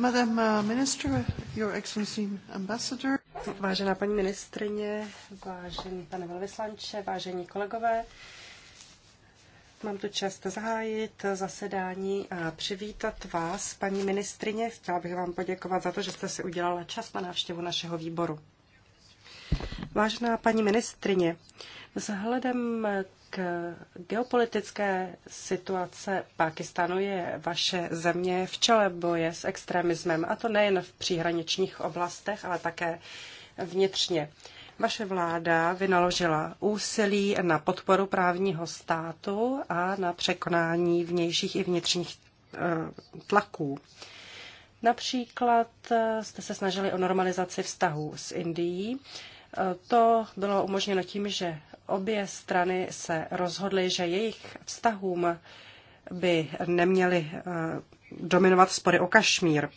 Madam uh, Minister, Your Excellency Ambassador. Vážená paní ministrině, vážený pane velvyslanče, vážení kolegové, Mám tu čest zahájit zasedání a přivítat vás, paní ministrině. Chtěla bych vám poděkovat za to, že jste si udělala čas na návštěvu našeho výboru. Vážená paní ministrině, vzhledem k geopolitické situace Pákistánu je vaše země v čele boje s extremismem, a to nejen v příhraničních oblastech, ale také vnitřně. Vaše vláda vynaložila úsilí na podporu právního státu a na překonání vnějších i vnitřních eh, tlaků. Například eh, jste se snažili o normalizaci vztahů s Indií, to bylo umožněno tím, že obě strany se rozhodly, že jejich vztahům by neměly eh, dominovat spory o Kašmír.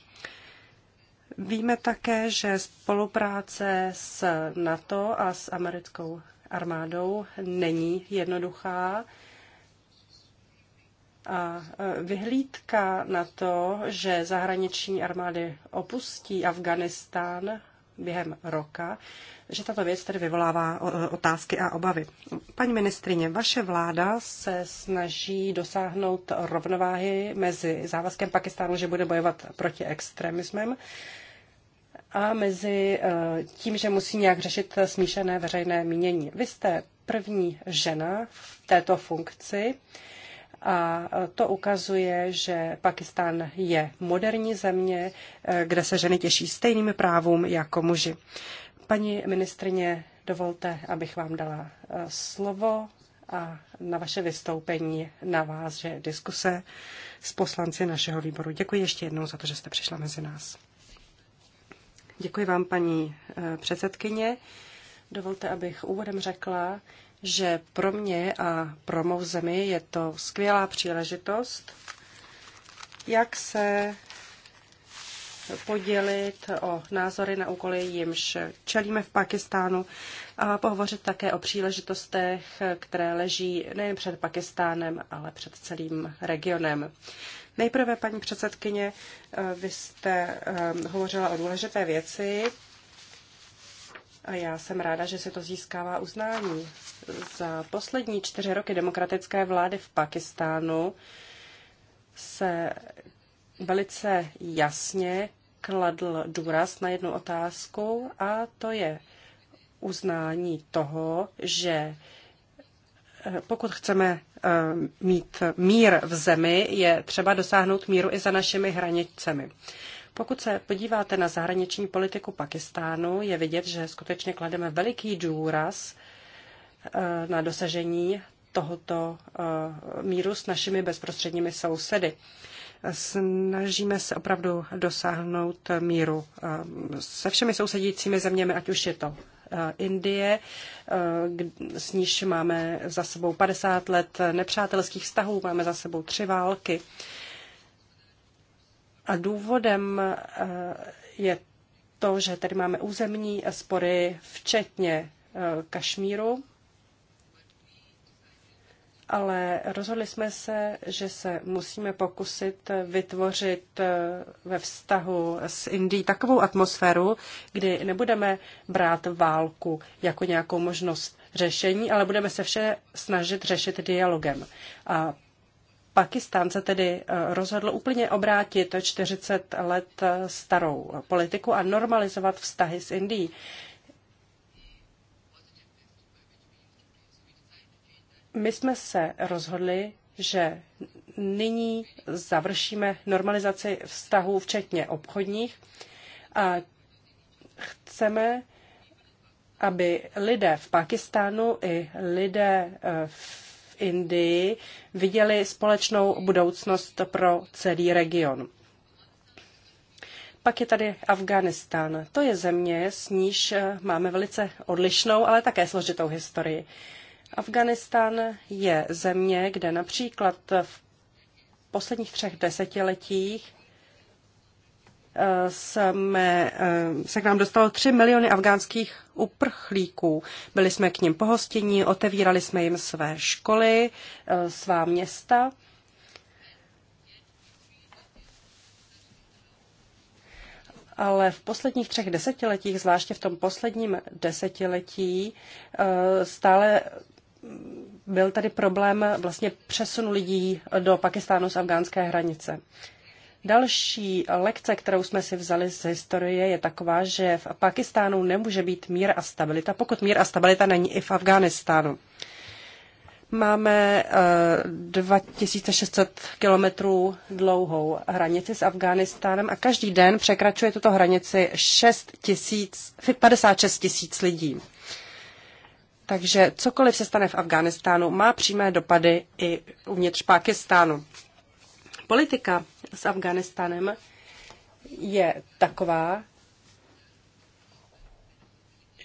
Víme také, že spolupráce s NATO a s americkou armádou není jednoduchá. A eh, vyhlídka na to, že zahraniční armády opustí Afganistán během roka, že tato věc tedy vyvolává otázky a obavy. Paní ministrině, vaše vláda se snaží dosáhnout rovnováhy mezi závazkem Pakistánu, že bude bojovat proti extremismem, a mezi e, tím, že musí nějak řešit smíšené veřejné mínění. Vy jste první žena v této funkci a to ukazuje, že Pakistan je moderní země, kde se ženy těší stejným právům jako muži. Paní ministrině, dovolte, abych vám dala eh, slovo a na vaše vystoupení na že diskuse s poslanci našeho výboru. Děkuji ještě jednou za to, že jste přišla mezi nás. Děkuji vám, paní eh, předsedkyně. Dovolte, abych úvodem řekla, že pro mě a pro mou zemi je to skvělá příležitost, jak se podělit o názory na úkoly, jimž čelíme v Pakistánu a pohovořit také o příležitostech, které leží nejen před Pakistánem, ale před celým regionem. Nejprve, paní předsedkyně, eh, vy jste eh, hovořila o důležité věci, a já jsem ráda, že se to získává uznání. Za poslední čtyři roky demokratické vlády v Pakistánu se velice jasně kladl důraz na jednu otázku a to je uznání toho, že eh, pokud chceme eh, mít mír v zemi, je třeba dosáhnout míru i za našimi hranicemi. Pokud se podíváte na zahraniční politiku Pakistánu, je vidět, že skutečně klademe veliký důraz eh, na dosažení tohoto eh, míru s našimi bezprostředními sousedy. Snažíme se opravdu dosáhnout míru eh, se všemi sousedícími zeměmi, ať už je to Indie, s níž máme za sebou 50 let nepřátelských vztahů, máme za sebou tři války. A důvodem eh, je to, že tady máme územní spory, včetně eh, Kašmíru, ale rozhodli jsme se, že se musíme pokusit vytvořit eh, ve vztahu s Indií takovou atmosféru, kdy nebudeme brát válku jako nějakou možnost řešení, ale budeme se vše snažit řešit dialogem. A Pakistán se tedy eh, rozhodl úplně obrátit 40 let eh, starou politiku a normalizovat vztahy s Indií. My jsme se rozhodli, že nyní završíme normalizaci vztahů, včetně obchodních, a chceme, aby lidé v Pakistánu i lidé eh, v Indii viděli společnou budoucnost pro celý region. Pak je tady Afghánistán. To je země, s níž eh, máme velice odlišnou, ale také složitou historii. Afghánistán je země, kde například v posledních třech desetiletích jsme, eh, se k nám dostalo 3 miliony afgánských uprchlíků. Byli jsme k ním pohostění, otevírali jsme jim své školy, eh, svá města. ale v posledních třech desetiletích, zvláště v tom posledním desetiletí, eh, stále byl tady problém vlastně přesunu lidí do Pakistánu z afgánské hranice. Další lekce, kterou jsme si vzali z historie, je taková, že v Pakistánu nemůže být mír a stabilita, pokud mír a stabilita není i v Afghánistánu. Máme 2600 eh, kilometrů dlouhou hranici s Afghánistánem a každý den překračuje tuto hranici 6 000, 56 tisíc lidí. Takže cokoliv se stane v Afghánistánu, má přímé dopady i uvnitř Pakistánu. Politika s Afganistanem je taková,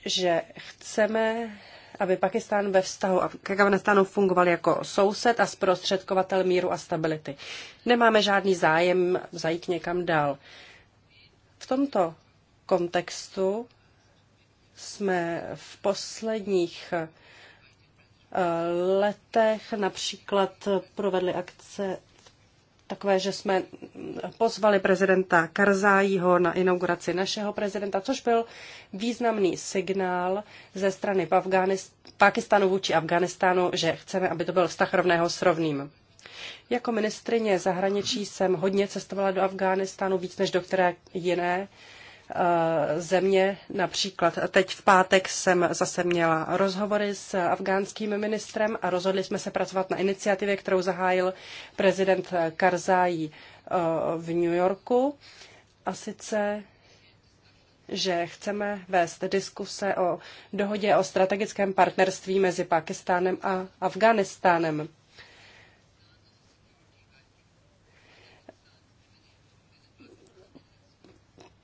že chceme, aby Pakistán ve vztahu k Afganistánu fungoval jako soused a zprostředkovatel míru a stability. Nemáme žádný zájem zajít někam dál. V tomto kontextu jsme v posledních eh, letech například provedli akce takové, že jsme pozvali prezidenta Karzájího na inauguraci našeho prezidenta, což byl významný signál ze strany Pakistanu vůči Afganistánu, že chceme, aby to byl vztah rovného s rovným. Jako ministrině zahraničí jsem hodně cestovala do Afghánistánu, víc než do které jiné Eh, země. Například teď v pátek jsem zase měla rozhovory s afgánským ministrem a rozhodli jsme se pracovat na iniciativě, kterou zahájil prezident Karzai eh, v New Yorku. A sice že chceme vést diskuse o dohodě o strategickém partnerství mezi Pakistánem a Afganistánem.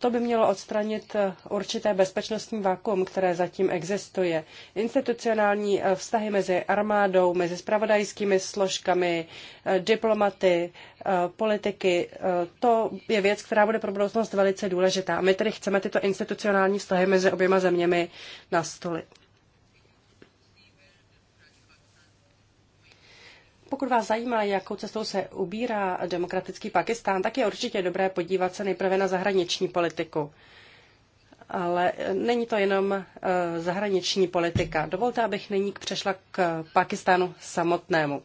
To by mělo odstranit eh, určité bezpečnostní vakuum, které zatím existuje. Institucionální eh, vztahy mezi armádou, mezi spravodajskými složkami, eh, diplomaty, politiky, to je věc, která bude pro budoucnost velice důležitá. My tedy chceme tyto institucionální vztahy mezi oběma zeměmi nastolit. Pokud vás zajímá, jakou cestou se ubírá demokratický Pakistán, tak je určitě dobré podívat se nejprve na zahraniční politiku. Ale e, není to jenom e, zahraniční politika. Dovolte, abych nyní přešla k Pakistánu samotnému.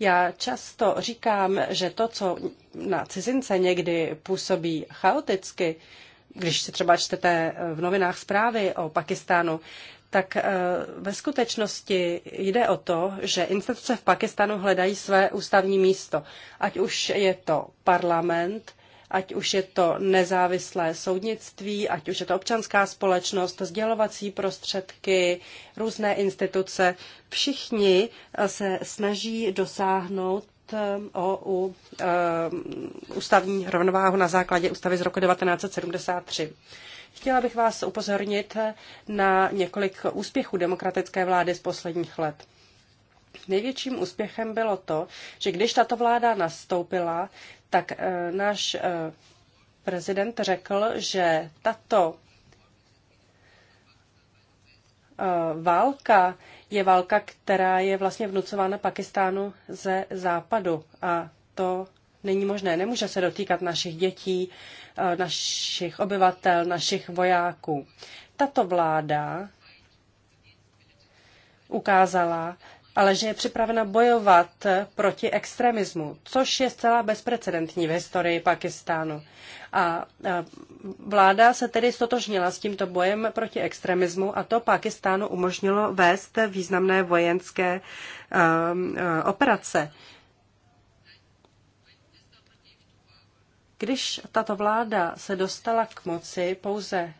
Já často říkám, že to, co na cizince někdy působí chaoticky, když si třeba čtete e, v novinách zprávy o Pakistánu, tak eh, ve skutečnosti jde o to, že instituce v Pakistanu hledají své ústavní místo. Ať už je to parlament, ať už je to nezávislé soudnictví, ať už je to občanská společnost, sdělovací prostředky, různé instituce. Všichni eh, se snaží dosáhnout eh, o u, e, ústavní rovnováhu na základě ústavy z roku 1973. Chtěla bych vás upozornit na několik úspěchů demokratické vlády z posledních let. Největším úspěchem bylo to, že když tato vláda nastoupila, tak eh, náš eh, prezident řekl, že tato eh, válka je válka, která je vlastně vnucována Pakistánu ze západu. A to není možné. Nemůže se dotýkat našich dětí, eh, našich obyvatel, našich vojáků. Tato vláda ukázala, ale že je připravena bojovat proti extremismu, což je zcela bezprecedentní v historii Pakistánu. A eh, vláda se tedy stotožnila s tímto bojem proti extremismu a to Pakistánu umožnilo vést významné vojenské um, operace. Když tato vláda se dostala k moci, pouze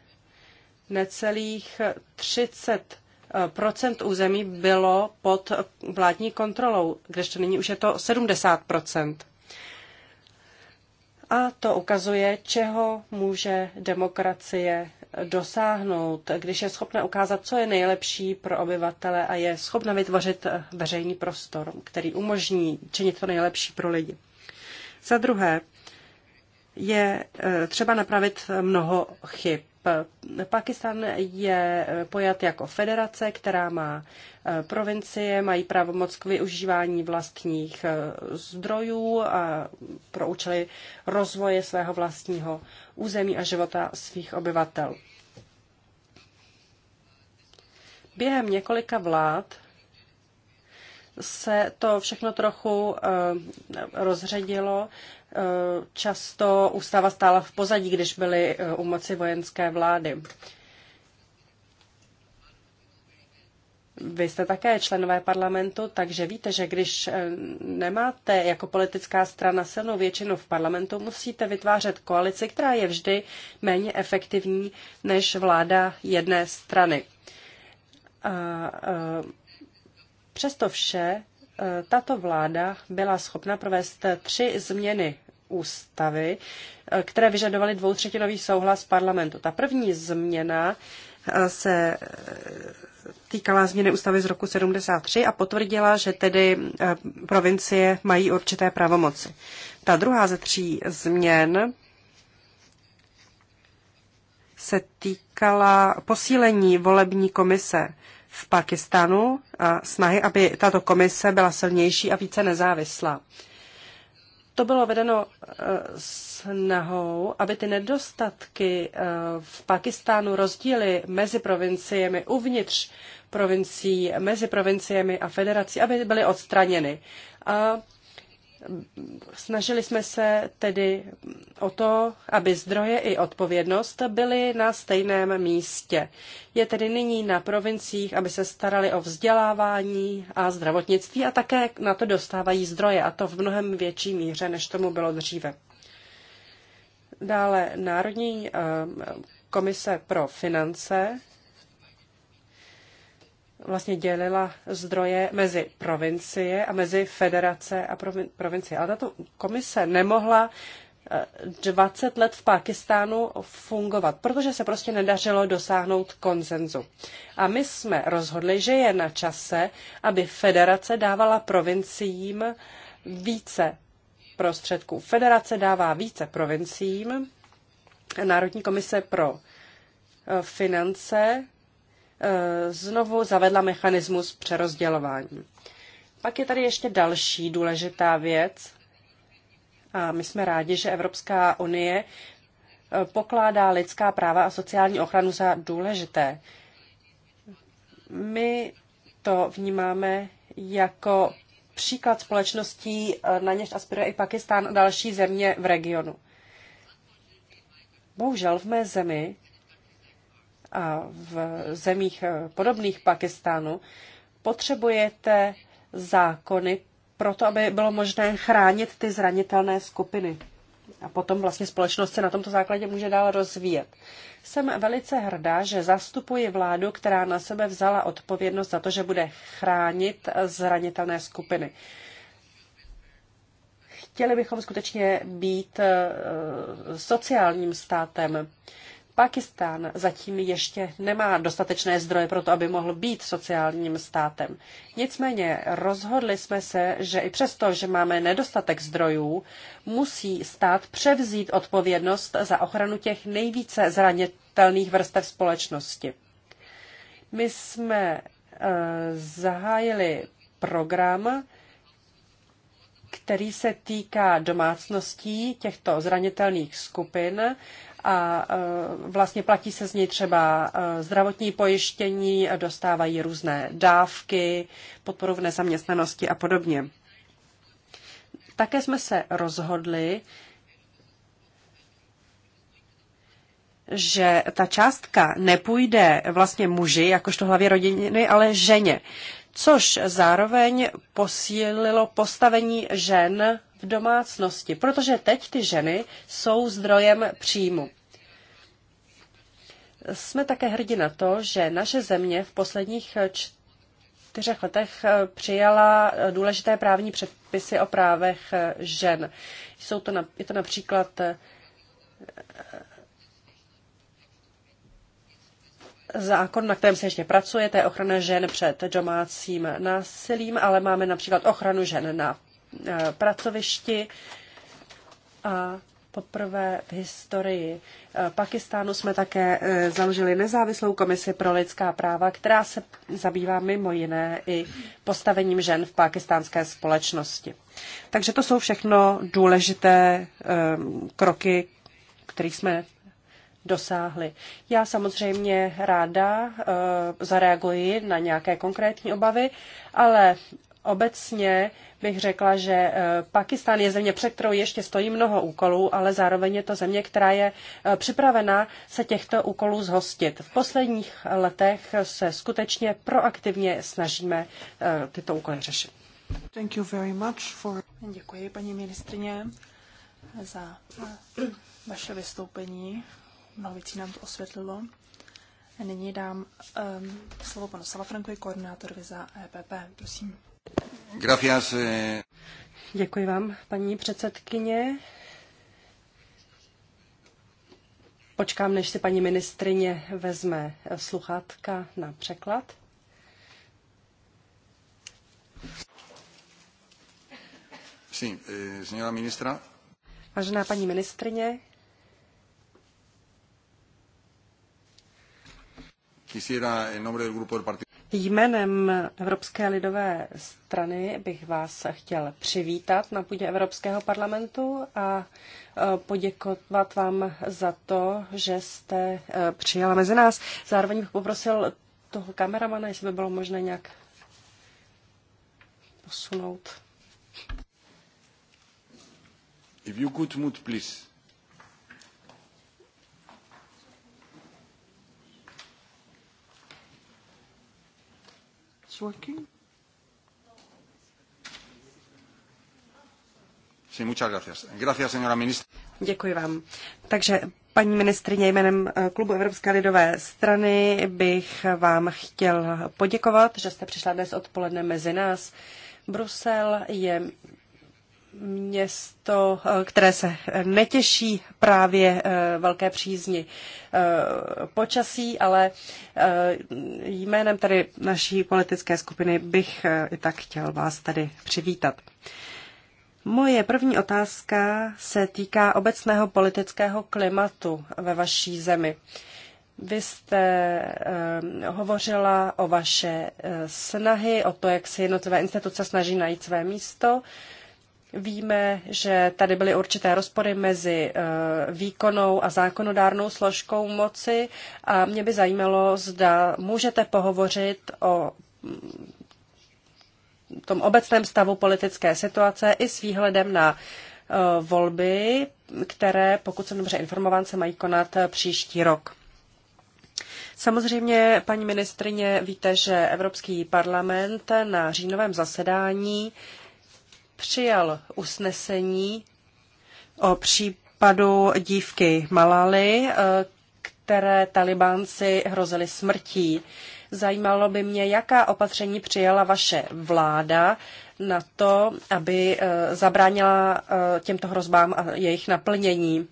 necelých 30 eh, procent území bylo pod vládní kontrolou, Když to nyní už je to 70 A to ukazuje, čeho může demokracie dosáhnout, když je schopna ukázat, co je nejlepší pro obyvatele a je schopna vytvořit eh, veřejný prostor, který umožní činit to nejlepší pro lidi. Za druhé, je eh, třeba napravit mnoho chyb. Pakistan je eh, pojat jako federace, která má eh, provincie, mají pravomoc k využívání vlastních zdrojů a pro účely rozvoje svého vlastního území a života svých obyvatel. Během několika vlád se to všechno trochu eh, rozředilo. Eh, často ústava stála v pozadí, když byly eh, u moci vojenské vlády. Vy jste také členové parlamentu, takže víte, že když nemáte jako politická strana silnou většinu v parlamentu, musíte vytvářet koalici, která je vždy méně efektivní než vláda jedné strany. A, a Přesto vše e, tato vláda byla schopna provést tři změny ústavy, e, které vyžadovaly dvoutřetinový souhlas parlamentu. Ta první změna e, se týkala změny ústavy z roku 73 a potvrdila, že tedy provincie mají určité pravomoci. Ta druhá ze tří změn se týkala posílení volební komise v Pakistanu a snahy, aby tato komise byla silnější a více nezávislá. To bylo vedeno eh, snahou, aby ty nedostatky eh, v Pakistánu, rozdíly mezi provinciemi, uvnitř provincií, mezi provinciemi a federací, aby byly odstraněny. A Snažili jsme se tedy o to, aby zdroje i odpovědnost byly na stejném místě. Je tedy nyní na provinciích, aby se starali o vzdělávání a zdravotnictví a také na to dostávají zdroje, a to v mnohem větší míře, než tomu bylo dříve. Dále Národní eh, komise pro finance vlastně dělila zdroje mezi provincie a mezi federace a provin- provincie. Ale tato komise nemohla 20 eh, let v Pákistánu fungovat, protože se prostě nedařilo dosáhnout konsenzu. A my jsme rozhodli, že je na čase, aby federace dávala provinciím více prostředků. Federace dává více provinciím, Národní komise pro eh, finance Eh, znovu zavedla mechanismus přerozdělování. Pak je tady ještě další důležitá věc. A my jsme rádi, že Evropská unie eh, pokládá lidská práva a sociální ochranu za důležité. My to vnímáme jako příklad společností, eh, na něž aspiruje i Pakistán a další země v regionu. Bohužel v mé zemi a v zemích eh, podobných Pakistánu, potřebujete zákony pro to, aby bylo možné chránit ty zranitelné skupiny. A potom vlastně společnost se na tomto základě může dál rozvíjet. Jsem velice hrdá, že zastupuji vládu, která na sebe vzala odpovědnost za to, že bude chránit eh, zranitelné skupiny. Chtěli bychom skutečně být eh, sociálním státem. Pakistán zatím ještě nemá dostatečné zdroje pro to, aby mohl být sociálním státem. Nicméně rozhodli jsme se, že i přesto, že máme nedostatek zdrojů, musí stát převzít odpovědnost za ochranu těch nejvíce zranitelných vrstev společnosti. My jsme eh, zahájili program, který se týká domácností těchto zranitelných skupin a e, vlastně platí se z něj třeba e, zdravotní pojištění, dostávají různé dávky, podporu v nezaměstnanosti a podobně. Také jsme se rozhodli, že ta částka nepůjde vlastně muži, jakožto hlavě rodiny, ale ženě což zároveň posílilo postavení žen v domácnosti, protože teď ty ženy jsou zdrojem příjmu. Jsme také hrdi na to, že naše země v posledních čtyřech letech přijala důležité právní předpisy o právech žen. Jsou to, je to například zákon, na kterém se ještě pracuje, to je ochrana žen před domácím násilím, ale máme například ochranu žen na e, pracovišti a poprvé v historii e, Pakistánu jsme také e, založili nezávislou komisi pro lidská práva, která se zabývá mimo jiné i postavením žen v pakistánské společnosti. Takže to jsou všechno důležité kroky, kterých jsme dosáhli. Já samozřejmě ráda eh, zareaguji na nějaké konkrétní obavy, ale obecně bych řekla, že eh, Pakistán je země, před kterou ještě stojí mnoho úkolů, ale zároveň je to země, která je eh, připravena se těchto úkolů zhostit. V posledních letech se skutečně proaktivně snažíme tyto úkoly řešit. Thank you very much for... Děkuji, paní ministrině, za vaše vystoupení mnoho věcí nám to osvětlilo. Nyní dám um, slovo panu Salafrankovi, koordinátorovi za EPP. Prosím. Gracias. Eh. Děkuji vám, paní předsedkyně. Počkám, než si paní ministrině vezme sluchátka na překlad. Sí, eh, ministra. Vážená paní ministrině, Jménem Evropské lidové strany bych vás chtěl přivítat na půdě Evropského parlamentu a e, poděkovat vám za to, že jste e, přijala mezi nás. Zároveň bych poprosil toho kameramana, jestli by bylo možné nějak posunout. If you could move, please. it's working? Sí, muchas gracias. Gracias, señora ministra. Děkuji vám. Takže paní ministrině jménem eh, klubu Evropské lidové strany bych vám chtěl poděkovat, že jste přišla dnes odpoledne mezi nás. Brusel je město, eh, které se netěší právě eh, velké přízni eh, počasí, ale jménem tady naší politické skupiny bych i tak chtěl vás tady přivítat. Moje první otázka se týká obecného politického klimatu ve vaší zemi. Vy jste uh, hovořila o vaše uh, snahy, o to, jak si jednotlivé instituce snaží najít své místo. Uh, Víme, že tady byly určité rozpory mezi eh, výkonnou a zákonodárnou složkou moci a mě by zajímalo, zda můžete pohovořit o mm, tom obecném stavu politické situace i s výhledem na eh, volby, které, pokud jsem dobře informován, se mají konat eh, příští rok. Samozřejmě, paní ministrině, víte, že Evropský parlament na říjnovém zasedání přijal usnesení o případu dívky Malaly, eh, které talibánci hrozili smrtí. Zajímalo by mě, jaká opatření přijala vaše vláda na to, aby eh, zabránila eh, těmto hrozbám a jejich naplnění.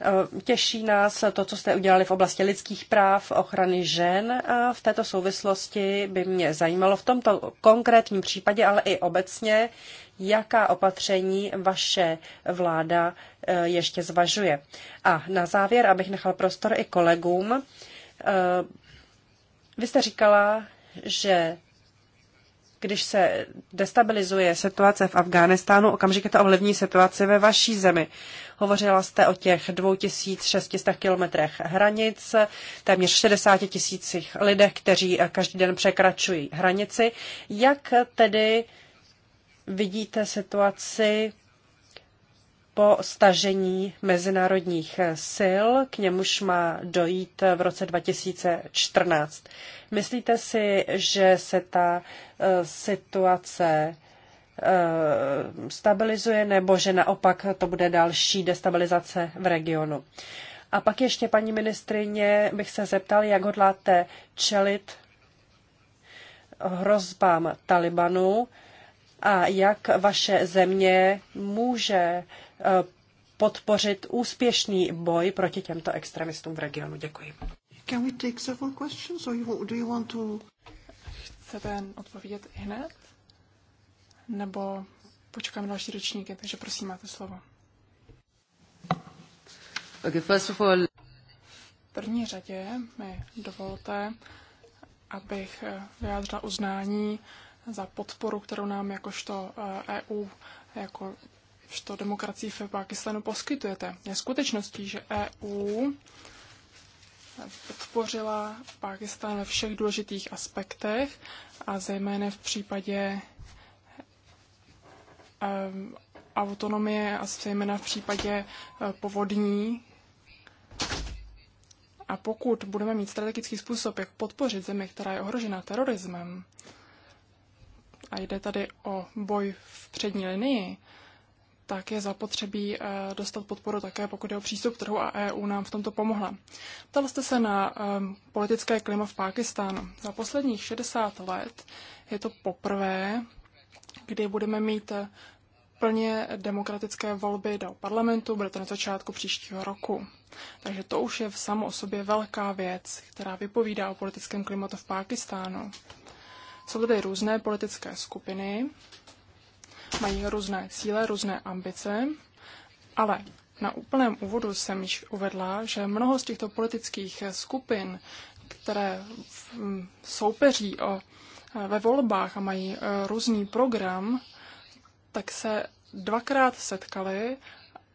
Eh, těší nás to, co jste udělali v oblasti lidských práv, ochrany žen a v této souvislosti by mě zajímalo v tomto konkrétním případě, ale i obecně, jaká opatření vaše vláda eh, ještě zvažuje. A na závěr, abych nechal prostor i kolegům, eh, vy jste říkala, že když se destabilizuje situace v Afghánistánu, okamžitě to ovlivní situaci ve vaší zemi. Hovořila jste o těch 2600 kilometrech hranic, téměř 60 tisících lidech, kteří každý den překračují hranici. Jak tedy vidíte situaci po stažení mezinárodních sil, k němuž má dojít v roce 2014. Myslíte si, že se ta eh, situace eh, stabilizuje nebo že naopak to bude další destabilizace v regionu? A pak ještě, paní ministrině, bych se zeptal, jak hodláte čelit hrozbám Talibanu, a jak vaše země může eh, podpořit úspěšný boj proti těmto extremistům v regionu. Děkuji. Can we take several questions or you, do you want to... Chcete odpovědět hned? Nebo počkám další ročníky, takže prosím, máte slovo. Okay, first of all... V první řadě mi dovolte, abych eh, vyjádřila uznání za podporu, kterou nám jakožto EU, eh, e jako demokracii v Pakistanu poskytujete. Je skutečností, že EU podpořila Pakistan ve všech důležitých aspektech a zejména v případě eh, autonomie a zejména v případě eh, povodní. A pokud budeme mít strategický způsob, jak podpořit zemi, která je ohrožena terorismem, a jde tady o boj v přední linii, tak je zapotřebí eh, dostat podporu také, pokud je o přístup k trhu a EU nám v tomto pomohla. Ptal jste se na eh, politické klima v Pákistánu. Za posledních 60 let je to poprvé, kdy budeme mít eh, plně demokratické volby do parlamentu, bude to na začátku příštího roku. Takže to už je v samo o sobě velká věc, která vypovídá o politickém klimatu v Pákistánu. Jsou tady různé politické skupiny, mají různé cíle, různé ambice, ale na úplném úvodu jsem již uvedla, že mnoho z těchto politických skupin, které soupeří o, e, ve volbách a mají e, různý program, tak se dvakrát setkali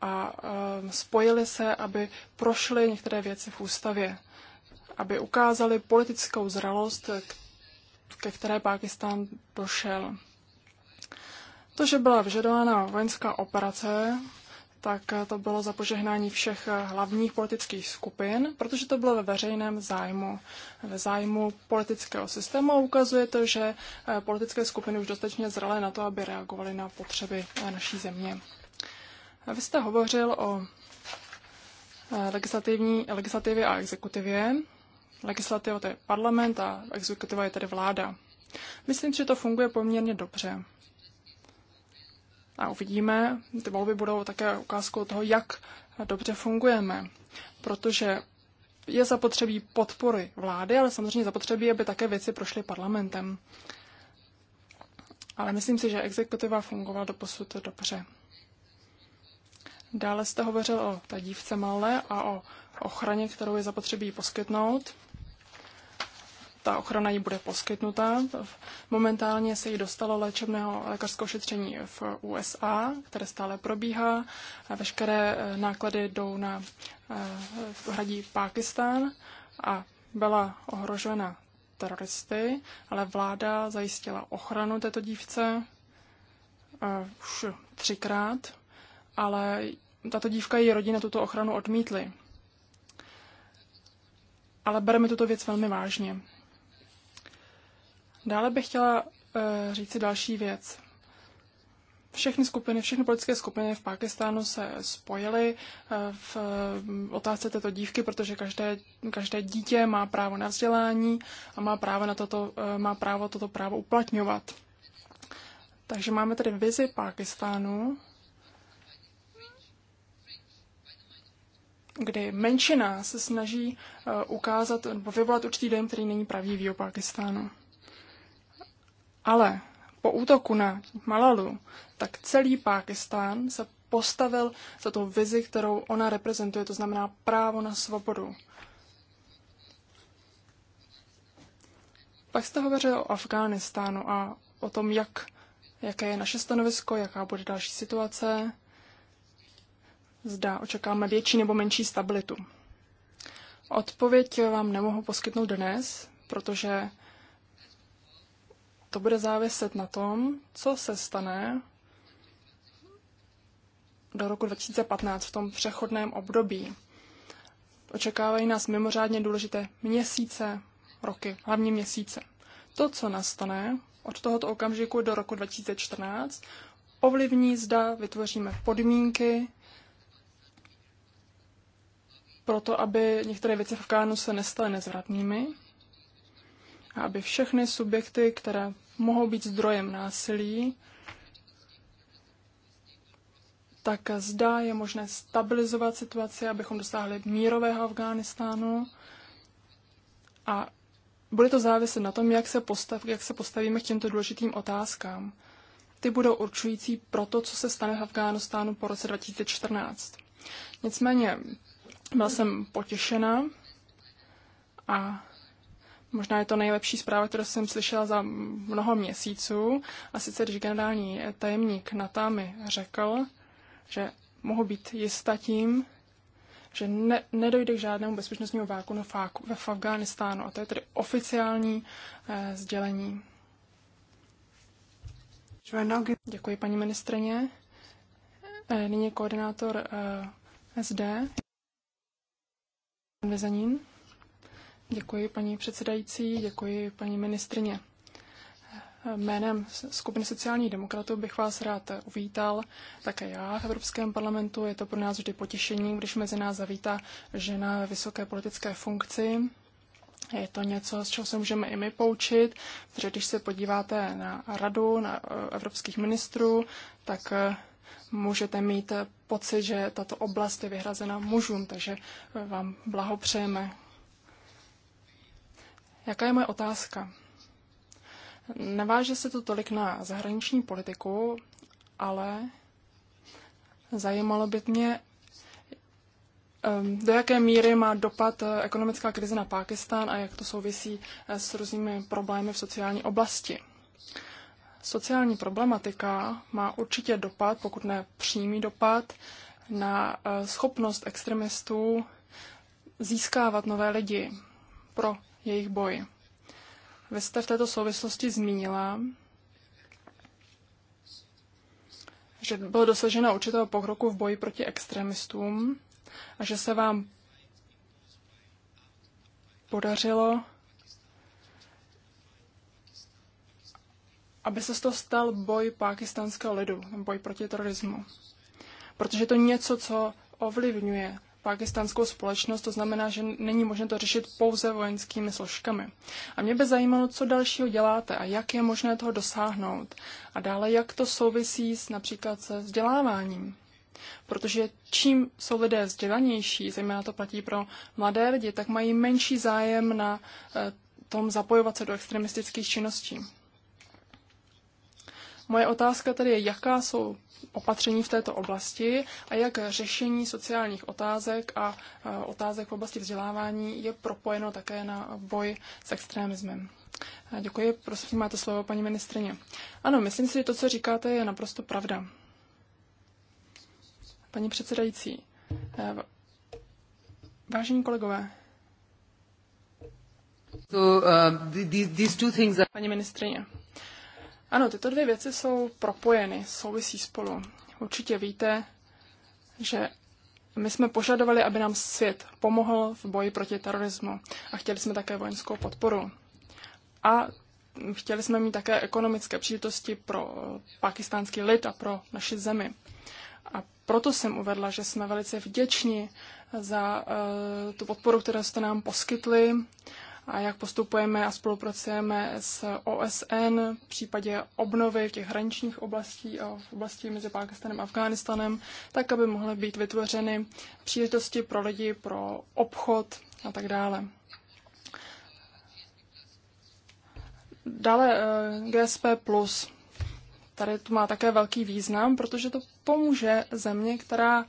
a e, spojili se, aby prošly některé věci v ústavě, aby ukázali politickou zralost, ke které Pákistán došel. To, že byla vyžadována vojenská operace, tak to bylo za požehnání všech hlavních politických skupin, protože to bylo ve veřejném zájmu, ve zájmu politického systému. Ukazuje to, že politické skupiny už dostatečně zralé na to, aby reagovaly na potřeby naší země. Vy jste hovořil o legislativní, legislativě a exekutivě. Legislativa to je parlament a exekutiva je tedy vláda. Myslím, že to funguje poměrně dobře. A uvidíme, ty volby budou také ukázkou toho, jak dobře fungujeme. Protože je zapotřebí podpory vlády, ale samozřejmě zapotřebí, aby také věci prošly parlamentem. Ale myslím si, že exekutiva fungovala do posud dobře. Dále jste hovořil o té dívce Malé a o ochraně, kterou je zapotřebí poskytnout ta ochrana jí bude poskytnuta. Momentálně se jí dostalo léčebného lékařského šetření v USA, které stále probíhá. Veškeré eh, náklady jdou na eh, hradí Pákistán a byla ohrožena teroristy, ale vláda zajistila ochranu této dívce eh, už třikrát, ale tato dívka i její rodina tuto ochranu odmítly. Ale bereme tuto věc velmi vážně. Dále bych chtěla eh, říct si další věc. Všechny skupiny, všechny politické skupiny v Pakistánu se spojily eh, v eh, otázce této dívky, protože každé, každé dítě má právo na vzdělání a má právo, na toto, má právo toto právo uplatňovat. Takže máme tady vizi Pakistánu, kdy menšina se snaží ukázat nebo vyvolat určitý den, který není pravý o Pakistánu. Ale po útoku na Malalu, tak celý Pákistán se postavil za tu vizi, kterou ona reprezentuje, to znamená právo na svobodu. Pak jste hovořil o Afghánistánu a o tom, jak, jaké je naše stanovisko, jaká bude další situace. Zda očekáme větší nebo menší stabilitu. Odpověď vám nemohu poskytnout dnes, protože to bude záviset na tom, co se stane do roku 2015 v tom přechodném období. Očekávají nás mimořádně důležité měsíce, roky, hlavně měsíce. To, co nastane od tohoto okamžiku do roku 2014, ovlivní, zda vytvoříme podmínky pro to, aby některé věci v Kánu se nestaly nezvratnými, aby všechny subjekty, které mohou být zdrojem násilí, tak zda je možné stabilizovat situaci, abychom dosáhli mírového Afghánistánu. A bude to záviset na tom, jak se, postav, jak se postavíme k těmto důležitým otázkám. Ty budou určující pro to, co se stane v Afghánistánu po roce 2014. Nicméně byla jsem potěšena a Možná je to nejlepší zpráva, kterou jsem slyšela za mnoho měsíců. A sice, když generální tajemník NATO mi řekl, že mohu být jistá tím, že ne, nedojde k žádnému bezpečnostnímu váku no fáku, ve A to je tedy oficiální eh, sdělení. Děkuji, paní ministrině. Eh, nyní koordinátor eh, SD. Pan Vezanín. Děkuji, paní předsedající, děkuji, paní ministrině. Jménem skupiny sociálních demokratů bych vás rád uvítal, také já v Evropském parlamentu. Je to pro nás vždy potěšení, když mezi nás zavítá žena ve vysoké politické funkci. Je to něco, z čeho se můžeme i my poučit, protože když se podíváte na radu, na eh, evropských ministrů, tak eh, můžete mít pocit, že tato oblast je vyhrazena mužům, takže eh, vám blahopřejeme Jaká je moje otázka? Neváže se to tolik na zahraniční politiku, ale zajímalo by mě, ehm, do jaké míry má dopad eh, ekonomická krize na Pákistán a jak to souvisí eh, s různými problémy v sociální oblasti. Sociální problematika má určitě dopad, pokud ne přímý dopad, na eh, schopnost extremistů získávat nové lidi pro jejich boj. Vy jste v této souvislosti zmínila, že bylo dosaženo určitého pokroku v boji proti extremistům a že se vám podařilo, aby se z toho stal boj pákistánského lidu, boj proti terorismu. Protože to je něco, co ovlivňuje pakistánskou společnost, to znamená, že není možné to řešit pouze vojenskými složkami. A mě by zajímalo, co dalšího děláte a jak je možné toho dosáhnout. A dále, jak to souvisí s, například se vzděláváním. Protože čím jsou lidé vzdělanější, zejména to platí pro mladé lidi, tak mají menší zájem na eh, tom zapojovat se do extremistických činností. Moje otázka tedy je, jaká jsou opatření v této oblasti a jak řešení sociálních otázek a otázek v oblasti vzdělávání je propojeno také na boj s extremismem. Děkuji, prosím, máte slovo, paní ministrině. Ano, myslím si, že to, co říkáte, je naprosto pravda. Paní předsedající, eh, vážení kolegové, uh, Paní ministrině, ano, tyto dvě věci jsou propojeny, souvisí spolu. Určitě víte, že my jsme požadovali, aby nám svět pomohl v boji proti terorismu a chtěli jsme také vojenskou podporu. A chtěli jsme mít také ekonomické příležitosti pro pakistánský lid a pro naši zemi. A proto jsem uvedla, že jsme velice vděční za uh, tu podporu, kterou jste nám poskytli a jak postupujeme a spolupracujeme s OSN v případě obnovy v těch hraničních oblastí a v oblasti mezi Pákistanem a Afghánistanem, tak aby mohly být vytvořeny příležitosti pro lidi, pro obchod a tak dále. Dále eh, GSP+. Tady to má také velký význam, protože to pomůže země, která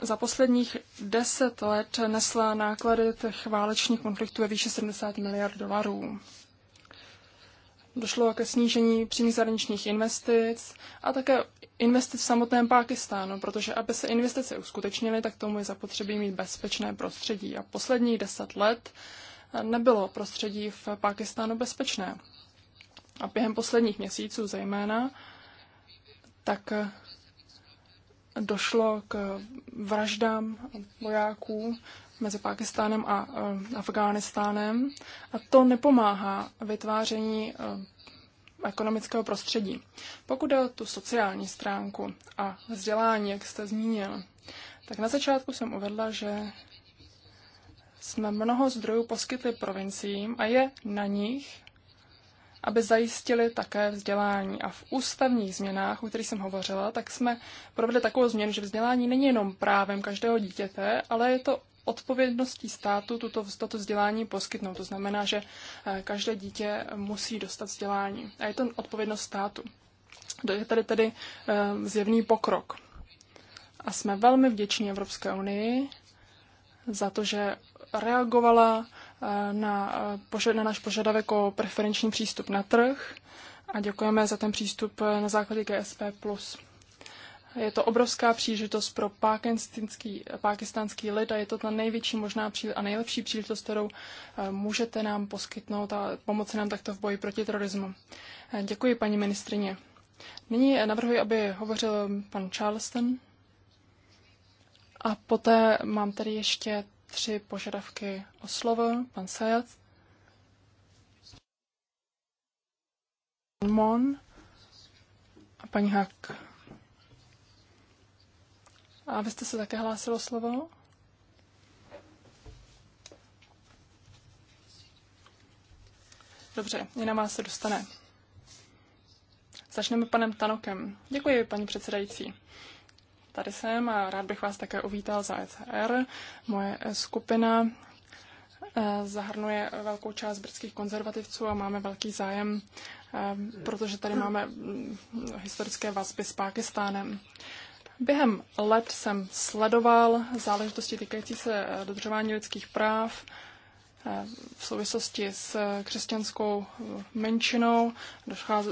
za posledních deset let nesla náklady těch válečných konfliktů ve výši 70 miliard dolarů. Došlo ke snížení přímých zahraničních investic a také investic v samotném Pákistánu, protože aby se investice uskutečnily, tak tomu je zapotřebí mít bezpečné prostředí. A posledních deset let nebylo prostředí v Pákistánu bezpečné. A během posledních měsíců zejména, tak došlo k vraždám vojáků mezi Pákistánem a e, Afghánistánem a to nepomáhá vytváření e, ekonomického prostředí. Pokud jde o tu sociální stránku a vzdělání, jak jste zmínil, tak na začátku jsem uvedla, že jsme mnoho zdrojů poskytli provinciím a je na nich, aby zajistili také vzdělání. A v ústavních změnách, o kterých jsem hovořila, tak jsme provedli takovou změnu, že vzdělání není jenom právem každého dítěte, ale je to odpovědností státu tuto, toto vzdělání poskytnout. To znamená, že eh, každé dítě musí dostat vzdělání. A je to odpovědnost státu. Je tady tedy eh, zjevný pokrok. A jsme velmi vděční Evropské unii za to, že reagovala na, na náš požadavek o preferenční přístup na trh a děkujeme za ten přístup eh, na základě GSP+. Je to obrovská příležitost pro pakistánský, pakistánský lid a je to ta největší možná a nejlepší příležitost, kterou eh, můžete nám poskytnout a pomoci nám takto v boji proti terorismu. Eh, děkuji, paní ministrině. Nyní navrhuji, aby hovořil pan Charleston. A poté mám tady ještě tři požadavky o slovo. Pan Sajat. Mon a paní Hak. A vy jste se také o slovo? Dobře, na má se dostane. Začneme panem Tanokem. Děkuji, paní předsedající tady jsem a rád bych vás také uvítal za ECR. Moje eh, skupina eh, zahrnuje velkou část britských konzervativců a máme velký zájem, eh, protože tady máme mm, historické vazby s Pákistánem. Během let jsem sledoval záležitosti týkající se dodržování lidských práv v souvislosti s křesťanskou menšinou.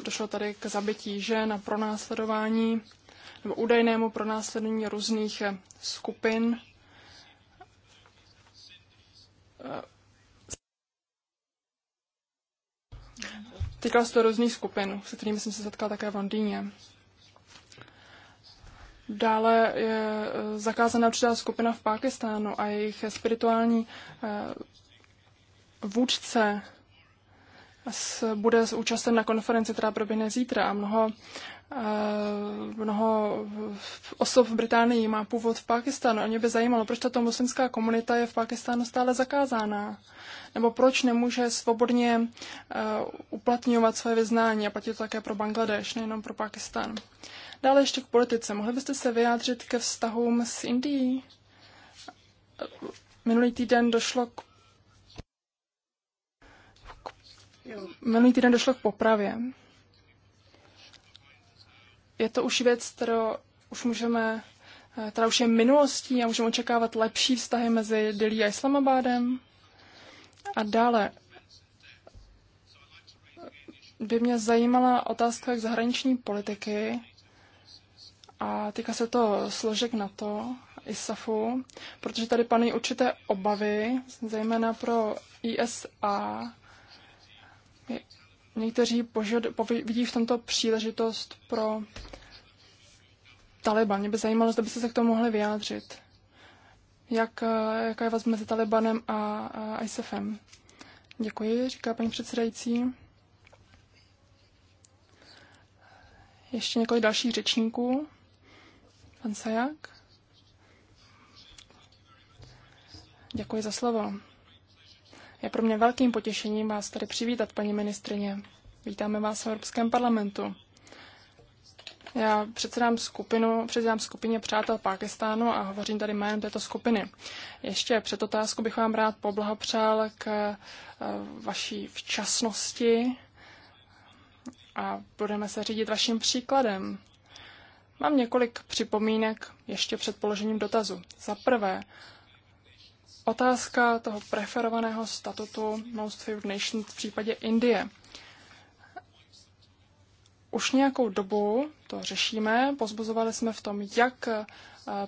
Došlo, tady k zabití žen a pronásledování nebo údajnému pronásledování různých eh, skupin Týká se to různých skupin, se kterými jsem se setkala také v Londýně. Dále je eh, zakázaná určitá skupina v Pákistánu a jejich spirituální eh, vůdce bude účasten na konferenci, která proběhne zítra a mnoho Eh, mnoho osob v Británii má původ v Pakistánu. A mě by zajímalo, proč tato muslimská komunita je v Pakistánu stále zakázána. Nebo proč nemůže svobodně eh, uplatňovat své vyznání a platí to také pro Bangladeš, nejenom pro Pakistán. Dále ještě k politice. Mohli byste se vyjádřit ke vztahům s Indií? Minulý týden došlo k Minulý týden došlo k popravě je to už věc, kterou už můžeme, eh, která už je minulostí a můžeme očekávat lepší vztahy mezi Dilí a Islamabádem. A dále by mě zajímala otázka k zahraniční politiky a týká se to složek NATO, ISAFu, protože tady panují určité obavy, zejména pro ISA, Někteří požad, vidí v tomto příležitost pro Taliban. Mě by zajímalo, zda byste se k tomu mohli vyjádřit. Jak, jaká je vazba mezi Talibanem a, a ISFem? Děkuji, říká paní předsedající. Ještě několik dalších řečníků. Pan Sajak. Děkuji za slovo. Je pro mě velkým potěšením vás tady přivítat, paní ministrině. Vítáme vás v Evropském parlamentu. Já předsedám, skupinu, předsedám skupině Přátel Pákistánu a hovořím tady jménem této skupiny. Ještě před otázku bych vám rád poblahopřál k eh, vaší včasnosti a budeme se řídit vaším příkladem. Mám několik připomínek ještě před položením dotazu. Za prvé, Otázka toho preferovaného statutu Most Favored Nation v případě Indie. Už nějakou dobu to řešíme, pozbuzovali jsme v tom jak eh,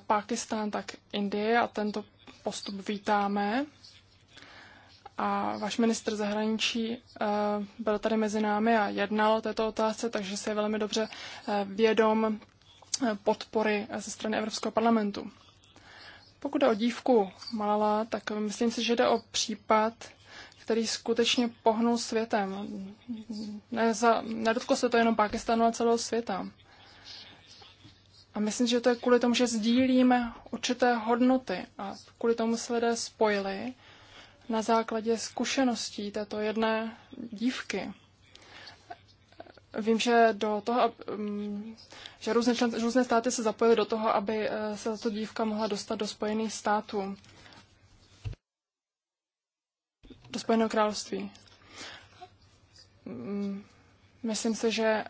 Pákistán, tak Indie a tento postup vítáme. A váš ministr zahraničí eh, byl tady mezi námi a jednal o této otázce, takže se je velmi dobře eh, vědom podpory ze strany Evropského parlamentu. Pokud jde o dívku Malala, tak myslím si, že jde o případ, který skutečně pohnul světem. za, nedotklo se to jenom Pakistanu a celého světa. A myslím, že to je kvůli tomu, že sdílíme určité hodnoty a kvůli tomu se lidé spojili na základě zkušeností této jedné dívky. Vím, že do toho, mm, že různé, člen, různé státy se zapojily do toho, aby eh, se tato dívka mohla dostat do Spojených států, do Spojeného království. Mm, myslím si, že eh,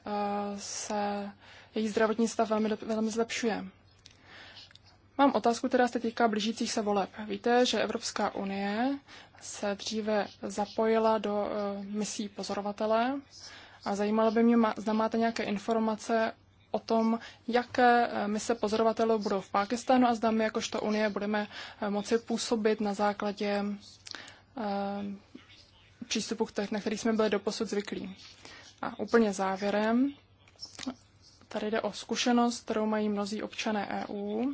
se její zdravotní stav velmi, velmi zlepšuje. Mám otázku, která se týká blížících se voleb. Víte, že Evropská unie se dříve zapojila do eh, misí pozorovatele a zajímalo by mě, zda máte nějaké informace o tom, jaké eh, mise pozorovatelů budou v Pákistánu a zda my jakožto Unie budeme eh, moci působit na základě eh, přístupu, na který jsme byli doposud zvyklí. A úplně závěrem, tady jde o zkušenost, kterou mají mnozí občané EU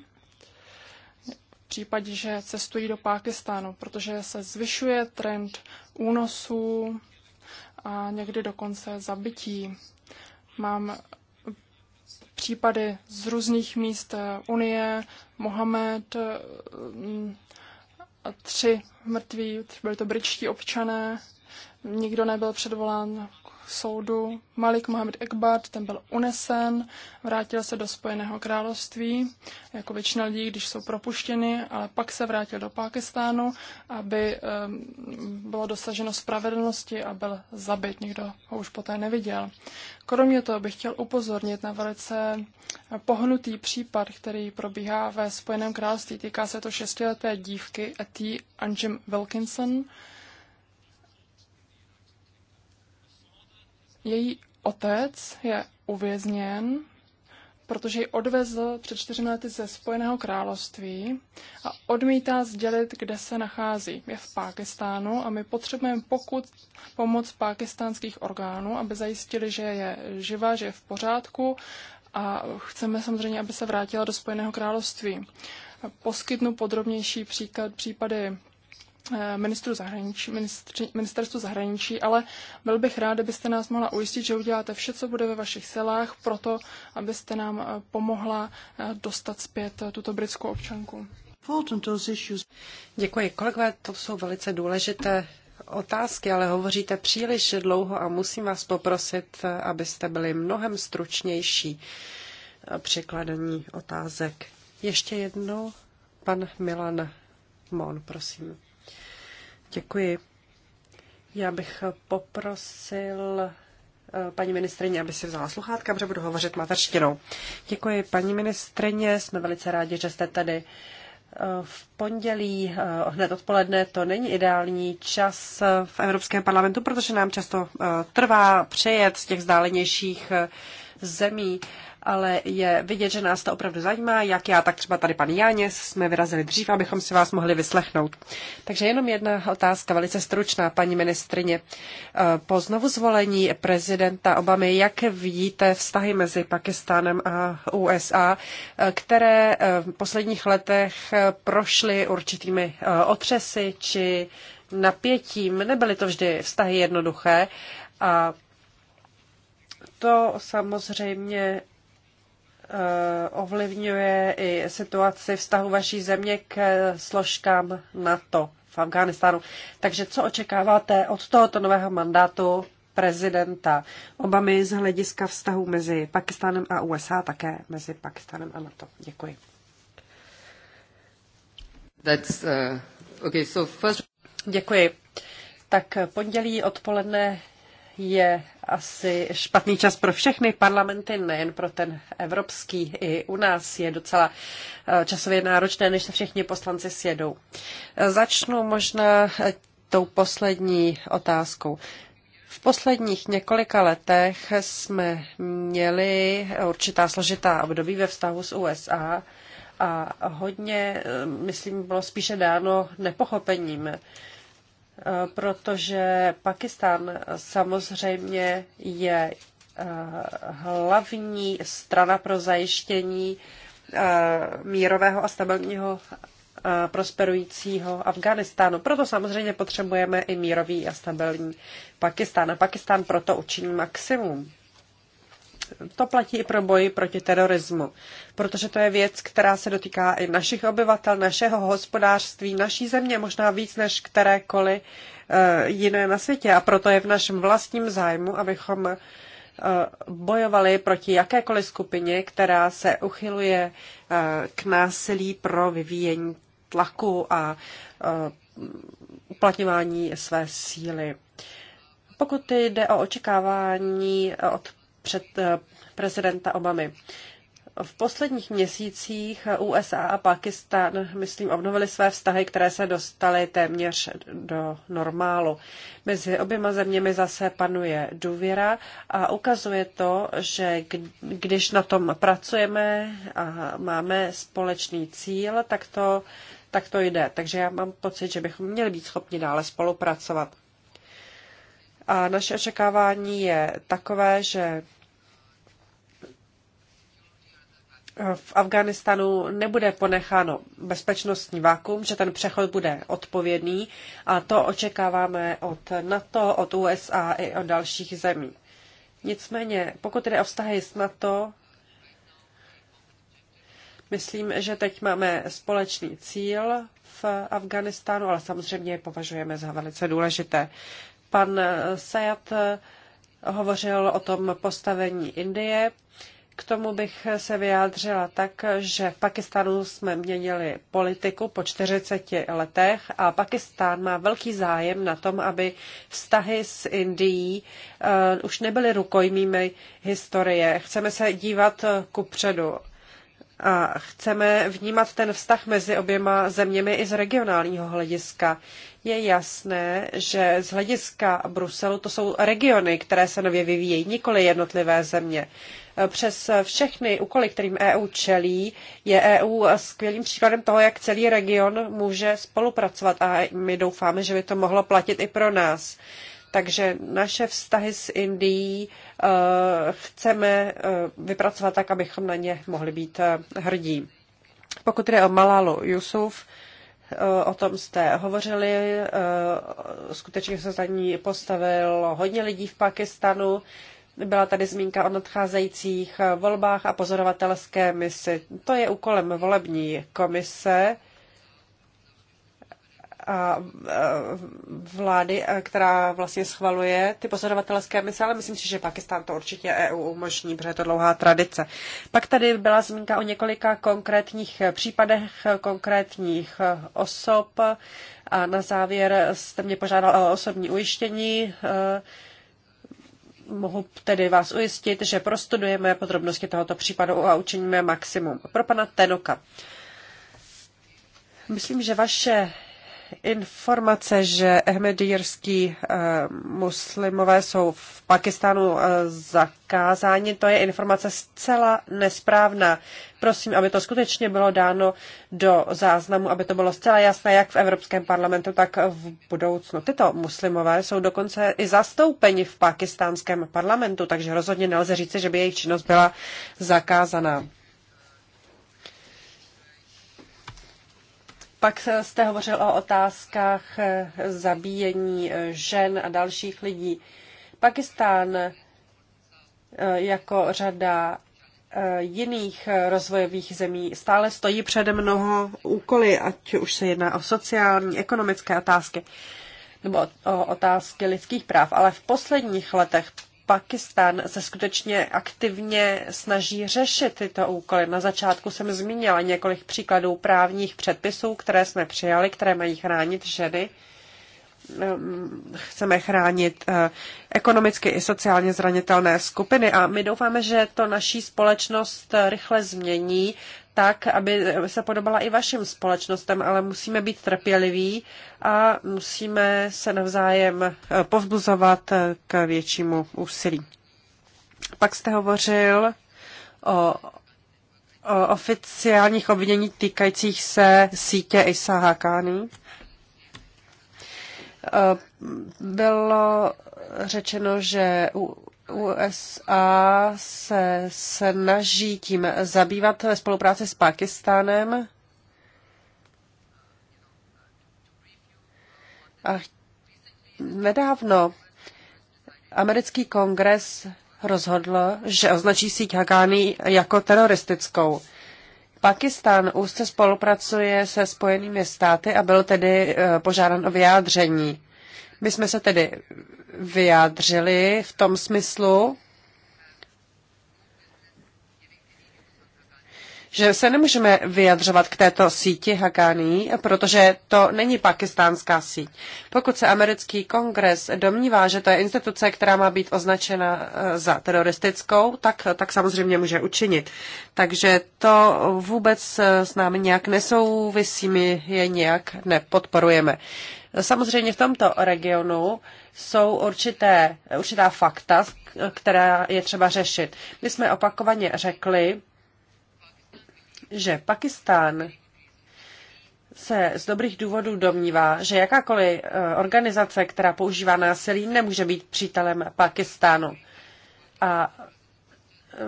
v případě, že cestují do Pákistánu, protože se zvyšuje trend únosů, a někdy dokonce zabití. Mám případy z různých míst eh, Unie, Mohamed, eh, mm, tři mrtví, byli to britští občané, nikdo nebyl předvolán soudu. Malik Mohamed Ekbat ten byl unesen, vrátil se do Spojeného království, jako většina lidí, když jsou propuštěni, ale pak se vrátil do Pákistánu, aby eh, bylo dosaženo spravedlnosti a byl zabit. Nikdo ho už poté neviděl. Kromě toho bych chtěl upozornit na velice pohnutý případ, který probíhá ve Spojeném království. Týká se to šestileté dívky Etty Anjim Wilkinson, Její otec je uvězněn, protože ji odvezl před čtyřmi lety ze Spojeného království a odmítá sdělit, kde se nachází. Je v Pákistánu a my potřebujeme pokud pomoc pákistánských orgánů, aby zajistili, že je živá, že je v pořádku a chceme samozřejmě, aby se vrátila do Spojeného království. Poskytnu podrobnější příklad, případy Eh, ministru zahraničí, ministři, ministerstvu zahraničí, ale byl bych rád, kdybyste nás mohla ujistit, že uděláte vše, co bude ve vašich silách, proto abyste nám eh, pomohla eh, dostat zpět tuto britskou občanku. Děkuji. Kolegové, to jsou velice důležité otázky, ale hovoříte příliš dlouho a musím vás poprosit, abyste byli mnohem stručnější při kladení otázek. Ještě jednou pan Milan Mon, prosím. Děkuji. Já bych poprosil eh, paní ministrině, aby si vzala sluchátka, protože budu hovořit materštinou. Děkuji, paní ministrině, jsme velice rádi, že jste tady. Eh, v pondělí eh, hned odpoledne to není ideální čas v Evropském parlamentu, protože nám často trvá přejet z těch vzdálenějších zemí ale je vidět, že nás to opravdu zajímá, jak já, tak třeba tady pan Jáně jsme vyrazili dřív, abychom si vás mohli vyslechnout. Takže jenom jedna otázka, velice stručná, paní ministrině. Eh, po znovu zvolení prezidenta Obamy, jak vidíte vztahy mezi Pakistánem a USA, eh, které eh, v posledních letech prošly určitými otřesy či napětím. Nebyly to vždy vztahy jednoduché a to samozřejmě Eh, ovlivňuje i situaci vztahu vaší země k složkám NATO v Afghánistánu. Takže co očekáváte od tohoto nového mandátu prezidenta Obamy z hlediska vztahu mezi Pakistánem a USA, také mezi Pakistánem a NATO? Děkuji. That's, uh, okay, so first... Děkuji. Tak pondělí odpoledne je asi špatný čas pro všechny parlamenty, nejen pro ten evropský. I u nás je docela eh, časově náročné, než se všichni poslanci sjedou. Eh, začnu možná eh, tou poslední otázkou. V posledních několika letech jsme měli určitá složitá období ve vztahu s USA a hodně, myslím, bylo spíše dáno nepochopením protože Pakistan samozřejmě je eh, hlavní strana pro zajištění eh, mírového a stabilního eh, prosperujícího Afganistánu. Proto samozřejmě potřebujeme i mírový a stabilní Pakistán. A Pakistán proto učiní maximum. To platí i pro boji proti terorismu, protože to je věc, která se dotýká i našich obyvatel, našeho hospodářství, naší země, možná víc než kterékoliv eh, jiné na světě. A proto je v našem vlastním zájmu, abychom eh, bojovali proti jakékoliv skupině, která se uchyluje eh, k násilí pro vyvíjení tlaku a uplatňování své síly. Pokud jde o očekávání od před eh, prezidenta Obamy. V posledních měsících USA a Pakistan, myslím, obnovili své vztahy, které se dostaly téměř do normálu. Mezi oběma zeměmi zase panuje důvěra a ukazuje to, že když na tom pracujeme a máme společný cíl, tak to, tak to jde. Takže já mám pocit, že bychom měli být schopni dále spolupracovat. A naše očekávání je takové, že v Afghánistánu nebude ponecháno bezpečnostní vákum, že ten přechod bude odpovědný a to očekáváme od NATO, od USA i od dalších zemí. Nicméně, pokud jde o vztahy s NATO, myslím, že teď máme společný cíl v Afganistánu, ale samozřejmě je považujeme za velice důležité. Pan Sayat hovořil o tom postavení Indie. K tomu bych se vyjádřila tak, že v Pakistanu jsme měnili politiku po 40 letech a Pakistán má velký zájem na tom, aby vztahy s Indií uh, už nebyly rukojmými historie. Chceme se dívat ku předu a chceme vnímat ten vztah mezi oběma zeměmi i z regionálního hlediska. Je jasné, že z hlediska Bruselu to jsou regiony, které se nově vyvíjejí, nikoli jednotlivé země. Přes všechny úkoly, kterým EU čelí, je EU skvělým příkladem toho, jak celý region může spolupracovat a my doufáme, že by to mohlo platit i pro nás. Takže naše vztahy s Indií eh, chceme eh, vypracovat tak, abychom na ně mohli být eh, hrdí. Pokud jde o Malalu Yusuf, o tom jste hovořili, skutečně se za ní postavilo hodně lidí v Pakistanu. Byla tady zmínka o nadcházejících volbách a pozorovatelské misi. To je úkolem volební komise vlády, která vlastně schvaluje ty pozorovatelské mise, ale myslím si, že Pakistán to určitě EU umožní, protože je to dlouhá tradice. Pak tady byla zmínka o několika konkrétních případech, konkrétních osob a na závěr jste mě požádal o osobní ujištění. E, mohu tedy vás ujistit, že prostudujeme podrobnosti tohoto případu a učiníme maximum. Pro pana Tenoka. Myslím, že vaše informace, že ahmedírský eh, muslimové jsou v Pakistánu eh, zakázáni, to je informace zcela nesprávná. Prosím, aby to skutečně bylo dáno do záznamu, aby to bylo zcela jasné, jak v Evropském parlamentu, tak v budoucnu. Tyto muslimové jsou dokonce i zastoupeni v pakistánském parlamentu, takže rozhodně nelze říci, že by jejich činnost byla zakázaná. Pak jste hovořil o otázkách zabíjení žen a dalších lidí. Pakistán eh, jako řada eh, jiných rozvojových zemí stále stojí přede mnoho úkoly, ať už se jedná o sociální, ekonomické otázky nebo o otázky lidských práv. Ale v posledních letech Pakistan se skutečně aktivně snaží řešit tyto úkoly. Na začátku jsem zmínila několik příkladů právních předpisů, které jsme přijali, které mají chránit ženy. Ehm, chceme chránit eh, ekonomicky i sociálně zranitelné skupiny a my doufáme, že to naší společnost eh, rychle změní tak, aby se podobala i vašim společnostem, ale musíme být trpěliví a musíme se navzájem eh, povzbuzovat eh, k většímu úsilí. Pak jste hovořil o, o oficiálních obvinění týkajících se sítě Isa Hakány. Eh, bylo řečeno, že USA se snaží tím zabývat ve spolupráci s Pakistánem a nedávno americký kongres rozhodl, že označí síť Hagány jako teroristickou. Pakistán úzce spolupracuje se Spojenými státy a byl tedy eh, požádán o vyjádření. My jsme se tedy vyjádřili v tom smyslu, že se nemůžeme vyjadřovat k této síti Hakání, protože to není pakistánská síť. Pokud se americký kongres domnívá, že to je instituce, která má být označena eh, za teroristickou, tak, tak samozřejmě může učinit. Takže to vůbec eh, s námi nějak nesouvisí, my je nějak nepodporujeme. Samozřejmě v tomto regionu jsou určité, určitá fakta, která je třeba řešit. My jsme opakovaně řekli, že Pakistán se z dobrých důvodů domnívá, že jakákoliv eh, organizace, která používá násilí, nemůže být přítelem Pakistánu. A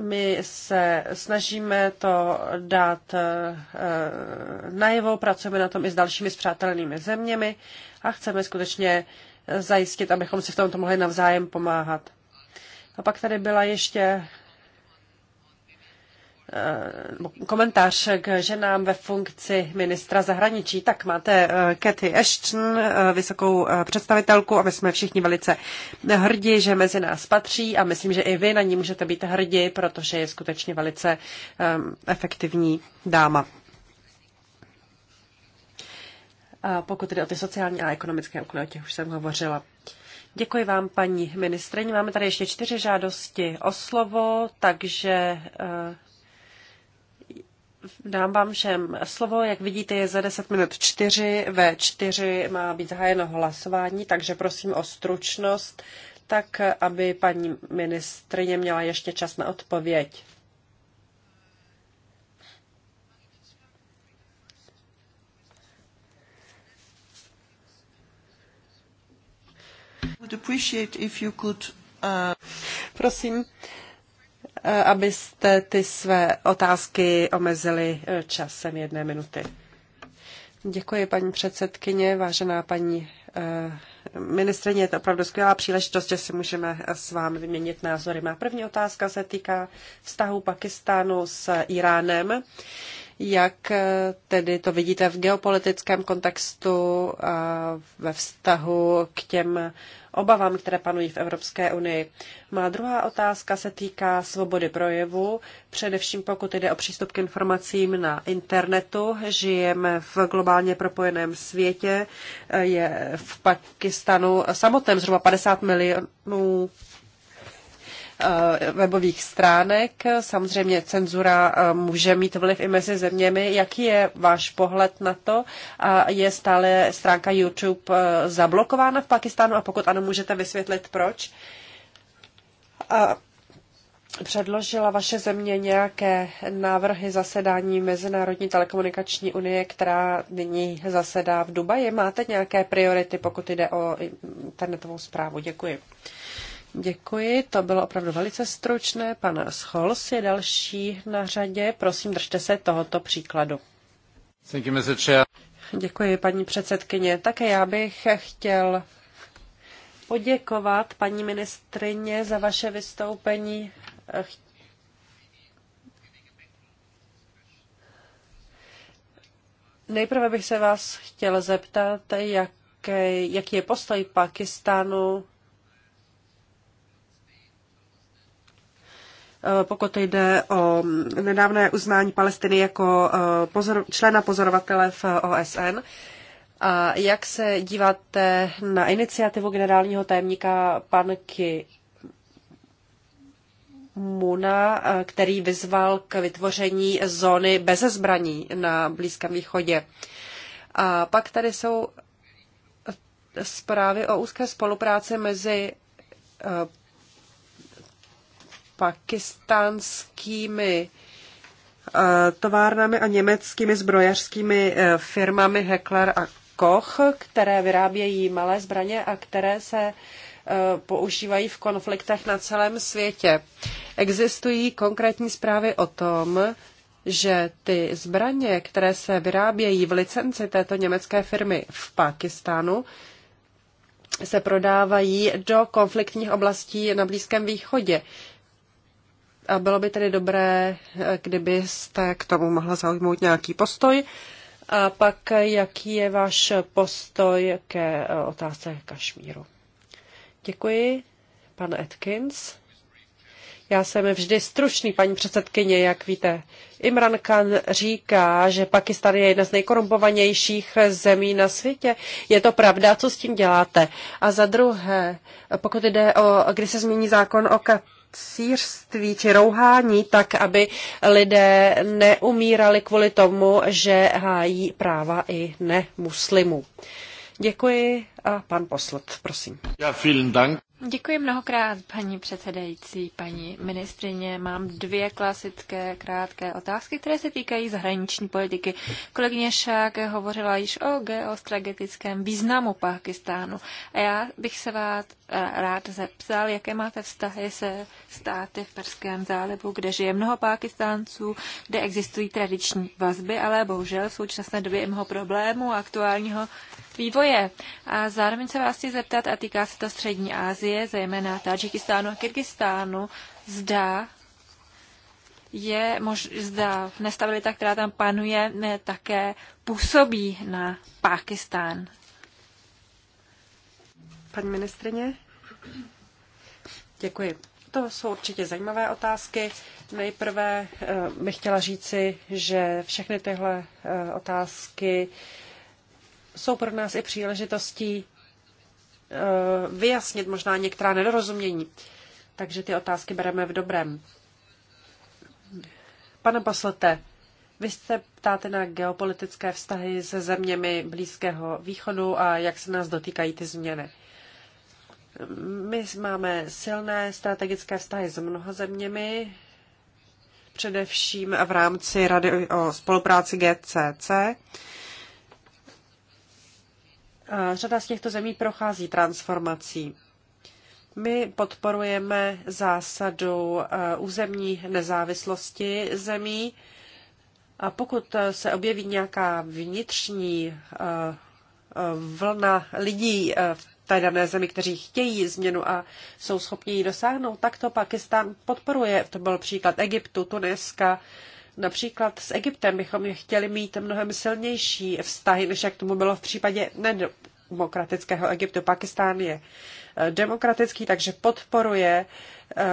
my se snažíme to dát eh, najevo, pracujeme na tom i s dalšími spřátelenými zeměmi a chceme skutečně zajistit, abychom si v tomto mohli navzájem pomáhat. A pak tady byla ještě Eh, komentář k ženám ve funkci ministra zahraničí. Tak máte eh, Cathy Ashton, eh, vysokou představitelku a my jsme všichni velice hrdí, že mezi nás patří a myslím, že i vy na ní můžete být hrdí, protože je skutečně velice efektivní dáma. A pokud jde o ty sociální a ekonomické úkoly, o těch už jsem hovořila. Děkuji vám, paní ministrině. Máme tady ještě čtyři žádosti o slovo, takže Dám vám všem slovo. Jak vidíte, je za 10 minut 4. Ve 4 má být zahájeno hlasování, takže prosím o stručnost, tak aby paní ministrině měla ještě čas na odpověď. Uh, prosím, Eh, abyste ty své otázky omezili eh, časem jedné minuty. Děkuji, paní předsedkyně, vážená paní eh, ministrině, je to opravdu skvělá příležitost, že si můžeme s vámi vyměnit názory. Má první otázka se týká vztahu Pakistánu s Iránem. Jak eh, tedy to vidíte v geopolitickém kontextu a ve vztahu k těm obavám, které panují v Evropské unii? Má druhá otázka se týká svobody projevu, především pokud jde o přístup k informacím na internetu. Žijeme v globálně propojeném světě. Eh, je v Pakistanu samotném zhruba 50 milionů Eh, webových stránek. Samozřejmě cenzura eh, může mít vliv i mezi zeměmi. Jaký je váš pohled na to? A je stále stránka YouTube eh, zablokována v Pakistánu a pokud ano, můžete vysvětlit proč? A předložila vaše země nějaké návrhy zasedání Mezinárodní telekomunikační unie, která nyní zasedá v Dubaji? Máte nějaké priority, pokud jde o internetovou zprávu? Děkuji. Děkuji, to bylo opravdu velice stručné. Pan Scholz je další na řadě. Prosím, držte se tohoto příkladu. Děkuji, paní předsedkyně. Také já bych chtěl poděkovat paní ministrině za vaše vystoupení. Nejprve bych se vás chtěl zeptat, jak jaký je postoj Pakistánu Eh, pokud jde o nedávné uznání Palestiny jako eh, pozor, člena pozorovatele v eh, OSN. A jak se díváte na iniciativu generálního tajemníka pan Ki Muna, který vyzval k vytvoření zóny bez zbraní na Blízkém východě? A pak tady jsou zprávy o úzké spolupráci mezi pakistánskými eh, továrnami a německými zbrojařskými eh, firmami Heckler a Koch, které vyrábějí malé zbraně a které se eh, používají v konfliktech na celém světě. Existují konkrétní zprávy o tom, že ty zbraně, které se vyrábějí v licenci této německé firmy v Pakistánu, se prodávají do konfliktních oblastí na Blízkém východě. A bylo by tedy dobré, eh, kdybyste k tomu mohla zaujmout nějaký postoj. A pak, jaký je váš postoj ke eh, otázce Kašmíru? Děkuji, pan Atkins. Já jsem vždy stručný, paní předsedkyně, jak víte. Imran Khan říká, že Pakistan je jedna z nejkorumpovanějších zemí na světě. Je to pravda? Co s tím děláte? A za druhé, pokud jde o, kdy se změní zákon o Kat círství či rouhání tak, aby lidé neumírali kvůli tomu, že hájí práva i nemuslimů. Děkuji a pan poslat, prosím. Já vielen Dank. Děkuji mnohokrát, paní předsedající, paní ministrině. Mám dvě klasické krátké otázky, které se týkají zahraniční politiky. Kolegyně Šák hovořila již o geostrategickém významu Pakistánu. A já bych se vás eh, rád zeptal, jaké máte vztahy se státy v Perském zálivu, kde žije mnoho Pakistánců, kde existují tradiční vazby, ale bohužel v současné době i mnoho problémů aktuálního vývoje. A zároveň se vás chci zeptat, a týká se to Střední Asie, zejména Tadžikistánu a Kyrgyzstánu, zda je mož, zda nestabilita, která tam panuje, ne, také působí na Pákistán. Paní ministrině? Děkuji. To jsou určitě zajímavé otázky. Nejprve eh, bych chtěla říci, že všechny tyhle eh, otázky jsou pro nás i příležitostí eh, vyjasnit možná některá nedorozumění. Takže ty otázky bereme v dobrém. Pane poslete, vy se ptáte na geopolitické vztahy se zeměmi Blízkého východu a jak se nás dotýkají ty změny. My máme silné strategické vztahy s mnoha zeměmi, především v rámci Rady o spolupráci GCC řada z těchto zemí prochází transformací. My podporujeme zásadu eh, územní nezávislosti zemí a pokud se objeví nějaká vnitřní eh, eh, vlna lidí v té dané zemi, kteří chtějí změnu a jsou schopni ji dosáhnout, tak to Pakistan podporuje. To byl příklad Egyptu, Tuniska, Například s Egyptem bychom chtěli mít mnohem silnější vztahy, než jak tomu bylo v případě nedemokratického Egyptu. Pakistán je eh, demokratický, takže podporuje eh,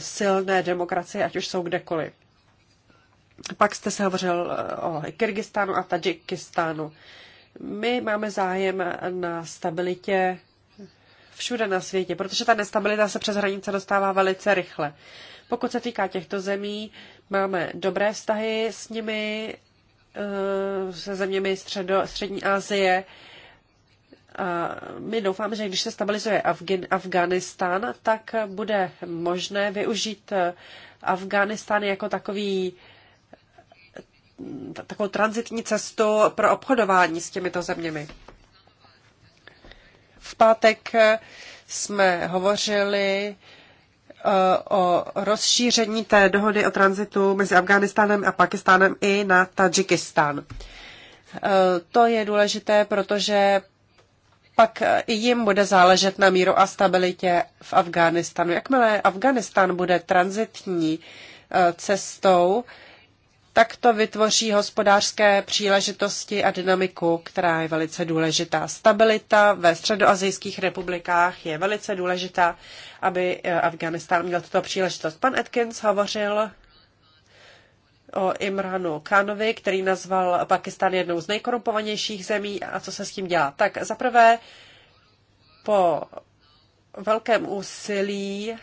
silné demokracie, ať už jsou kdekoliv. Pak jste se hovořil eh, o Kyrgyzstánu a Tadžikistánu. My máme zájem na stabilitě všude na světě, protože ta nestabilita se přes hranice dostává velice rychle. Pokud se týká těchto zemí, Máme dobré vztahy s nimi, eh, se zeměmi středo, Střední Asie. A my doufáme, že když se stabilizuje Afgin, Afganistán, tak bude možné využít eh, Afganistán jako takový eh, takovou transitní cestu pro obchodování s těmito zeměmi. V pátek jsme hovořili o rozšíření té dohody o tranzitu mezi Afghánistánem a Pakistánem i na Tadžikistán. E, to je důležité, protože pak i jim bude záležet na míru a stabilitě v Afghánistánu. Jakmile Afghánistán bude transitní e, cestou, tak to vytvoří hospodářské příležitosti a dynamiku, která je velice důležitá. Stabilita ve středoazijských republikách je velice důležitá, aby eh, Afganistán měl tuto příležitost. Pan Atkins hovořil o Imranu Khanovi, který nazval Pakistan jednou z nejkorumpovanějších zemí a co se s tím dělá. Tak zaprvé po velkém úsilí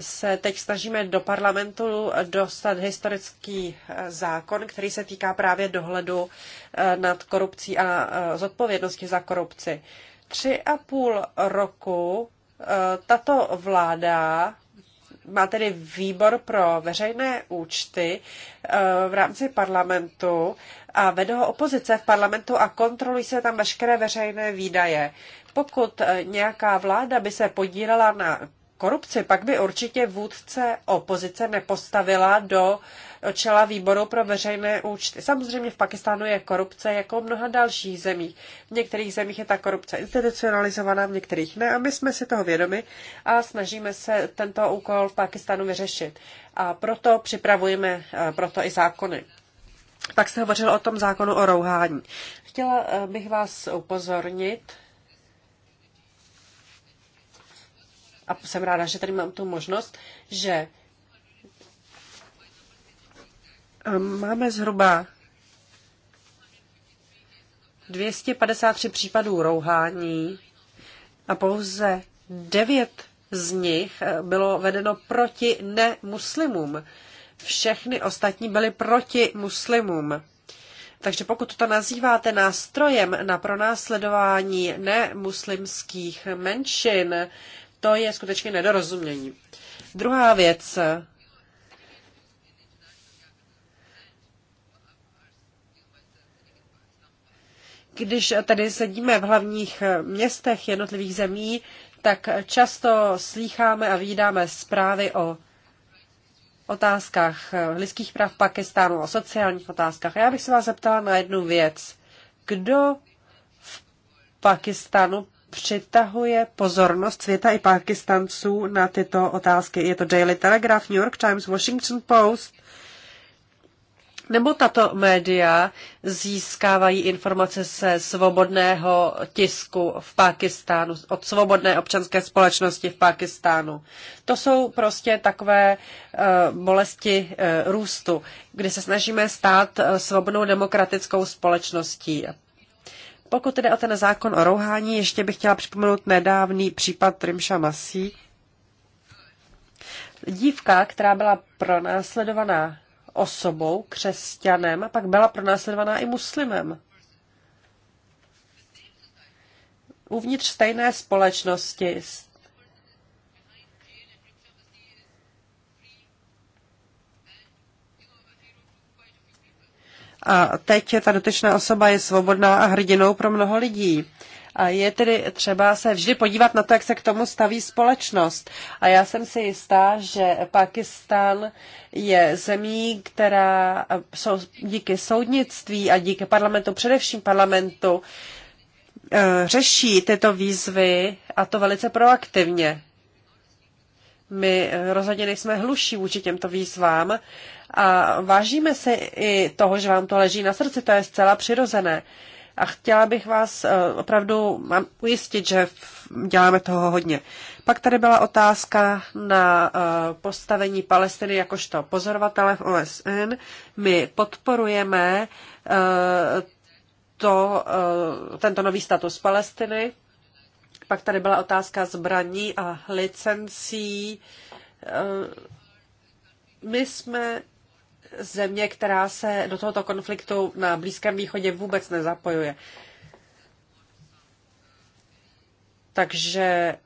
se teď snažíme do parlamentu dostat historický eh, zákon, který se týká právě dohledu eh, nad korupcí a eh, zodpovědnosti za korupci. Tři a půl roku tato vláda má tedy výbor pro veřejné účty v rámci parlamentu a vede ho opozice v parlamentu a kontrolují se tam veškeré veřejné výdaje. Pokud nějaká vláda by se podílela na korupci, pak by určitě vůdce opozice nepostavila do čela výboru pro veřejné účty. Samozřejmě v Pakistánu je korupce jako v mnoha dalších zemích. V některých zemích je ta korupce institucionalizovaná, v některých ne a my jsme si toho vědomi a snažíme se tento úkol v Pakistánu vyřešit. A proto připravujeme eh, proto i zákony. Pak se hovořil o tom zákonu o rouhání. Chtěla eh, bych vás upozornit a jsem ráda, že tady mám tu možnost, že ehm, máme zhruba 253 případů rouhání a pouze 9 z nich eh, bylo vedeno proti nemuslimům. Všechny ostatní byly proti muslimům. Takže pokud to nazýváte nástrojem na pronásledování nemuslimských menšin, to je skutečně nedorozumění. Druhá věc. Když tady sedíme v hlavních městech jednotlivých zemí, tak často slýcháme a vídáme zprávy o otázkách lidských práv Pakistánu, o sociálních otázkách. já bych se vás zeptala na jednu věc. Kdo v Pakistánu přitahuje pozornost světa i Pakistanců na tyto otázky. Je to Daily Telegraph, New York Times, Washington Post. Nebo tato média získávají informace se svobodného tisku v Pákistánu, od svobodné občanské společnosti v Pákistánu. To jsou prostě takové uh, bolesti uh, růstu, kdy se snažíme stát uh, svobodnou demokratickou společností. Pokud jde o ten zákon o rouhání, ještě bych chtěla připomenout nedávný případ Trimša Masí. Dívka, která byla pronásledovaná osobou, křesťanem, a pak byla pronásledovaná i muslimem. Uvnitř stejné společnosti, A teď ta dotyčná osoba je svobodná a hrdinou pro mnoho lidí. A je tedy třeba se vždy podívat na to, jak se k tomu staví společnost. A já jsem si jistá, že Pakistan je zemí, která jsou díky soudnictví a díky parlamentu, především parlamentu, eh, řeší tyto výzvy a to velice proaktivně. My eh, rozhodně nejsme hluší vůči těmto výzvám a vážíme se i toho, že vám to leží na srdci, to je zcela přirozené. A chtěla bych vás eh, opravdu ujistit, že děláme toho hodně. Pak tady byla otázka na eh, postavení Palestiny jakožto pozorovatele v OSN. My podporujeme eh, to, tento nový status Palestiny. Pak tady byla otázka zbraní a licencí. My jsme země, která se do tohoto konfliktu na Blízkém východě vůbec nezapojuje. Takže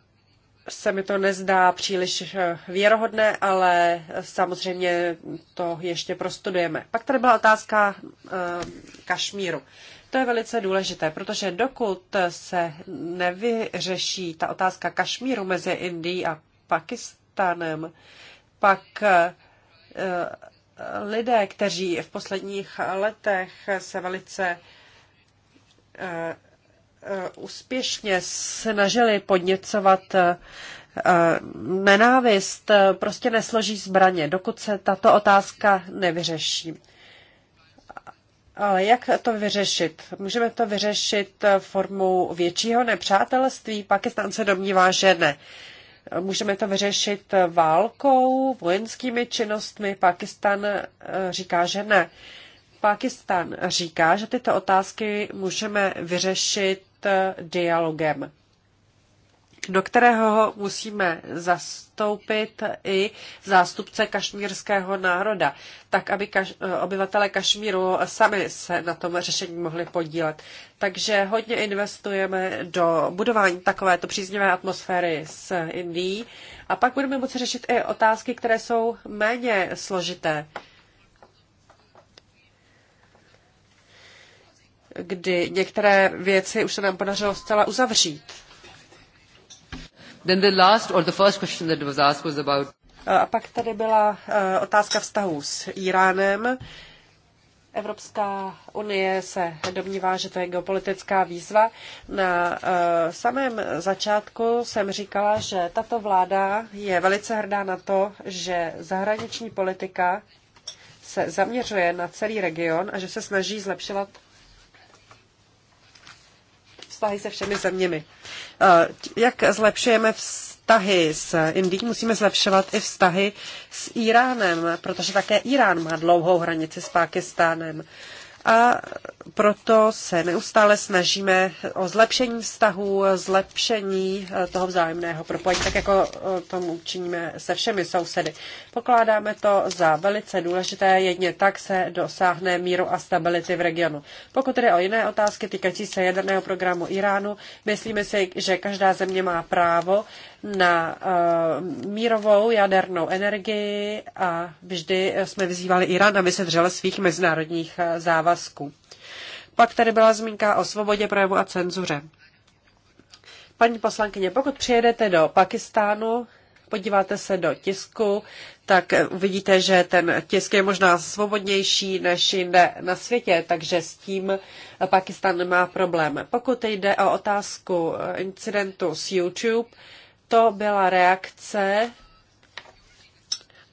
se mi to nezdá příliš eh, věrohodné, ale samozřejmě to ještě prostudujeme. Pak tady byla otázka eh, Kašmíru. To je velice důležité, protože dokud se nevyřeší ta otázka Kašmíru mezi Indií a Pakistanem, pak eh, lidé, kteří v posledních letech se velice eh, eh, úspěšně snažili podněcovat eh, nenávist, prostě nesloží zbraně, dokud se tato otázka nevyřeší. Ale jak to vyřešit? Můžeme to vyřešit formou většího nepřátelství? Pakistan se domnívá, že ne. Uh, Můžeme to vyřešit válkou, vojenskými činnostmi. Pakistan eh, říká, že ne. Pakistan říká, že tyto otázky můžeme vyřešit eh, dialogem do kterého musíme zastoupit i zástupce kašmírského národa, tak aby kaš- obyvatele Kašmíru sami se na tom řešení mohli podílet. Takže hodně investujeme do budování takovéto příznivé atmosféry s Indií a pak budeme moci řešit i otázky, které jsou méně složité. kdy některé věci už se nám podařilo zcela uzavřít. Then the last or the first question that was asked was about a pak tady byla e, otázka vztahu s Iránem. Evropská unie se domnívá, že to je geopolitická výzva. Na e, samém začátku jsem říkala, že tato vláda je velice hrdá na to, že zahraniční politika se zaměřuje na celý region a že se snaží zlepšovat vztahy se všemi zeměmi. Eh, jak zlepšujeme vztahy s Indií, musíme zlepšovat i vztahy s Iránem, protože také Irán má dlouhou hranici s Pákistánem a proto se neustále snažíme o zlepšení vztahů, zlepšení eh, toho vzájemného propojení, tak jako eh, tomu činíme se všemi sousedy. Pokládáme to za velice důležité, jedně tak se dosáhne míru a stability v regionu. Pokud tedy o jiné otázky týkající se jaderného programu Iránu, myslíme si, že každá země má právo na eh, mírovou jadernou energii a vždy jsme vyzývali Irán, aby se držel svých mezinárodních závazků otázku. Pak tady byla zmínka o svobodě projevu a cenzuře. Paní poslankyně, pokud přijedete do Pakistánu, podíváte se do tisku, tak uvidíte, že ten tisk je možná svobodnější než jinde na světě, takže s tím Pakistan nemá problém. Pokud jde o otázku incidentu s YouTube, to byla reakce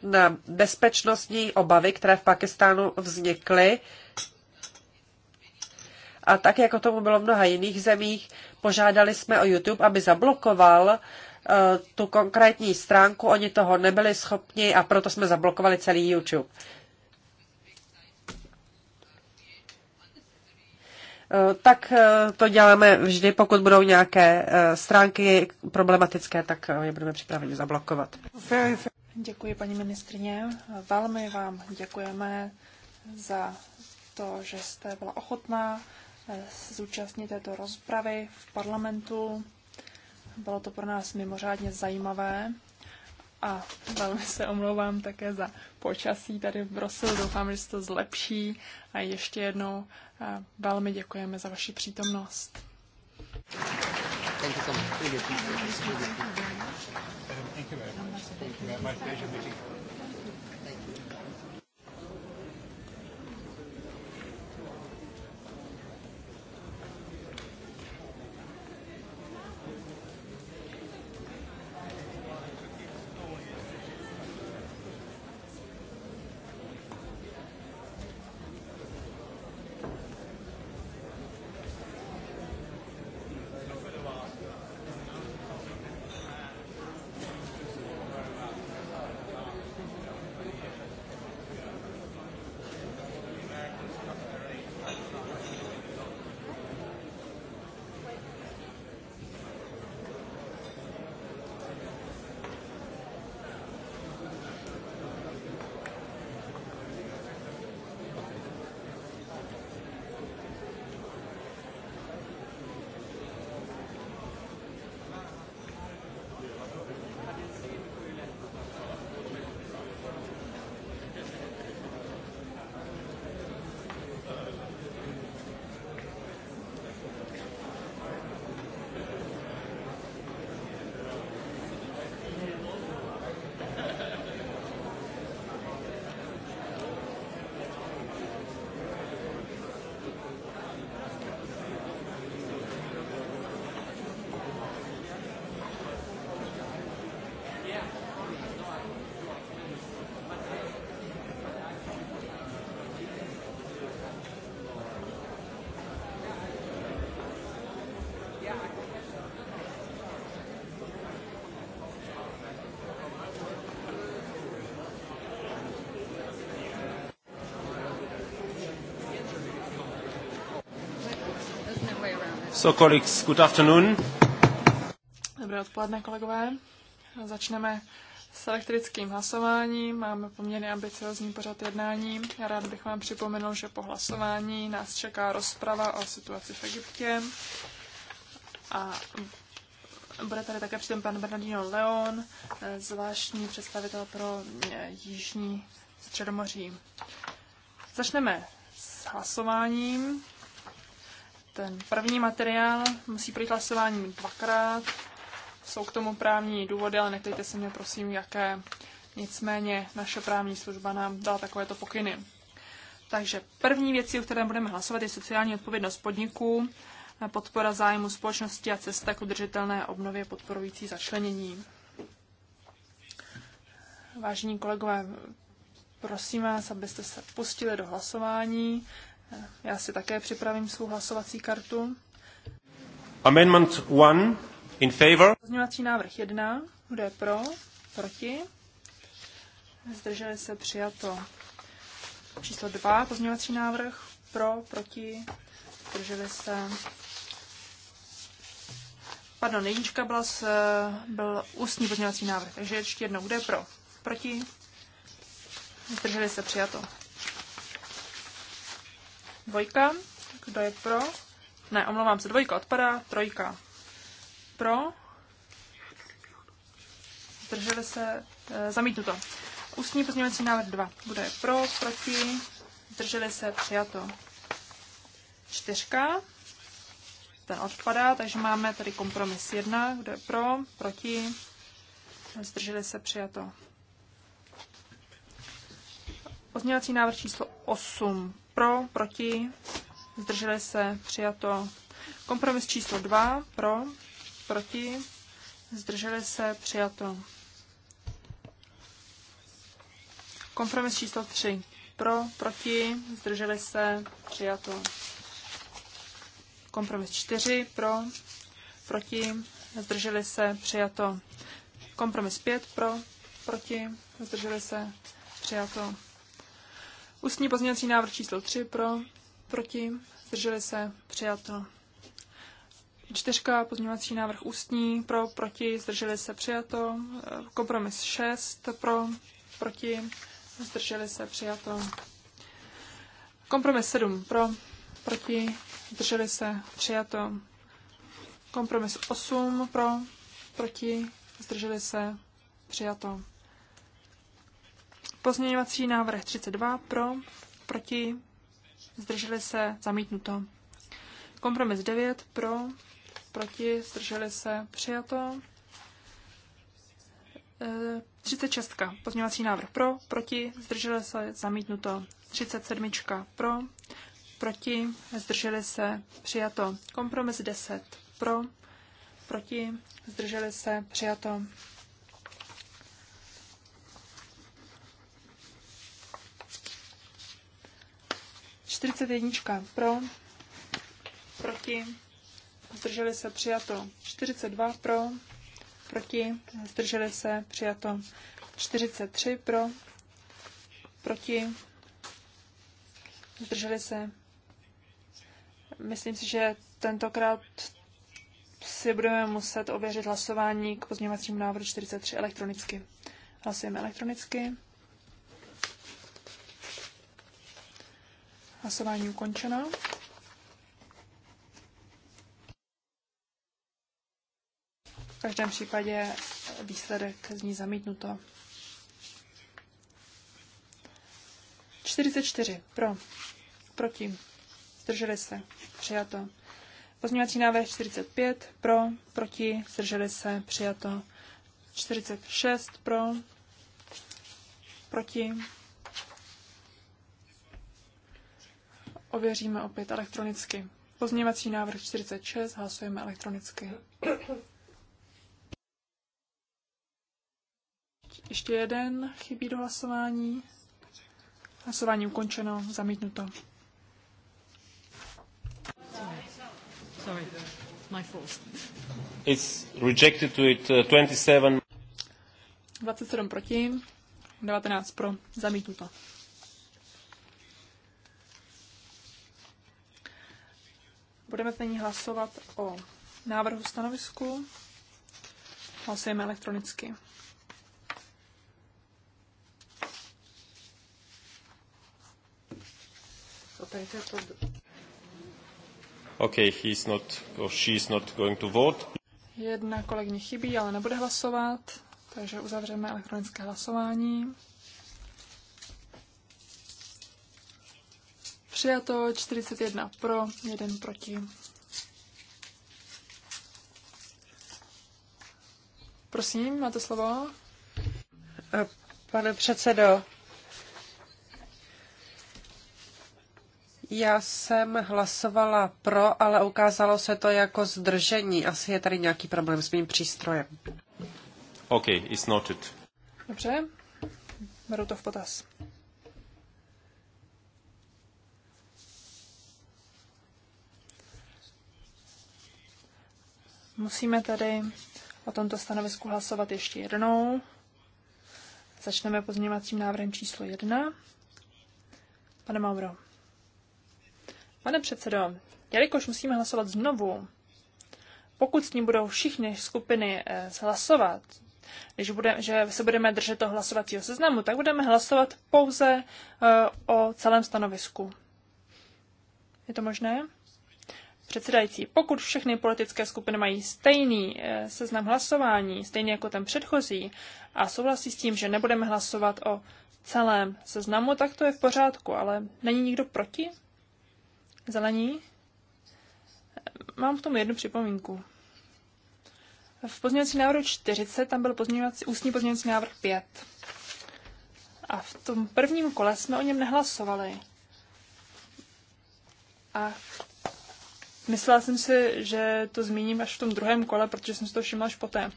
na bezpečnostní obavy, které v Pakistánu vznikly a tak, jako tomu bylo v mnoha jiných zemích, požádali jsme o YouTube, aby zablokoval eh, tu konkrétní stránku, oni toho nebyli schopni a proto jsme zablokovali celý YouTube. Eh, tak eh, to děláme vždy, pokud budou nějaké stránky problematické, tak je budeme připraveni zablokovat. Děkuji, paní ministrině. Velmi vám děkujeme za to, že jste byla ochotná zúčastnit této rozpravy v parlamentu. Bylo to pro nás mimořádně zajímavé a velmi se omlouvám také za počasí tady v Bruselu. Doufám, že se to zlepší a ještě jednou velmi děkujeme za vaši přítomnost. Thank you so much. you very much. Thank you very much. Thank you. very much. Thank you. So, colleagues, good afternoon. Dobré odpoledne, kolegové. Začneme s elektrickým hlasováním. Máme poměrně ambiciozní pořad jednání. Já rád bych vám připomenul, že po hlasování nás čeká rozprava o situaci v Egyptě. A bude tady také přitom pan Bernardino Leon, zvláštní představitel pro eh, Jižní středomoří. Začneme s hlasováním. Ten první materiál musí projít hlasováním dvakrát. Jsou k tomu právní důvody, ale neptejte se mě, prosím, jaké. Nicméně naše právní služba nám dala takovéto pokyny. Takže první věcí, o které budeme hlasovat, je sociální odpovědnost podniků, podpora zájmu společnosti a cesta k udržitelné obnově podporující začlenění. Vážení kolegové, prosím vás, abyste se pustili do hlasování. Já si také připravím svou hlasovací kartu. Amendment 1 in favor. Pozměňovací návrh 1. Kdo je pro? Proti? Zdrželi se přijato. Číslo 2. Pozměňovací návrh pro, proti? Zdrželi se. Pardon, jednička byla s, byl ústní pozměňovací návrh, takže ještě jednou, kde je pro? Proti? Zdrželi se přijato. Dvojka. Kdo je pro? Ne, omlouvám se, dvojka odpadá, trojka. Pro. Zdrželi se, e, zamítnuto. Ústní pozměňovací návrh 2. Kdo je pro, proti, zdrželi se, přijato. Čtyřka. Ten odpadá, takže máme tady kompromis 1. Kdo je pro, proti, zdrželi se, přijato. Pozměňovací návrh číslo 8 pro, proti, zdrželi se, přijato. Kompromis číslo 2, pro, proti, zdrželi se, přijato. Kompromis číslo 3, pro, proti, zdrželi se, přijato. Kompromis 4, pro, proti, zdrželi se, přijato. Kompromis 5, pro, proti, zdrželi se, přijato. Ústní pozměňovací návrh číslo 3 pro, proti, zdrželi se, přijato. Čtyřka, pozměňovací návrh ústní, pro, proti, zdrželi se, přijato. Kompromis 6, pro, proti, zdrželi se, přijato. Kompromis 7, pro, proti, zdrželi se, přijato. Kompromis 8, pro, proti, zdrželi se, přijato. Pozměňovací návrh 32 pro, proti, zdrželi se, zamítnuto. Kompromis 9 pro, proti, zdrželi se, přijato. 36. E, pozměňovací návrh pro, proti, zdrželi se, zamítnuto. 37. pro, proti, zdrželi se, přijato. Kompromis 10 pro, proti, zdrželi se, přijato. 41 pro, proti, zdrželi se přijato 42 pro, proti, zdrželi se přijato 43 pro, proti, zdrželi se. Myslím si, že tentokrát si budeme muset ověřit hlasování k pozměňovacímu návrhu 43 elektronicky. Hlasujeme elektronicky. Hlasování ukončeno. V každém případě výsledek zní zamítnuto. 44. Pro. Proti. Zdrželi se. Přijato. Pozměňovací návrh 45. Pro. Proti. Zdrželi se. Přijato. 46. Pro. Proti. Ověříme opět elektronicky. Pozměvací návrh 46, hlasujeme elektronicky. Ještě jeden chybí do hlasování. Hlasování ukončeno, zamítnuto. Sorry. My fault. It's rejected to it uh, 27. 27 proti, 19 pro, zamítnuto. Budeme nyní hlasovat o návrhu stanovisku. Hlasujeme elektronicky. Okay, he's not, or she's not going to vote. Jedna kolegyně chybí, ale nebude hlasovat, takže uzavřeme elektronické hlasování. Přijato 41 pro, 1 proti. Prosím, máte slovo. Eh, pane předsedo, já jsem hlasovala pro, ale ukázalo se to jako zdržení. Asi je tady nějaký problém s mým přístrojem. OK, it's noted. Dobře, beru to v potaz. Musíme tedy o tomto stanovisku hlasovat ještě jednou. Začneme pozměňovacím návrhem číslo 1. Pane Mauro. Pane předsedo, jelikož musíme hlasovat znovu, pokud s ním budou všichni skupiny eh, hlasovat, když bude, že se budeme držet toho hlasovacího seznamu, tak budeme hlasovat pouze eh, o celém stanovisku. Je to možné? Předsedající, pokud všechny politické skupiny mají stejný eh, seznam hlasování, stejně jako ten předchozí, a souhlasí s tím, že nebudeme hlasovat o celém seznamu, tak to je v pořádku, ale není nikdo proti? Zelení? Eh, mám k tomu jednu připomínku. V pozměňovací návrhu 40 tam byl pozměňovací, ústní pozměňovací návrh 5. A v tom prvním kole jsme o něm nehlasovali. A Myslela jsem si, že to zmíním až v tom druhém kole, protože jsem si to všimla až poté.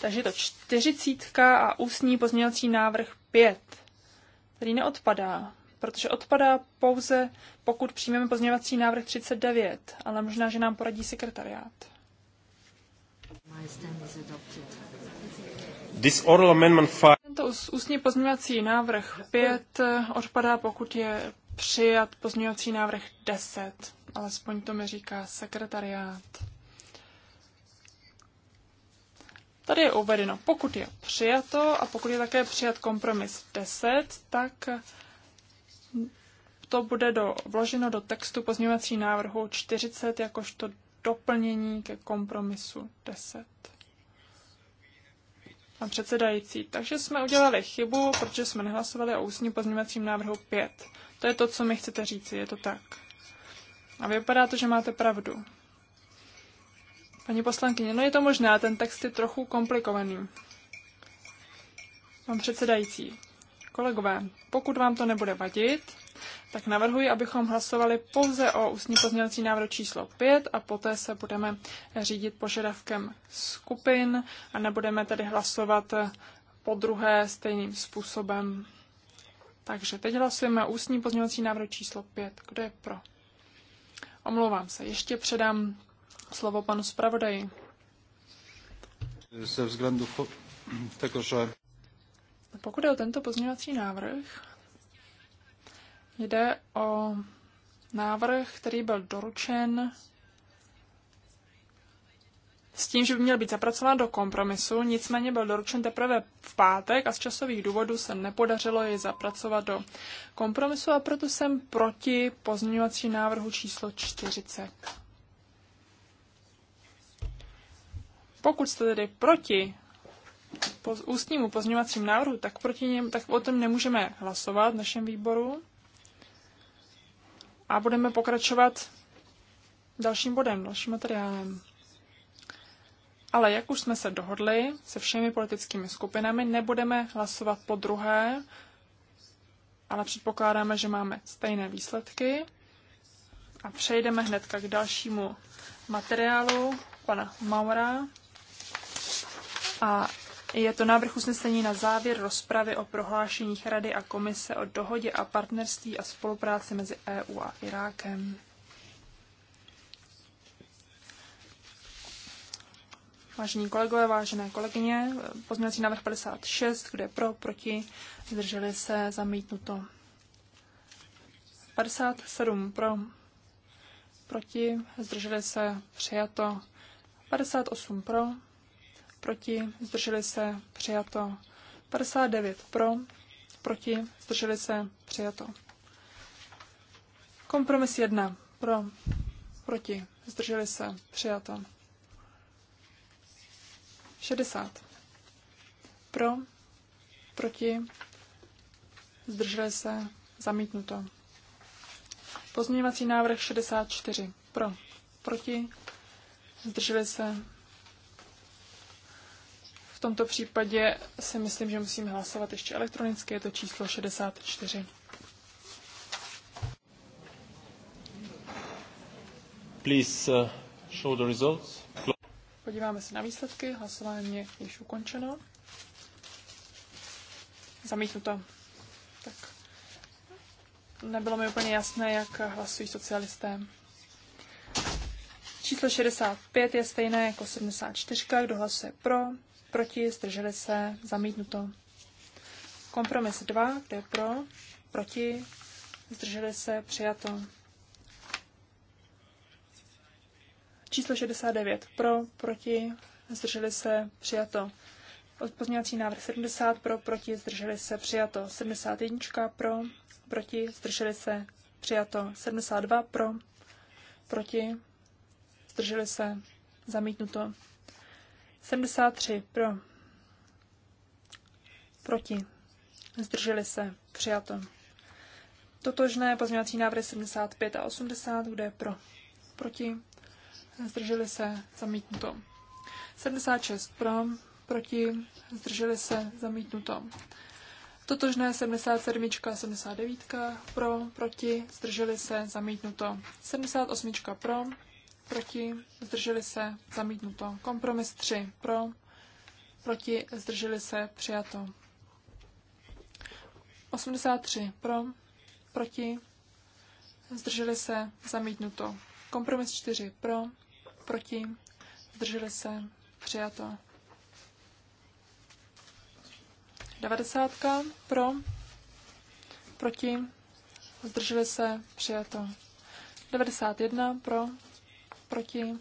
Takže to čtyřicítka a ústní pozměňovací návrh pět. který neodpadá, protože odpadá pouze, pokud přijmeme pozměňovací návrh 39, ale možná, že nám poradí sekretariát. This oral amendment five. Tento ústní pozměňovací návrh 5 odpadá, pokud je přijat pozměňovací návrh 10 alespoň to mi říká sekretariát. Tady je uvedeno, pokud je přijato a pokud je také přijat kompromis 10, tak to bude do, vloženo do textu pozměňovací návrhu 40 jakožto doplnění ke kompromisu 10. Pan předsedající, takže jsme udělali chybu, protože jsme nehlasovali o ústním pozměňovacím návrhu 5. To je to, co mi chcete říci, je to tak. A vypadá to, že máte pravdu. Paní poslankyně, no je to možné, ten text je trochu komplikovaný. Pan předsedající, kolegové, pokud vám to nebude vadit, tak navrhuji, abychom hlasovali pouze o ústní pozměňovací návrh číslo 5 a poté se budeme řídit požadavkem skupin a nebudeme tedy hlasovat po druhé stejným způsobem. Takže teď hlasujeme ústní pozměňovací návrh číslo 5. Kdo je pro? Omlouvám se, ještě předám slovo panu zpravodaji. Se vzhledu tego, že... Pokud je o tento pozměňovací návrh, jde o návrh, který byl doručen s tím, že by měl být zapracován do kompromisu, nicméně byl doručen teprve v pátek a z časových důvodů se nepodařilo jej zapracovat do kompromisu a proto jsem proti pozměňovací návrhu číslo 40. Pokud jste tedy proti po ústnímu pozměňovacím návrhu, tak, proti něm, tak o tom nemůžeme hlasovat v našem výboru. A budeme pokračovat dalším bodem, dalším materiálem. Ale jak už jsme se dohodli se všemi politickými skupinami, nebudeme hlasovat po druhé, ale předpokládáme, že máme stejné výsledky. A přejdeme hned k dalšímu materiálu pana Maura. A je to návrh usnesení na závěr rozpravy o prohlášeních Rady a Komise o dohodě a partnerství a spolupráci mezi EU a Irákem. Vážení kolegové, vážené kolegyně, pozměňovací návrh 56, kde pro, proti, zdrželi se, zamítnuto. 57 pro, proti, zdrželi se, přijato. 58 pro, proti, zdrželi se, přijato. 59 pro, proti, zdrželi se, přijato. Kompromis 1 pro, proti, zdrželi se, přijato. 60. Pro, proti, zdrželi se, zamítnuto. Pozměňovací návrh 64. Pro, proti, zdrželi se. V tomto případě si myslím, že musím hlasovat ještě elektronicky, je to číslo 64. Please uh, show the results. Podíváme se na výsledky. Hlasování je již ukončeno. Zamítnuto. Tak. Nebylo mi úplně jasné, jak hlasují socialisté. Číslo 65 je stejné jako 74. Kdo hlasuje pro, proti, zdrželi se, zamítnuto. Kompromis 2, kde je pro, proti, zdrželi se, přijato. Číslo 69 pro, proti, zdrželi se, přijato. Pozměňovací návrh 70 pro, proti, zdrželi se, přijato. 71 pro, proti, zdrželi se, přijato. 72 pro, proti, zdrželi se, zamítnuto. 73 pro, proti, zdrželi se, přijato. Totožné pozměňovací návrhy 75 a 80, kde je pro, proti, zdrželi se, zamítnuto. 76 pro, proti, zdrželi se, zamítnuto. Totožné 77, 79 pro, proti, zdrželi se, zamítnuto. 78 pro, proti, zdrželi se, zamítnuto. Kompromis 3 pro, proti, zdrželi se, přijato. 83 pro, proti, zdrželi se, zamítnuto. Kompromis 4 pro, proti, zdrželi se, přijato. 90 pro, proti, zdrželi se, přijato. 91 pro, proti,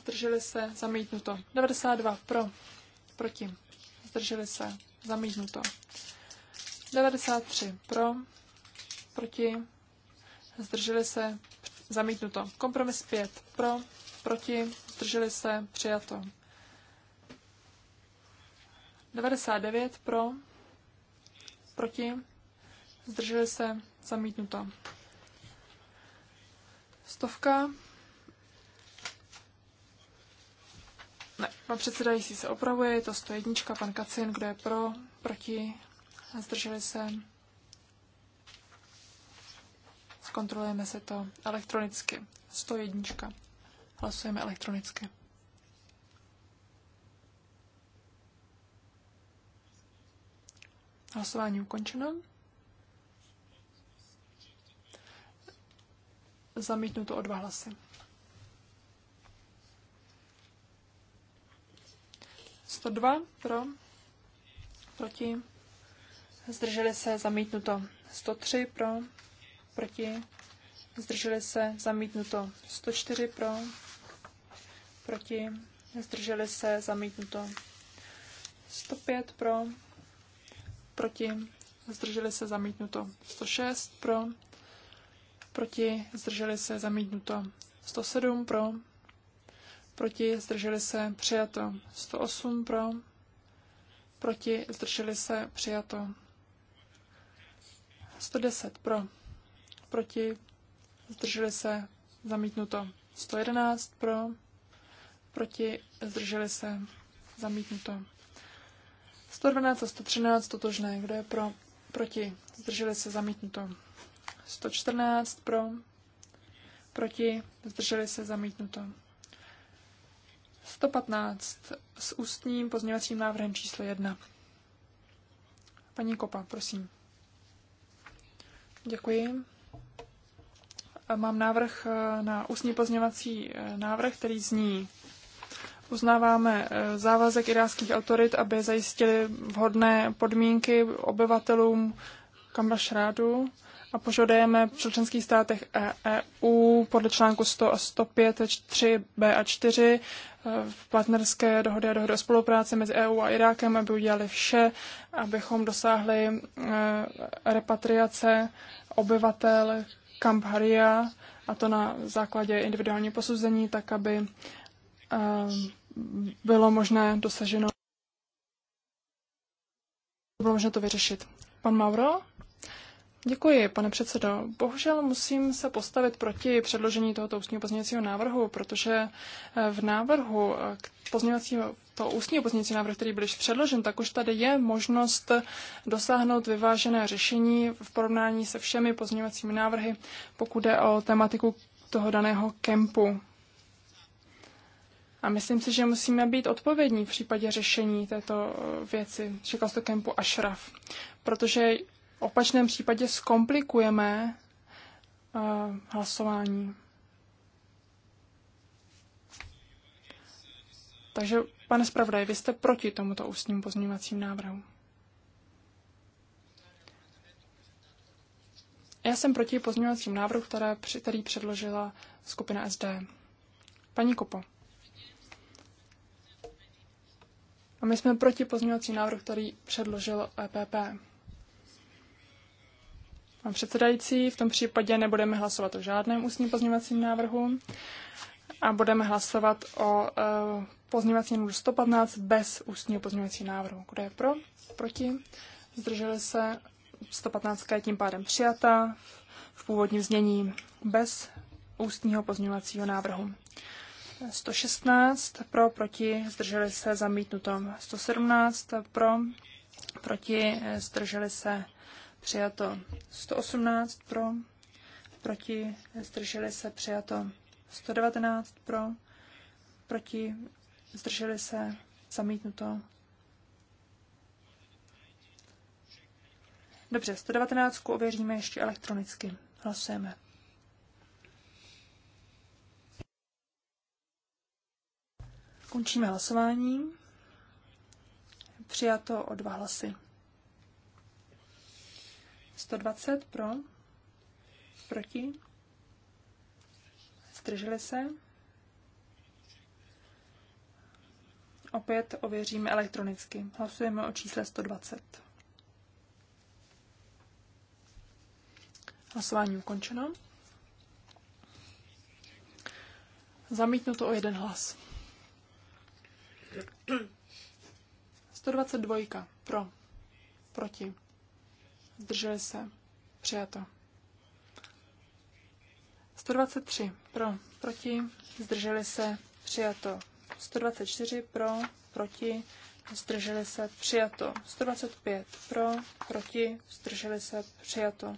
zdrželi se, zamítnuto. 92 pro, proti, zdrželi se, zamítnuto. 93 pro, proti, zdrželi se, zamítnuto. Kompromis 5 pro, proti, zdrželi se, přijato. 99 pro, proti, zdrželi se, zamítnuto. Stovka. Ne, pan předsedající se opravuje, je to 101, pan Kacin, kdo je pro, proti, zdrželi se. Zkontrolujeme se to elektronicky. 101. Hlasujeme elektronicky. Hlasování ukončeno. Zamítnuto o dva hlasy. Sto dva pro, proti, zdrželi se, zamítnuto. Sto tři pro, proti, zdrželi se, zamítnuto. Sto čtyři pro, proti, zdrželi se, zamítnuto. 105 pro, proti, zdrželi se, zamítnuto. 106 pro, proti, zdrželi se, zamítnuto. 107 pro, proti, zdrželi se, přijato. 108 pro, proti, zdrželi se, přijato. 110 pro, proti, zdrželi se, zamítnuto. 111 pro, proti, zdrželi se, zamítnuto. 112 a 113 totožné, kdo je pro, proti, zdrželi se, zamítnuto. 114 pro, proti, zdrželi se, zamítnuto. 115 s ústním pozměňovacím návrhem číslo 1. Paní Kopa, prosím. Děkuji. Mám návrh eh, na ústní pozměňovací eh, návrh, který zní Uznáváme eh, závazek iráckých autorit, aby zajistili vhodné podmínky obyvatelům Kambašrádu a požadujeme v členských státech EU e podle článku 100 a 105, 3 B a 4 eh, v partnerské dohody a dohody o spolupráci mezi EU a Irákem, aby udělali vše, abychom dosáhli eh, repatriace obyvatel Kamp Haria, a to na základě individuální posuzení, tak aby Eh, bylo možné dosaženo bylo možné to vyřešit. Pan Mauro? Děkuji, pane předsedo. Bohužel musím se postavit proti předložení tohoto ústního pozměňovacího návrhu, protože eh, v návrhu eh, pozměňovacího, to ústního pozměňovacího návrhu, který byl předložen, tak už tady je možnost dosáhnout vyvážené řešení v porovnání se všemi pozměňovacími návrhy, pokud jde o tematiku toho daného kempu a myslím si, že musíme být odpovědní v případě řešení této eh, věci, říkal to kempu Ashraf, protože v opačném případě zkomplikujeme uh, hlasování. Takže, pane zpravodaj, vy jste proti tomuto ústním pozměňovacím návrhu. Já jsem proti pozměňovacím návrhu, které, který předložila skupina SD. Paní Kopo. A my jsme proti pozměňovací návrhu, který předložil EPP. Pan předsedající, v tom případě nebudeme hlasovat o žádném ústním pozměňovacím návrhu a budeme hlasovat o e, pozměňovacím návrhu 115 bez ústního pozměňovacího návrhu. Kdo je pro? Proti? Zdrželi se? 115 je tím pádem přijata v původním znění bez ústního pozměňovacího návrhu. 116 pro, proti, zdrželi se, zamítnuto. 117 pro, proti, zdrželi se, přijato. 118 pro, proti, zdrželi se, přijato. 119 pro, proti, zdrželi se, zamítnuto. Dobře, 119 ověříme ještě elektronicky. Hlasujeme. Končíme hlasování. Přijato o dva hlasy. 120 pro, proti, zdrželi se. Opět ověříme elektronicky. Hlasujeme o čísle 120. Hlasování ukončeno. Zamítnuto o jeden hlas. 122. Pro. Proti. Zdrželi se. Přijato. 123. Pro. Proti. Zdrželi se. Přijato. 124. Pro. Proti. Zdrželi se. Přijato. 125. Pro. Proti. Zdrželi se. Přijato.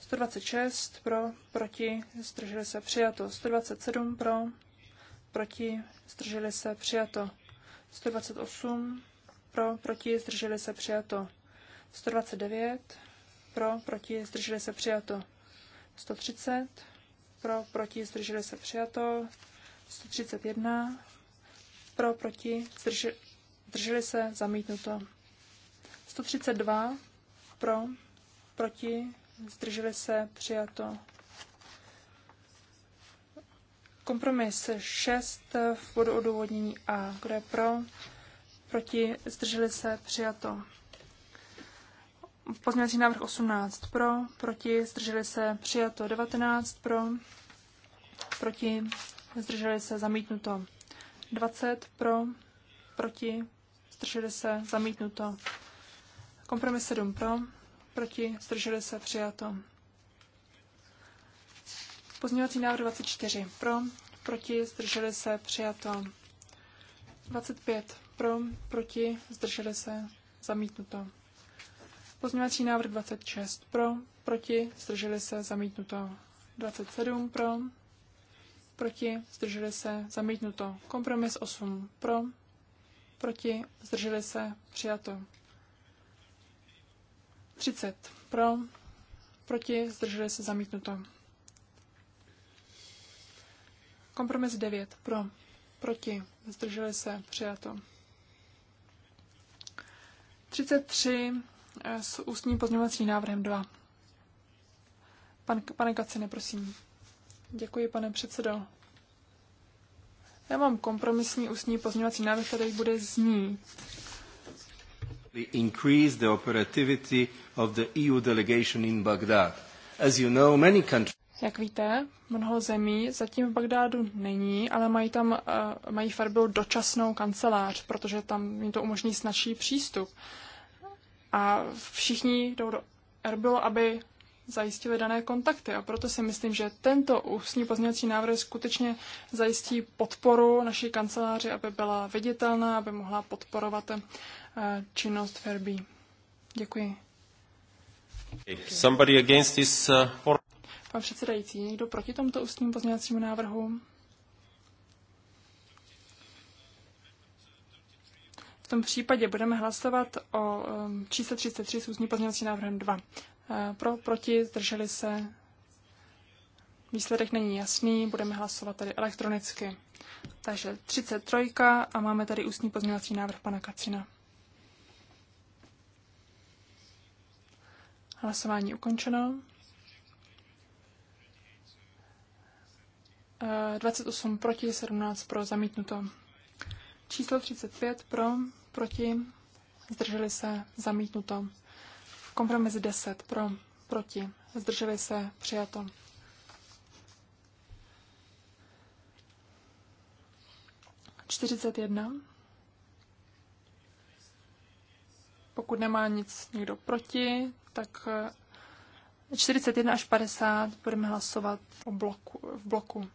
126 pro, proti, zdrželi se přijato, 127 pro, proti, zdrželi se, přijato. 128, pro, proti, zdrželi se, přijato. 129, pro, proti, zdrželi se, přijato. 130, pro, proti, zdrželi se, přijato. 131, pro, proti, zdrželi, zdrželi se, zamítnuto. 132, pro, proti, zdrželi se, přijato. Kompromis 6 v bodu odůvodnění A. Kdo je pro? Proti? Zdrželi se? Přijato. Pozměňovací návrh 18 pro, proti, zdrželi se, přijato 19 pro, proti, zdrželi se, zamítnuto 20 pro, proti, zdrželi se, zamítnuto. Kompromis 7 pro, proti, zdrželi se, přijato. Pozměňovací návrh 24 pro, proti, zdrželi se, přijato. 25 pro, proti, zdrželi se, zamítnuto. Pozměňovací návrh 26 pro, proti, zdrželi se, zamítnuto. 27 pro, proti, zdrželi se, zamítnuto. Kompromis 8 pro, proti, zdrželi se, přijato. 30 pro, proti, zdrželi se, zamítnuto. Kompromis 9. Pro. Proti. Zdrželi se. Přijato. 33 eh, s ústním pozměňovacím návrhem 2. Pan, pane Kaciny, prosím. Děkuji, pane předsedo. Já mám kompromisní ústní pozměňovací návrh, který bude znít. Increase the operativity of the EU delegation in Baghdad. As you know, many countries... Jak víte, mnoho zemí zatím v Bagdádu není, ale mají tam eh, mají Farbilu dočasnou kancelář, protože tam jim to umožní snadší přístup. A všichni jdou do Erbilu, aby zajistili dané kontakty. A proto si myslím, že tento ústní pozměňovací návrh skutečně zajistí podporu naší kanceláři, aby byla viditelná, aby mohla podporovat eh, činnost Ferbí. Děkuji. Somebody against this, uh, Pan předsedající, někdo proti tomuto ústnímu pozměňovacímu návrhu? V tom případě budeme hlasovat o um, čísle 33 s ústním pozměňovacím návrhem 2. Uh, pro, proti, zdrželi se. Výsledek není jasný, budeme hlasovat tady elektronicky. Takže 33 a máme tady ústní pozměňovací návrh pana Kacina. Hlasování ukončeno. 28 proti, 17 pro, zamítnuto. Číslo 35 pro, proti, zdrželi se, zamítnuto. Kompromis 10 pro, proti, zdrželi se, přijato. Čtyřicet jedna. Pokud nemá nic někdo proti, tak 41 eh, až 50 budeme hlasovat o bloku, v bloku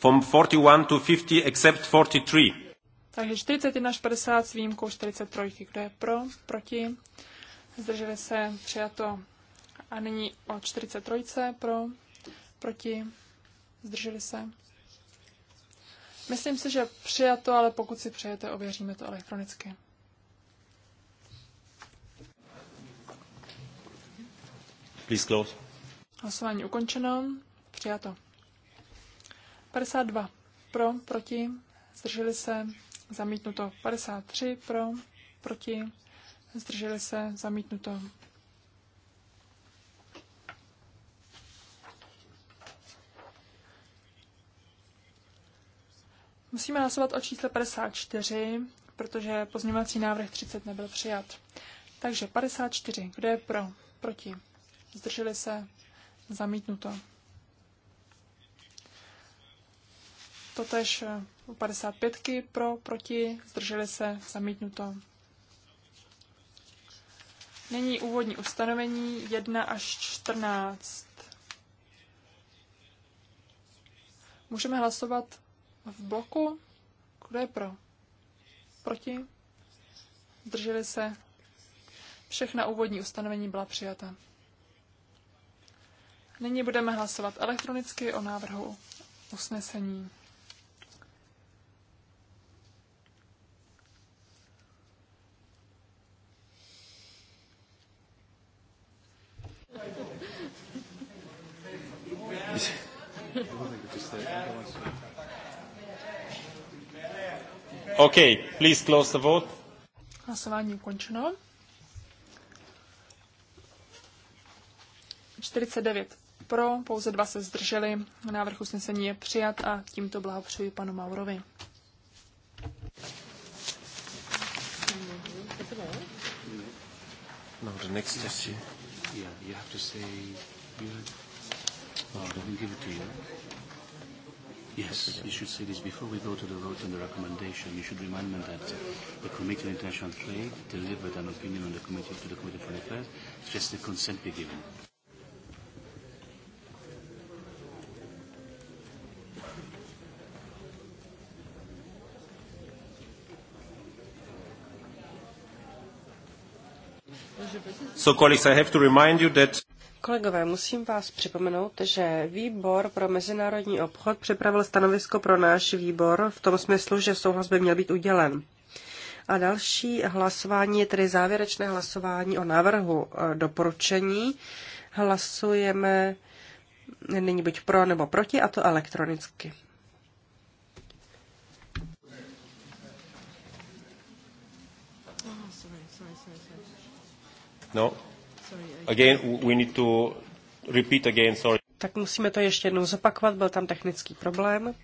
from 41 to 50 except 43. Takže 41 až 50 s výjimkou 43. Kdo je pro? Proti? Zdrželi se? Přijato. A nyní o 43. Pro? Proti? Zdrželi se? Myslím si, že přijato, ale pokud si přejete, ověříme to elektronicky. Please close. Hlasování ukončeno. Přijato. 52 pro, proti, zdrželi se, zamítnuto. 53 pro, proti, zdrželi se, zamítnuto. Musíme hlasovat o čísle 54, protože pozměňovací návrh 30 nebyl přijat. Takže 54. Kdo je pro? Proti? Zdrželi se? Zamítnuto. Totež eh, u 55 pro, proti, zdrželi se, zamítnuto. Nyní úvodní ustanovení 1 až 14. Můžeme hlasovat v bloku. Kdo je pro? Proti? Zdrželi se? Všechna úvodní ustanovení byla přijata. Nyní budeme hlasovat elektronicky o návrhu usnesení. OK, please close the vote. Hlasování ukončeno. 49 pro, pouze dva se zdrželi. Návrh usnesení je přijat a tímto blahopřeji panu Maurovi. No, the next is, yeah, you have to say, you have... Oh, didn't give it to you. Yes, you should say this before we go to the vote on the recommendation. You should remind them that the Committee on International Trade delivered an opinion on the committee to the Committee for Affairs. Just the consent be given. So, colleagues, I have to remind you that Kolegové, musím vás připomenout, že výbor pro mezinárodní obchod připravil stanovisko pro náš výbor v tom smyslu, že souhlas by měl být udělen. A další hlasování je tedy závěrečné hlasování o návrhu e, doporučení. Hlasujeme nyní buď pro nebo proti, a to elektronicky. No, Again, we need to repeat again, sorry. Tak musíme to ještě jednou zopakovat, byl tam technický problém.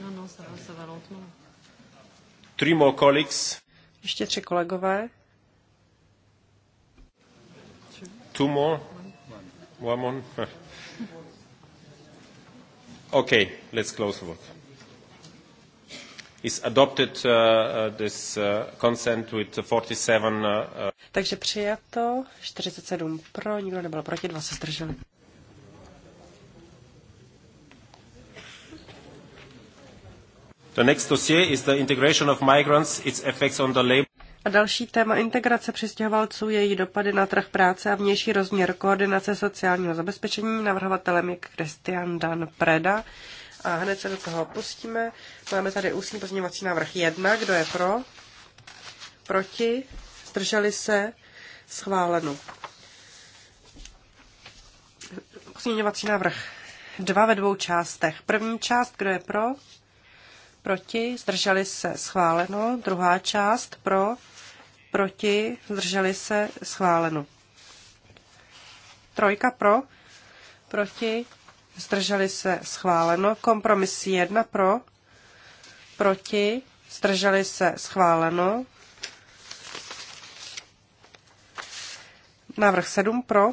No, no, Three more colleagues. Ještě tři kolegové. Two more. One on. okay, let's close the vote. Is adopted uh, uh, this uh, consent with 47. Uh, uh, Takže přijato 47 pro, nikdo nebyl proti, dva se zdrželi. The next dossier is the integration of migrants, its effects on the labor. A další téma integrace přistěhovalců, její dopady na trh práce a vnější rozměr koordinace sociálního zabezpečení. Navrhovatelem je Christian Dan Preda. A hned se do toho pustíme. Máme tady ústní pozměňovací návrh 1. Kdo je pro? Proti? Zdrželi se? Schváleno. Pozměňovací návrh 2 ve dvou částech. První část, kdo je pro? Proti? Zdrželi se? Schváleno. Druhá část pro? proti, zdrželi se, schváleno. Trojka pro, proti, zdrželi se, schváleno. Kompromis jedna pro, proti, zdrželi se, schváleno. Návrh 7 pro,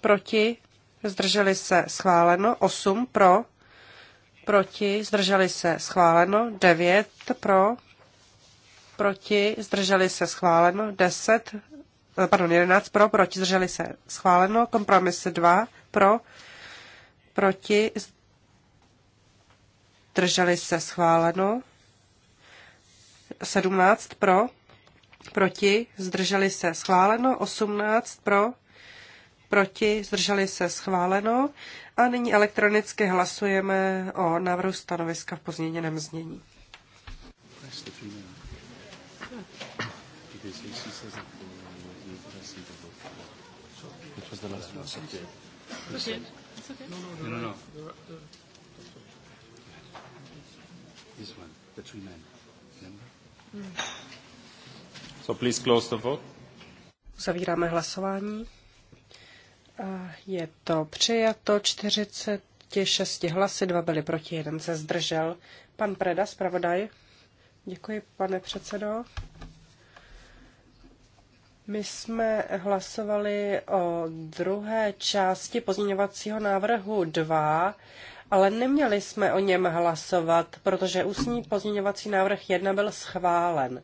proti, zdrželi se, schváleno. 8 pro, proti, zdrželi se, schváleno. 9 pro, proti, zdrželi se schváleno, 10, eh, pardon, 11 pro, proti, zdrželi se schváleno, kompromis 2 pro, proti, zdrželi se schváleno, 17 pro, proti, zdrželi se schváleno, 18 pro, proti, zdrželi se schváleno a nyní elektronicky hlasujeme o návrhu stanoviska v pozměněném znění. is the last one. Okay. Proceed. It's okay. No, no, no. no, no. This one, the three men. Remember? Hmm. So please close the vote. Zavíráme hlasování. je to přijato 46 hlasy, dva byly proti, jeden se zdržel. Pan Preda, zpravodaj. Děkuji, pane předsedo. My jsme hlasovali o druhé části pozměňovacího návrhu 2, ale neměli jsme o něm hlasovat, protože ústní pozměňovací návrh 1 byl schválen.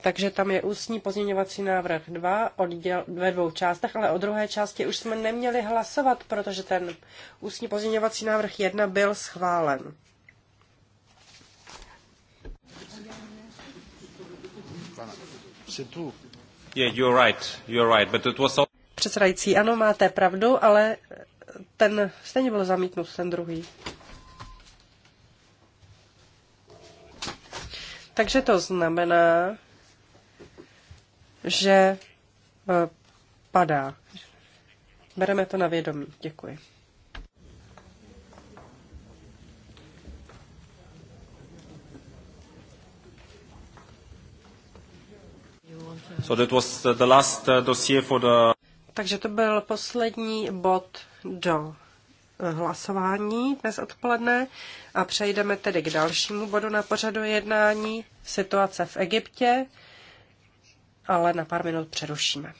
Takže tam je ústní pozměňovací návrh 2 odděl, ve dvou částech, ale o druhé části už jsme neměli hlasovat, protože ten ústní pozměňovací návrh 1 byl schválen. Předsedající, ano, máte pravdu, ale ten stejně byl zamítnut, ten druhý. Takže to znamená, že eh, padá. Bereme to na vědomí. Děkuji. So that was the last uh, dossier for the... Takže to byl poslední bod do eh, hlasování dnes odpoledne a přejdeme tedy k dalšímu bodu na pořadu jednání, situace v Egyptě, ale na pár minut přerušíme.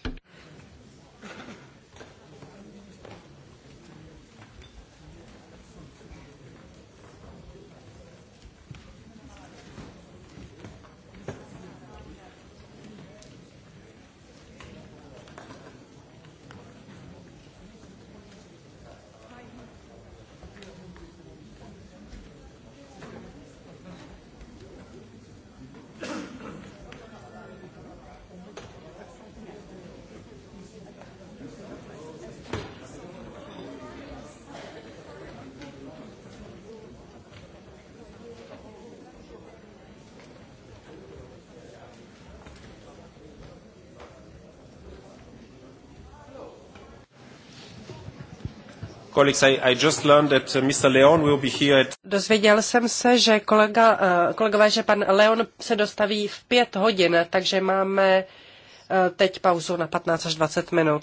Dozvěděl jsem se, že kolega, uh, kolegové, že pan Leon se dostaví v pět hodin, takže máme uh, teď pauzu na 15 až 20 minut.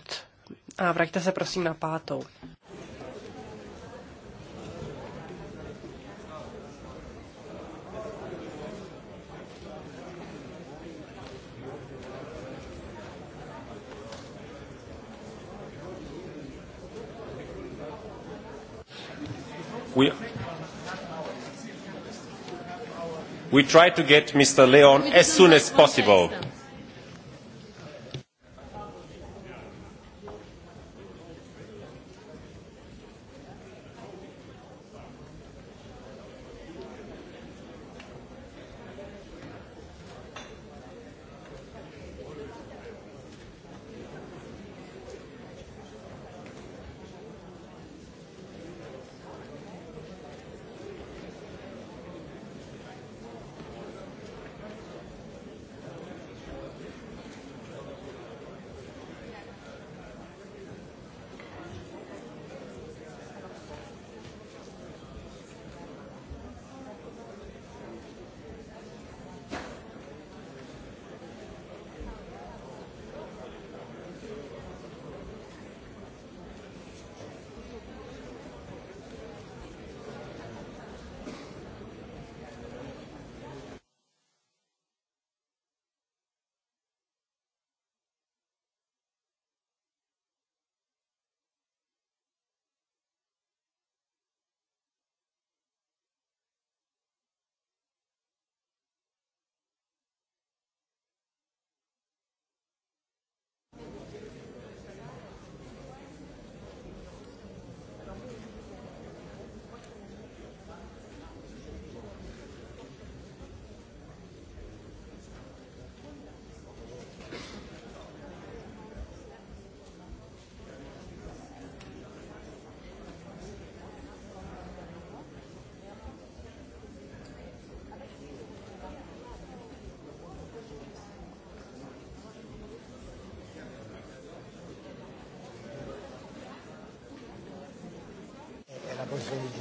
A vraťte se prosím na pátou. We, we try to get Mr. Leon as soon as possible. Pues, jako,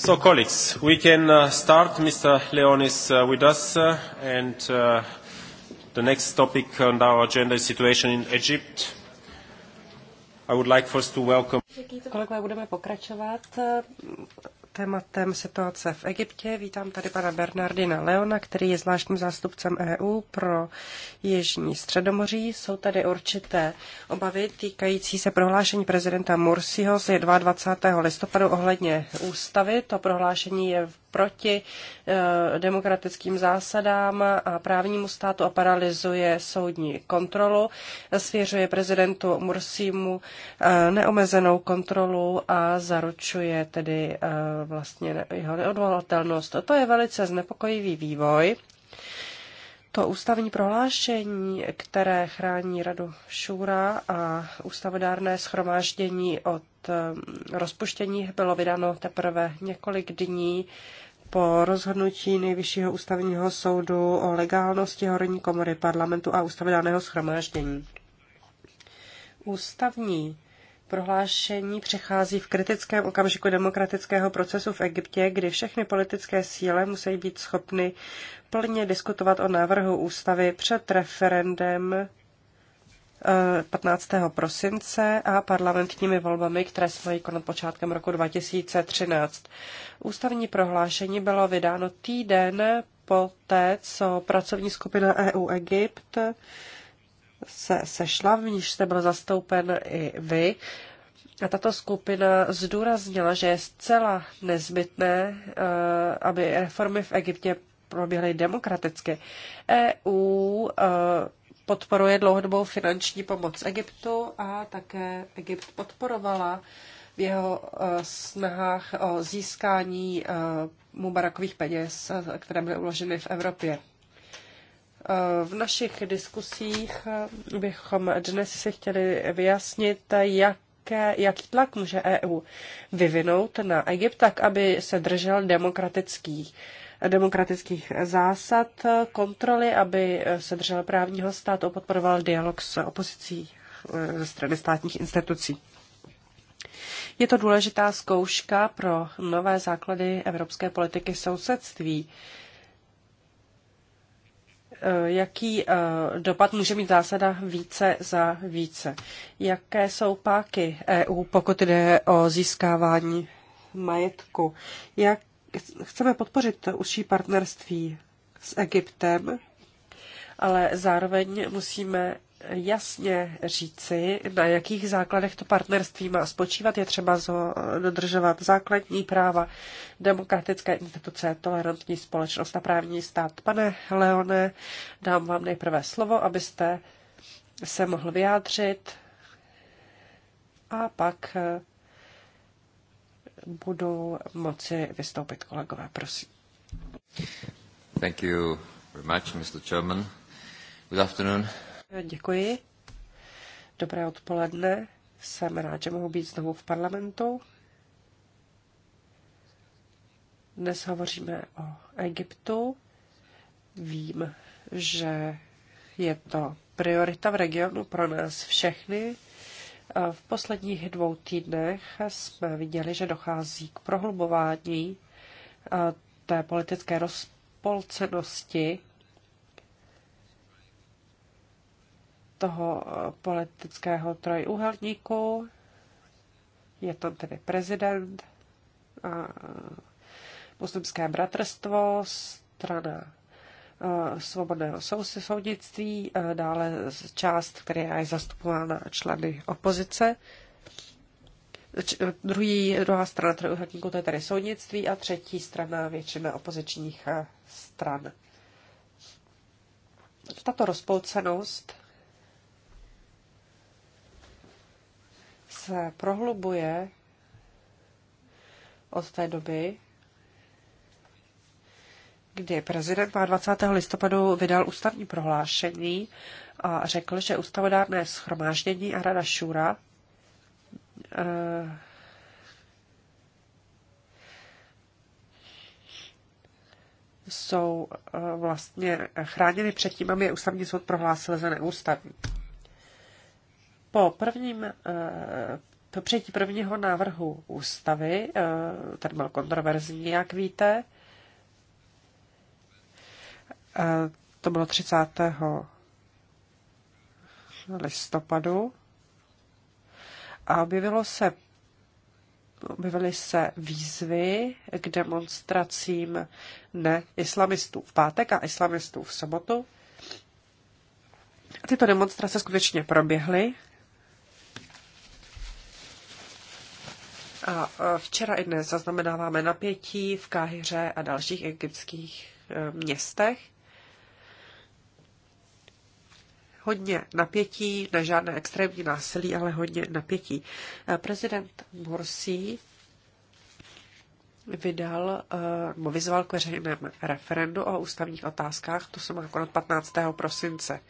So, colleagues, we can uh, start. Mr. Leon is uh, with us, uh, and uh, the next topic on our agenda is situation in Egypt. I would like first to welcome. Kolegové, budeme pokračovat uh, tématem situace v Egyptě. Vítám tady pana Bernardina Leona, který je zvláštním zástupcem EU pro Jižní středomoří. Jsou tady určité obavy týkající se prohlášení prezidenta Mursiho z 22. listopadu ohledně ústavy. To prohlášení je proti eh, demokratickým zásadám a právnímu státu a paralizuje soudní kontrolu. Svěřuje prezidentu Mursímu eh, neomezenou kontrolu a zaručuje tedy eh, vlastně jeho neodvolatelnost. To je velice znepokojivý vývoj to ústavní prohlášení, které chrání Radu Šura a ústavodárné schromáždění od eh, rozpuštění, bylo vydáno teprve několik dní po rozhodnutí Nejvyššího ústavního soudu o legálnosti horní komory parlamentu a ústavodárného schromáždění. Ústavní prohlášení přechází v kritickém okamžiku demokratického procesu v Egyptě, kdy všechny politické síle musí být schopny plně diskutovat o návrhu ústavy před referendem 15. Eh, prosince a parlamentními volbami, které se mají konat počátkem roku 2013. Ústavní prohlášení bylo vydáno týden po té, co pracovní skupina EU Egypt se sešla, v níž jste byl zastoupen i vy. A tato skupina zdůraznila, že je zcela nezbytné, eh, aby reformy v Egyptě proběhly demokraticky. EU eh, podporuje dlouhodobou finanční pomoc Egyptu a také Egypt podporovala v jeho eh, snahách o získání Mubarakových peněz, které byly uloženy v Evropě. Eh, v našich diskusích eh, bychom dnes si chtěli vyjasnit, jaké, jaký tlak může EU vyvinout na Egypt, tak aby se držel demokratický demokratických zásad, eh, kontroly, aby se držel právního státu, podporoval dialog s opozicí ze strany státních institucí. Je to důležitá zkouška pro nové základy evropské politiky sousedství. Eh, jaký eh, dopad může mít zásada více za více. Jaké jsou páky EU, pokud jde o získávání majetku? Jak chceme podpořit užší partnerství s Egyptem, ale zároveň musíme jasně říci, na jakých základech to partnerství má spočívat. Je třeba dodržovat základní práva, demokratické instituce, tolerantní společnost a právní stát. Pane Leone, dám vám nejprve slovo, abyste se mohl vyjádřit a pak eh, budou moci vystoupit kolegové. Prosím. Thank you very much, Mr. Chairman. Good afternoon. Děkuji. Dobré odpoledne. Jsem rád, že mohu být znovu v parlamentu. Dnes hovoříme o Egyptu. Vím, že je to priorita v regionu pro nás všechny. V posledních dvou týdnech jsme viděli, že dochází k prohlubování té politické rozpolcenosti toho eh, politického trojúhelníku Je to tedy prezident a eh, muslimské bratrstvo, strana eh, svobodného soudnictví, dále část, která je zastupována členy opozice. Druhý, druhá strana trojuhelníku, to je tedy soudnictví a třetí strana většina opozičních stran. Tato rozpolcenost se prohlubuje od té doby, kdy prezident 20. listopadu vydal ústavní prohlášení a řekl, že ústavodárné schromáždění a rada Šura eh, jsou eh, vlastně chráněny před tím, aby je ústavní soud prohlásil za neústavní. Po prvním eh, po přijetí prvního návrhu ústavy, eh, ten byl kontroverzní, jak víte, eh, to bylo 30. listopadu a objevilo se, objevily se výzvy k demonstracím ne islamistů v pátek a islamistů v sobotu. Tyto demonstrace skutečně proběhly A včera i dnes zaznamenáváme napětí v Káhyře a dalších egyptských e, městech. Hodně napětí, ne žádné extrémní násilí, ale hodně napětí. E, prezident Morsi vydal, e, nebo vyzval k veřejnému referendu o ústavních otázkách, to se má konat 15. prosince.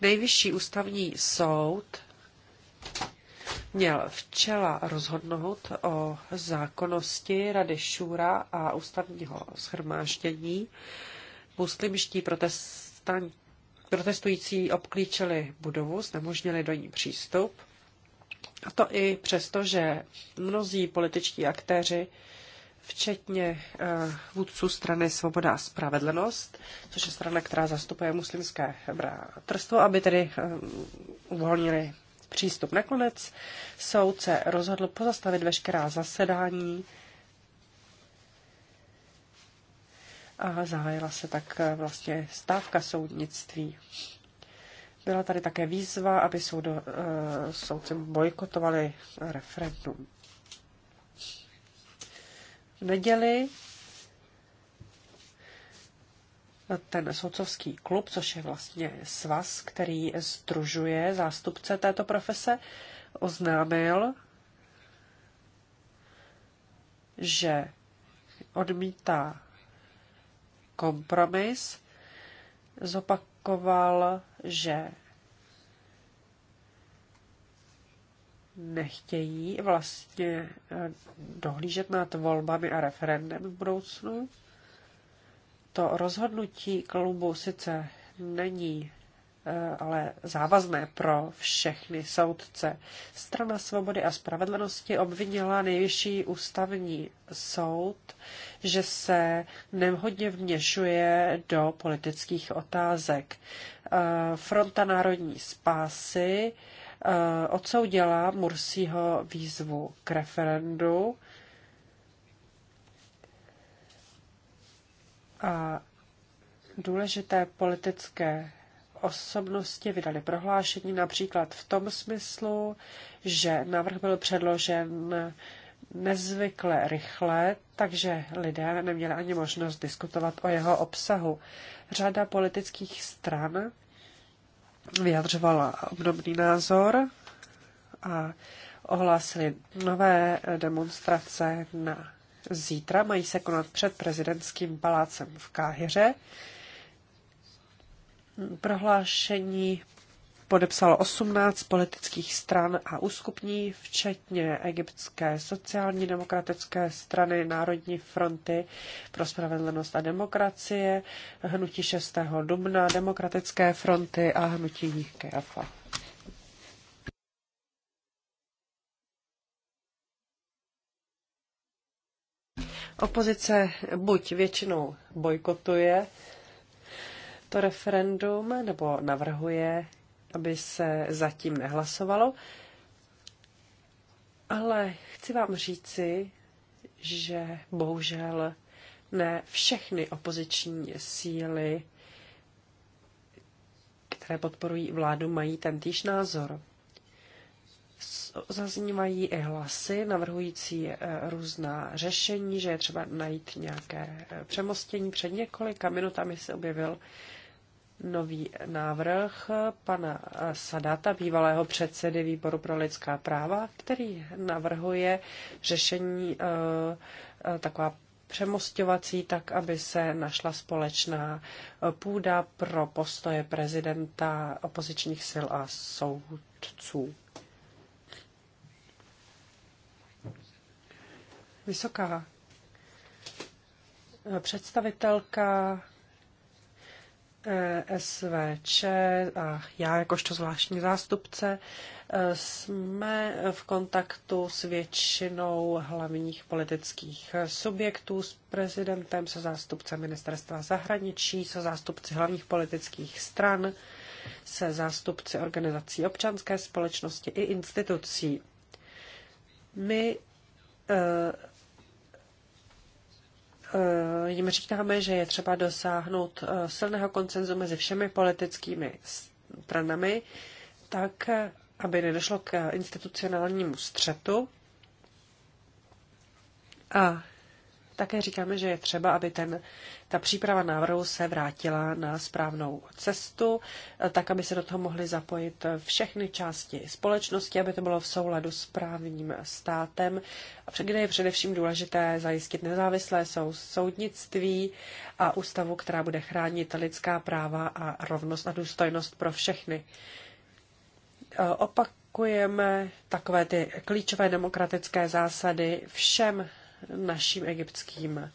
Nejvyšší ústavní soud měl včela rozhodnout o zákonnosti Rady Šura a ústavního schromáždění. Muslimští protestující obklíčili budovu, znemožnili do ní přístup. A to i přesto, že mnozí političtí aktéři, včetně eh, vůdců strany Svoboda a spravedlnost, což je strana, která zastupuje muslimské bratrstvo, aby tedy eh, uvolnili přístup. Nakonec soudce rozhodl pozastavit veškerá zasedání a zahájila se tak eh, vlastně stávka soudnictví. Byla tady také výzva, aby soudo, eh, soudci bojkotovali referendum. V neděli ten socovský klub, což je vlastně svaz, který združuje zástupce této profese, oznámil, že odmítá kompromis, zopakoval, že nechtějí vlastně dohlížet nad volbami a referendem v budoucnu. To rozhodnutí klubu sice není eh, ale závazné pro všechny soudce. Strana svobody a spravedlnosti obvinila nejvyšší ústavní soud, že se nevhodně vměšuje do politických otázek. Eh, Fronta národní spásy eh, odsoudila Mursího výzvu k referendu a důležité politické osobnosti vydali prohlášení například v tom smyslu, že návrh byl předložen nezvykle rychle, takže lidé neměli ani možnost diskutovat o jeho obsahu. Řada politických stran vyjadřovala obdobný názor a ohlásili nové demonstrace na Zítra mají se konat před prezidentským palácem v Káhiře. Prohlášení podepsalo 18 politických stran a uskupní, včetně egyptské sociální demokratické strany Národní fronty pro spravedlnost a demokracie, hnutí 6. dubna Demokratické fronty a hnutí Kejafa. Opozice buď většinou bojkotuje to referendum, nebo navrhuje, aby se zatím nehlasovalo. Ale chci vám říci, že bohužel ne všechny opoziční síly, které podporují vládu, mají tentýž názor zaznívají i hlasy navrhující eh, různá řešení, že je třeba najít nějaké eh, přemostění. Před několika minutami se objevil nový návrh pana eh, Sadata, bývalého předsedy výboru pro lidská práva, který navrhuje řešení taková přemostovací, tak aby se našla společná půda pro postoje prezidenta opozičních sil a soudců. Vysoká představitelka eh, SVČ a já jakožto zvláštní zástupce eh, jsme v kontaktu s většinou hlavních politických subjektů, s prezidentem, se zástupcem ministerstva zahraničí, se zástupci hlavních politických stran, se zástupci organizací občanské společnosti i institucí. My eh, Eh, jim říkáme, že je třeba dosáhnout eh, silného koncenzu mezi všemi politickými stranami, tak eh, aby nedošlo k institucionálnímu střetu. A také říkáme, že je třeba, aby ten, ta příprava návrhu se vrátila na správnou cestu, tak aby se do toho mohly zapojit všechny části společnosti, aby to bylo v souladu s právním státem, kde je především důležité zajistit nezávislé jsou soudnictví a ústavu, která bude chránit lidská práva a rovnost a důstojnost pro všechny. Opak opakujeme takové ty klíčové demokratické zásady všem našim egyptským eh,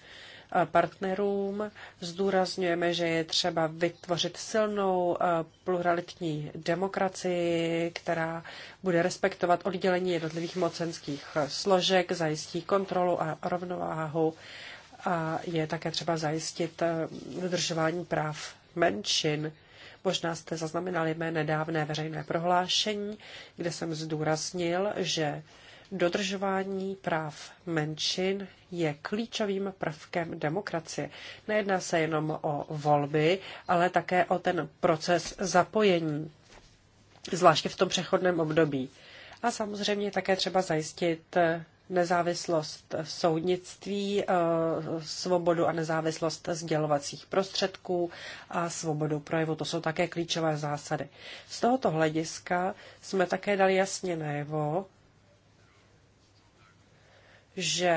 partnerům. Zdůrazňujeme, že je třeba vytvořit silnou eh, pluralitní demokracii, která bude respektovat oddělení jednotlivých mocenských složek, zajistí kontrolu a rovnováhu a je také třeba zajistit eh, dodržování práv menšin. Možná jste zaznamenali mé nedávné veřejné prohlášení, kde jsem zdůraznil, že Dodržování práv menšin je klíčovým prvkem demokracie. Nejedná se jenom o volby, ale také o ten proces zapojení, zvláště v tom přechodném období. A samozřejmě také třeba zajistit eh, nezávislost soudnictví, eh, svobodu a nezávislost sdělovacích prostředků a svobodu projevu. To jsou také klíčové zásady. Z tohoto hlediska jsme také dali jasně najevo, že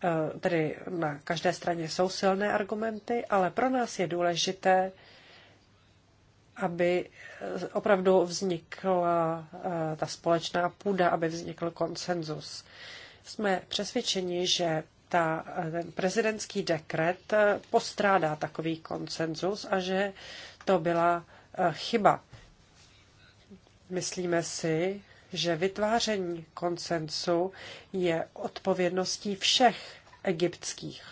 eh, tedy na každé straně jsou silné argumenty, ale pro nás je důležité, aby eh, opravdu vznikla eh, ta společná půda, aby vznikl konsenzus. Jsme přesvědčeni, že ta, ten prezidentský dekret postrádá takový konsenzus a že to byla chyba. Myslíme si, že vytváření konsensu je odpovědností všech egyptských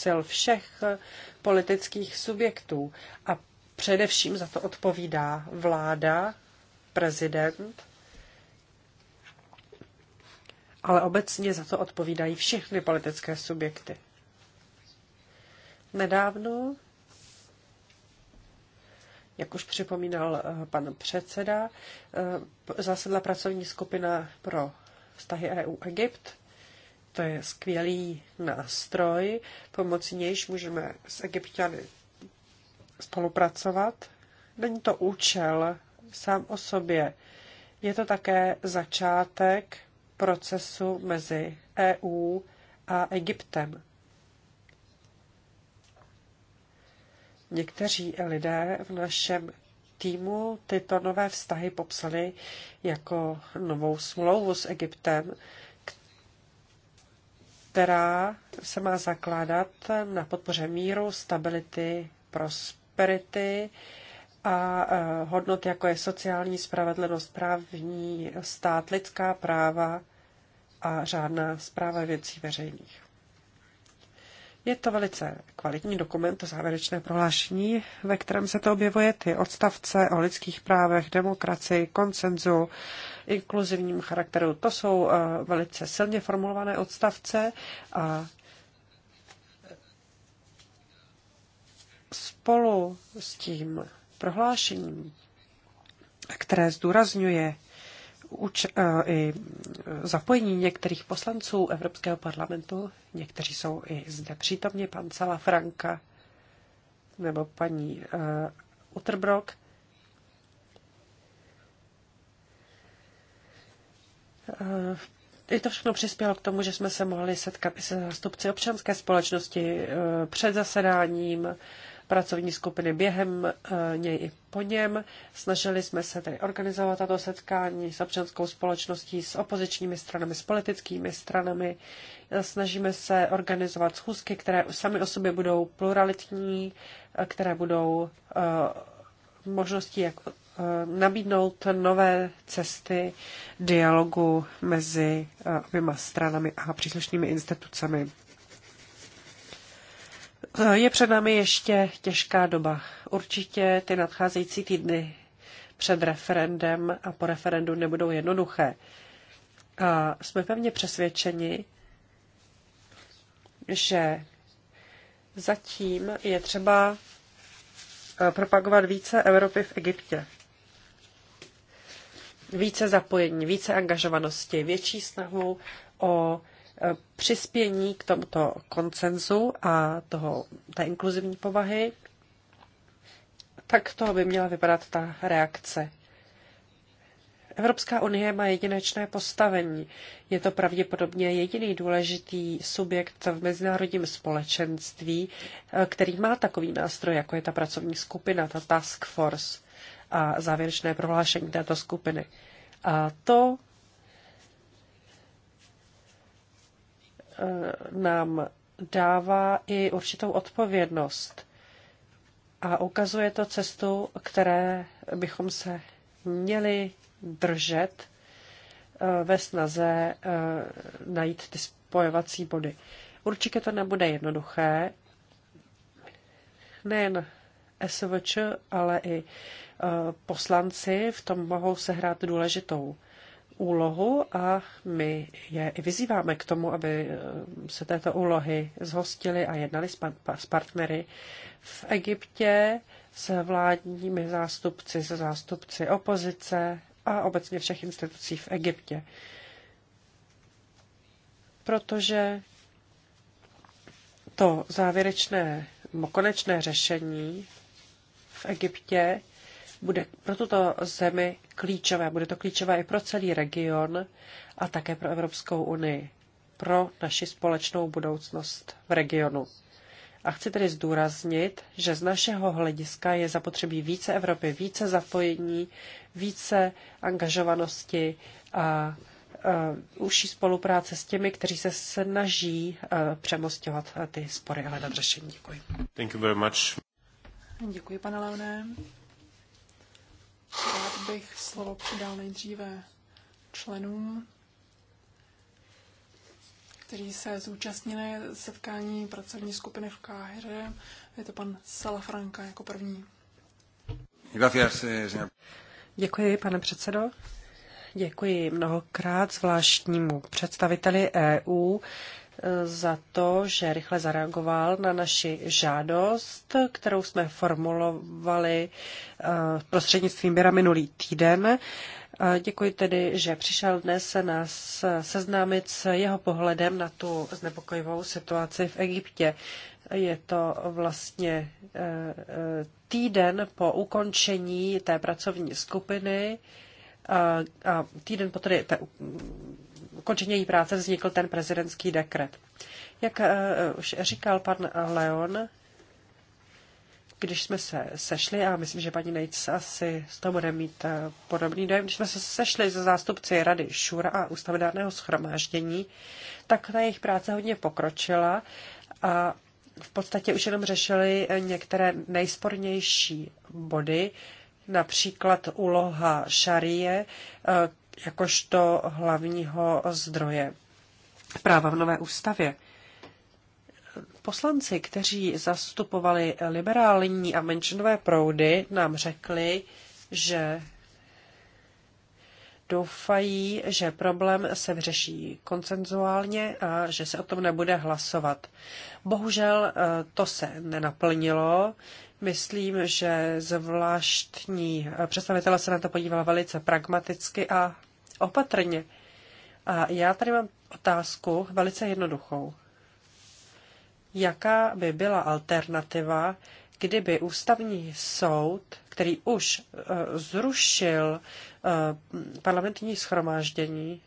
sil, všech politických subjektů a především za to odpovídá vláda, prezident, ale obecně za to odpovídají všechny politické subjekty. Nedávno jak už připomínal eh, pan předseda, eh, zasedla pracovní skupina pro vztahy EU-Egypt. To je skvělý nástroj, pomocí nějž můžeme s egyptiany spolupracovat. Není to účel sám o sobě. Je to také začátek procesu mezi EU a Egyptem. Někteří lidé v našem týmu tyto nové vztahy popsali jako novou smlouvu s Egyptem, která se má zakládat na podpoře míru, stability, prosperity a eh, hodnot, jako je sociální spravedlnost, právní stát, lidská práva a řádná zpráva věcí veřejných. Je to velice kvalitní dokument, to závěrečné prohlášení, ve kterém se to objevuje ty odstavce o lidských právech, demokracii, koncenzu, inkluzivním charakteru. To jsou eh, velice silně formulované odstavce a spolu s tím prohlášením, které zdůrazňuje Eh, i zapojení některých poslanců Evropského parlamentu, někteří jsou i zde přítomně, pan Sala Franka nebo paní uh, eh, Utterbrock. Eh, i to všechno přispělo k tomu, že jsme se mohli setkat i se zástupci občanské společnosti před zasedáním, pracovní skupiny během eh, něj i po něm. Snažili jsme se tedy organizovat tato setkání s občanskou společností, s opozičními stranami, s politickými stranami. Snažíme se organizovat schůzky, které sami o sobě budou pluralitní, eh, které budou eh, možností, jak nabídnout nové cesty dialogu mezi oběma stranami a příslušnými institucemi. Eh, je před námi ještě těžká doba. Určitě ty nadcházející týdny před referendem a po referendu nebudou jednoduché. A jsme pevně přesvědčeni, že zatím je třeba eh, propagovat více Evropy v Egyptě. Více zapojení, více angažovanosti, větší snahu o Eh, přispění k tomuto koncenzu a toho, té inkluzivní povahy, tak to by měla vypadat ta reakce. Evropská unie má jedinečné postavení. Je to pravděpodobně jediný důležitý subjekt v mezinárodním společenství, eh, který má takový nástroj, jako je ta pracovní skupina, ta task force a závěrečné prohlášení této skupiny. A to Eh, nám dává i určitou odpovědnost a ukazuje to cestu, které bychom se měli držet eh, ve snaze eh, najít ty spojovací body. Určitě to nebude jednoduché, nejen SVČ, ale i poslanci v tom mohou sehrát důležitou úlohu a my je i vyzýváme k tomu, aby eh, se této úlohy zhostili a jednali s partnery v Egyptě s vládními zástupci, se zástupci opozice a obecně všech institucí v Egyptě. Protože to závěrečné, konečné řešení v Egyptě bude pro tuto zemi klíčové. Bude to klíčové i pro celý region a také pro Evropskou unii, pro naši společnou budoucnost v regionu. A chci tedy zdůraznit, že z našeho hlediska je zapotřebí více Evropy, více zapojení, více angažovanosti a uh, užší spolupráce s těmi, kteří se snaží uh, e, přemostovat e, ty spory a hledat řešení. Děkuji. Thank you very much. Děkuji, pane Leone. Rád bych slovo předal nejdříve členům, kteří se zúčastnili setkání pracovní skupiny v Káhyře. Je to pan Salafranka jako první. Eh, Děkuji, pane předsedo. Děkuji mnohokrát zvláštnímu představiteli EU za to, že rychle zareagoval na naši žádost, kterou jsme formulovali eh, prostřednictvím Běra minulý týden. Eh, děkuji tedy, že přišel dnes se nás seznámit s jeho pohledem na tu znepokojivou situaci v Egyptě. Je to vlastně eh, týden po ukončení té pracovní skupiny a týden po tedy té ukončení její práce vznikl ten prezidentský dekret. Jak eh, už říkal pan Leon, když jsme se sešli, a myslím, že paní Nejc asi z toho bude mít eh, podobný dojem, když jsme se sešli ze zástupci Rady Šura a ústavodárného schromáždění, tak ta jejich práce hodně pokročila a v podstatě už jenom řešili některé nejspornější body, například úloha šarie, eh, jakožto hlavního zdroje práva v nové ústavě. Poslanci, kteří zastupovali liberální a menšinové proudy, nám řekli, že doufají, že problém se vyřeší koncenzuálně a že se o tom nebude hlasovat. Bohužel eh, to se nenaplnilo. Myslím, že zvláštní eh, představitele se na to podívala velice pragmaticky a opatrně. A já tady mám otázku velice jednoduchou. Jaká by byla alternativa, kdyby ústavní soud, který už e, zrušil e, parlamentní schromáždění,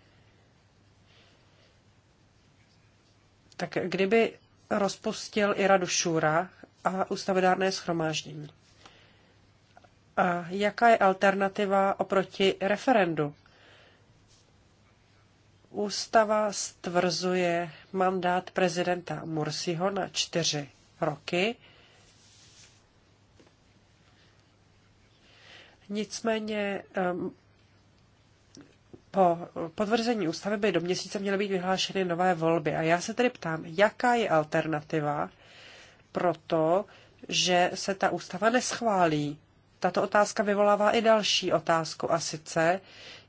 tak kdyby rozpustil i radu Šura a ústavodárné schromáždění. A jaká je alternativa oproti referendu? Ústava stvrzuje mandát prezidenta Mursiho na čtyři roky. Nicméně po potvrzení ústavy by do měsíce měly být vyhlášeny nové volby. A já se tedy ptám, jaká je alternativa pro to, že se ta ústava neschválí. Tato otázka vyvolává i další otázku a sice,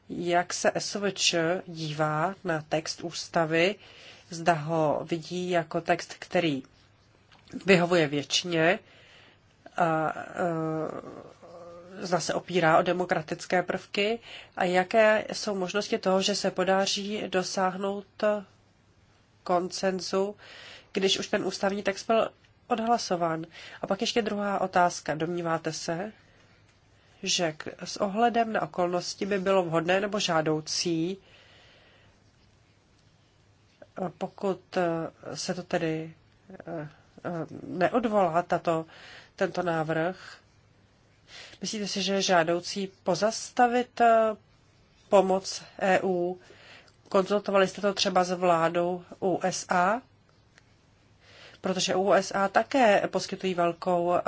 jak se SVČ dívá na text ústavy, zda ho vidí jako text, který vyhovuje většině, a, e, zda se opírá o demokratické prvky a jaké jsou možnosti toho, že se podaří dosáhnout koncenzu, když už ten ústavní text byl odhlasován. A pak ještě druhá otázka. Domníváte se, že s ohledem na okolnosti by bylo vhodné nebo žádoucí, eh, pokud eh, se to tedy eh, neodvolá tato, tento návrh, myslíte si, že je žádoucí pozastavit pomoc EU? Konzultovali jste to třeba s vládou USA? protože USA také poskytují velkou uh,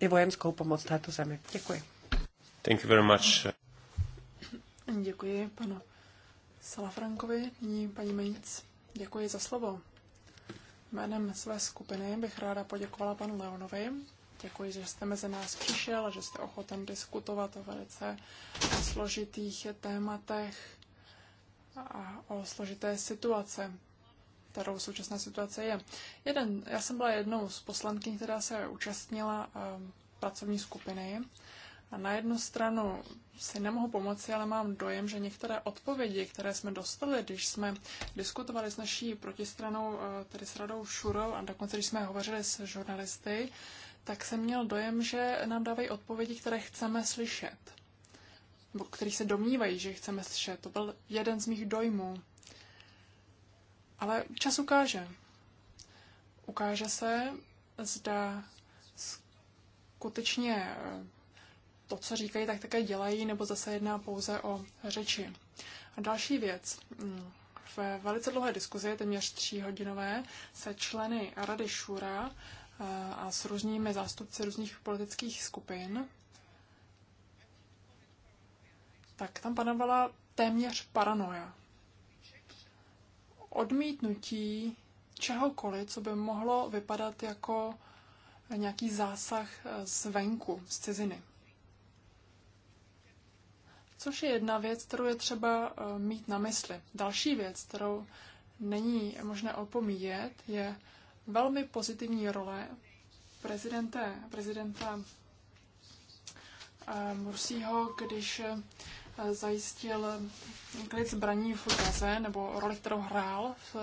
i vojenskou pomoc této zemi. Děkuji. Thank you very much. Děkuji panu Salafrankovi, nyní paní Menic. Děkuji za slovo. Jménem své skupiny bych ráda poděkovala panu Leonovi. Děkuji, že jste mezi nás přišel a že jste ochoten diskutovat o velice složitých tématech a o složité situace, kterou současná situace je. Jeden, já jsem byla jednou z poslankyní, která se účastnila eh, pracovní skupiny a na jednu stranu si nemohu pomoci, ale mám dojem, že některé odpovědi, které jsme dostali, když jsme diskutovali s naší protistranou, eh, tedy s Radou Šurou, a dokonce když jsme hovořili s žurnalisty, tak jsem měl dojem, že nám dávají odpovědi, které chceme slyšet. Nebo kterých se domnívají, že chceme slyšet. To byl jeden z mých dojmů. Ale čas ukáže. Ukáže se, zda skutečně eh, to, co říkají, tak také dělají, nebo zase jedná pouze o řeči. A další věc. Mm, v velice dlouhé diskuzi, téměř tříhodinové, se členy Rady Šura eh, a s různými zástupci různých politických skupin, tak tam panovala téměř paranoja. Odmítnutí čehokoliv, co by mohlo vypadat jako nějaký zásah eh, zvenku, z ciziny což je jedna věc, kterou je třeba eh, mít na mysli. Další věc, kterou není možné opomíjet, je velmi pozitivní role prezidenta, prezidenta eh, Mursího, když eh, zajistil klid zbraní v Gaze, nebo roli, kterou hrál v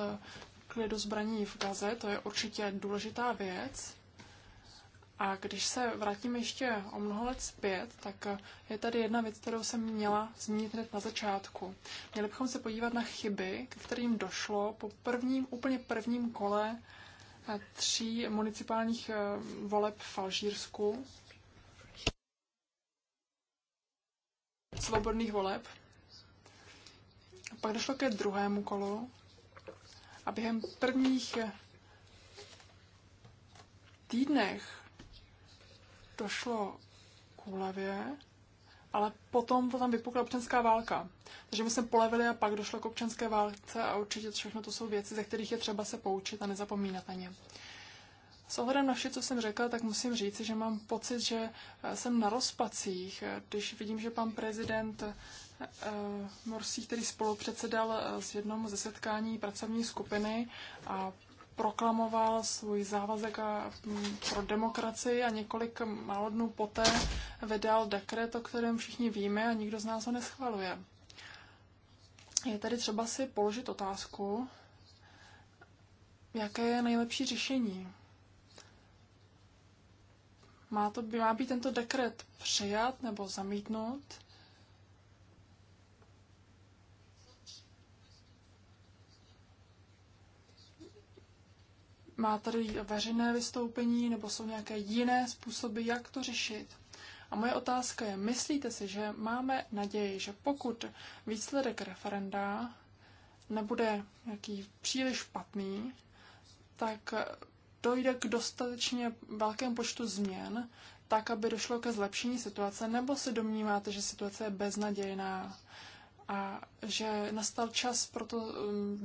klidu zbraní v Gaze, to je určitě důležitá věc. A když se vrátím ještě o mnoho let zpět, tak je tady jedna věc, kterou jsem měla zmínit hned na začátku. Měli bychom se podívat na chyby, k kterým došlo po prvním, úplně prvním kole eh, tří municipálních eh, voleb v Alžírsku. Svobodných voleb. Pak došlo ke druhému kolu a během prvních eh, týdnech došlo k úlevě, ale potom to tam vypukla občanská válka. Takže my jsme polevili a pak došlo k občanské válce a určitě všechno to jsou věci, ze kterých je třeba se poučit a nezapomínat na ně. S ohledem na vše, co jsem řekla, tak musím říct, že mám pocit, že eh, jsem na rozpacích. Eh, když vidím, že pan prezident eh, Morsí, který spolupředsedal s jednom ze setkání pracovní skupiny a proklamoval svůj závazek a, mm, pro demokracii a několik málo dnů poté vydal dekret, o kterém všichni víme a nikdo z nás ho neschvaluje. Je tady třeba si položit otázku, jaké je nejlepší řešení. Má, to, má být tento dekret přijat nebo zamítnut? Má tady veřejné vystoupení nebo jsou nějaké jiné způsoby, jak to řešit? A moje otázka je, myslíte si, že máme naději, že pokud výsledek referenda nebude nějaký příliš špatný, tak dojde k dostatečně velkému počtu změn, tak, aby došlo ke zlepšení situace, nebo se domníváte, že situace je beznadějná a že nastal čas proto um,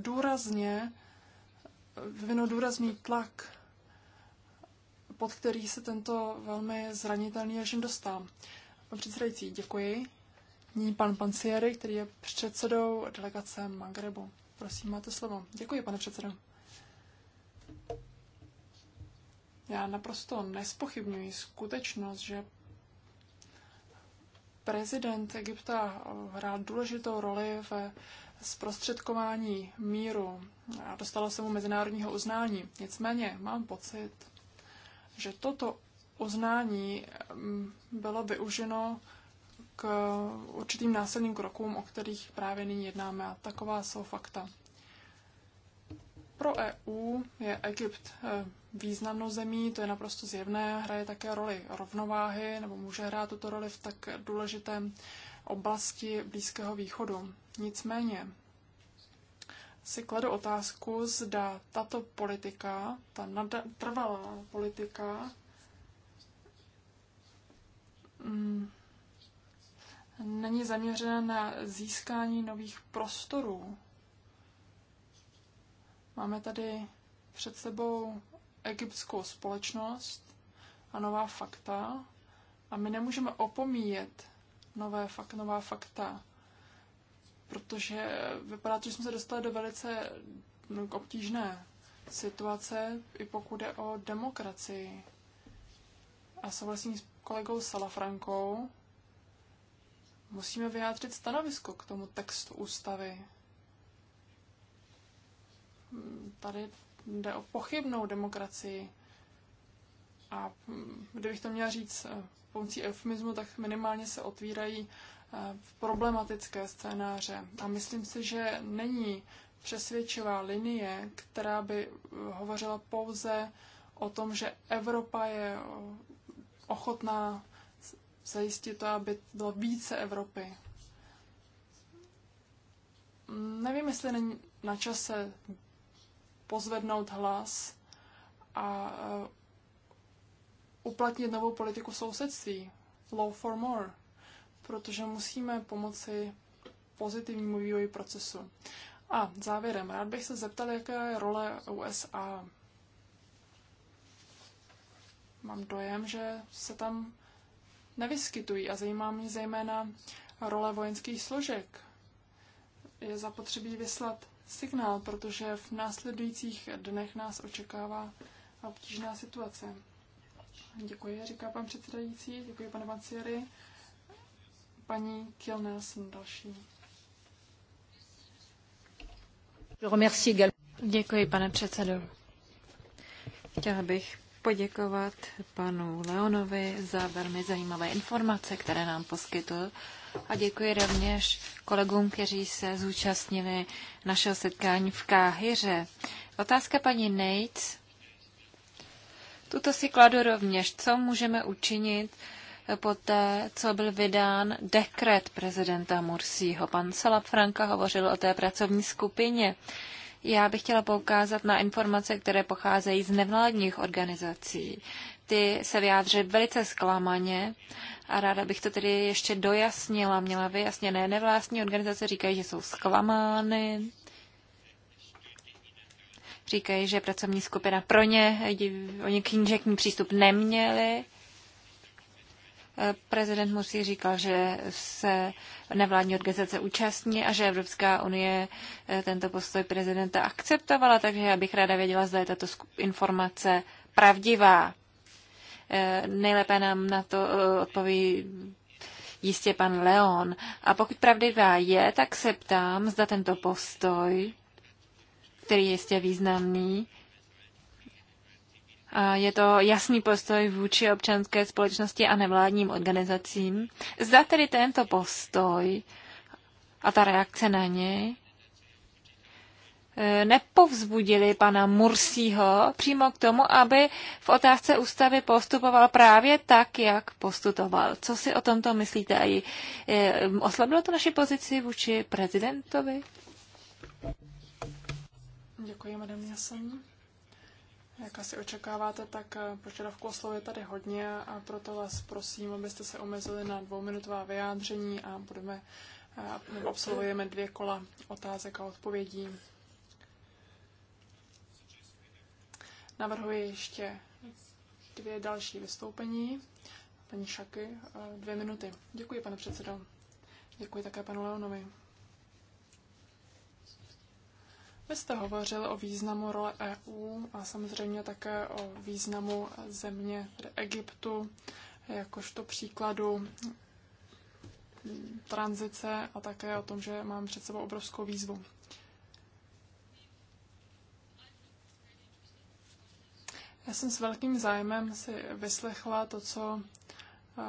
důrazně vyvinout důrazný tlak, pod který se tento velmi zranitelný režim dostal. Pan předsedající, děkuji. Ní pan Pansieri, který je předsedou delegace Magrebu. Prosím, máte slovo. Děkuji, pane předsedo. Já naprosto nespochybnuji skutečnost, že prezident Egypta hrál důležitou roli ve zprostředkování míru a dostalo se mu mezinárodního uznání. Nicméně mám pocit, že toto uznání mm, bylo využeno k určitým následným krokům, o kterých právě nyní jednáme. A taková jsou fakta. Pro EU je Egypt e, významnou zemí, to je naprosto zjevné, hraje také roli rovnováhy, nebo může hrát tuto roli v tak důležitém oblasti Blízkého východu. Nicméně si kladu otázku, zda tato politika, ta trvalá politika, mm, není zaměřena na získání nových prostorů. Máme tady před sebou egyptskou společnost a nová fakta a my nemůžeme opomíjet nové fakt, nová fakta. Protože vypadá to, že jsme se dostali do velice no, obtížné situace, i pokud jde o demokracii. A souhlasím s kolegou Salafrankou, musíme vyjádřit stanovisko k tomu textu ústavy. Tady jde o pochybnou demokracii. A hm, kdybych to měla říct eh, pomocí eufemismu, tak minimálně se otvírají eh, problematické scénáře. A myslím si, že není přesvědčivá linie, která by eh, hovořila pouze o tom, že Evropa je eh, ochotná zajistit to, aby bylo více Evropy. Nevím, jestli není na čase pozvednout hlas a uplatnit novou politiku sousedství, law for more, protože musíme pomoci pozitivnímu vývoji procesu. A závěrem, rád bych se zeptal, jaká je role USA. Mám dojem, že se tam nevyskytují a zajímá mě zejména role vojenských složek. Je zapotřebí vyslat signál, protože v následujících dnech nás očekává obtížná situace. Děkuji, říká pan předsedající. Děkuji, pane Vancieri. Paní Kilnelsen další. Děkuji, pane předsedo. Chtěla bych poděkovat panu Leonovi za velmi zajímavé informace, které nám poskytl a děkuji rovněž kolegům, kteří se zúčastnili našeho setkání v Káhyře. Otázka paní Nates tuto si kladu rovněž, co můžeme učinit poté, co byl vydán dekret prezidenta Mursího. Pan Salap Franka hovořil o té pracovní skupině. Já bych chtěla poukázat na informace, které pocházejí z nevládních organizací. Ty se vyjádřily velice zklamaně a ráda bych to tedy ještě dojasnila, měla vyjasněné. Nevlastní organizace říkají, že jsou zklamány, Říkají, že pracovní skupina pro ně, oni ní přístup neměli. Prezident musí říkal, že se nevládní organizace účastní a že Evropská unie eh, tento postoj prezidenta akceptovala, takže já bych ráda věděla, zda je tato informace pravdivá. Eh, nejlépe nám na to eh, odpoví jistě pan Leon. A pokud pravdivá je, tak se ptám, zda tento postoj který je jistě významný. Je to jasný postoj vůči občanské společnosti a nevládním organizacím. Zda tedy tento postoj a ta reakce na něj e, nepovzbudili pana Mursího přímo k tomu, aby v otázce ústavy postupoval právě tak, jak postupoval. Co si o tomto myslíte? A e, oslabilo to naši pozici vůči prezidentovi? Děkuji, madam Jasen. Jak asi očekáváte, tak eh, požadavku o slovo je tady hodně a proto vás prosím, abyste se omezili na dvouminutová vyjádření a budeme eh, nebo absolvujeme dvě kola otázek a odpovědí. Navrhuji ještě dvě další vystoupení. Paní Šaky, eh, dvě minuty. Děkuji, pane předsedo. Děkuji také panu Leonovi. byste jste hovořil o významu role EU a samozřejmě také o významu země, Egyptu, jakožto příkladu tranzice a také o tom, že mám před sebou obrovskou výzvu. Já jsem s velkým zájmem si vyslechla to, co eh,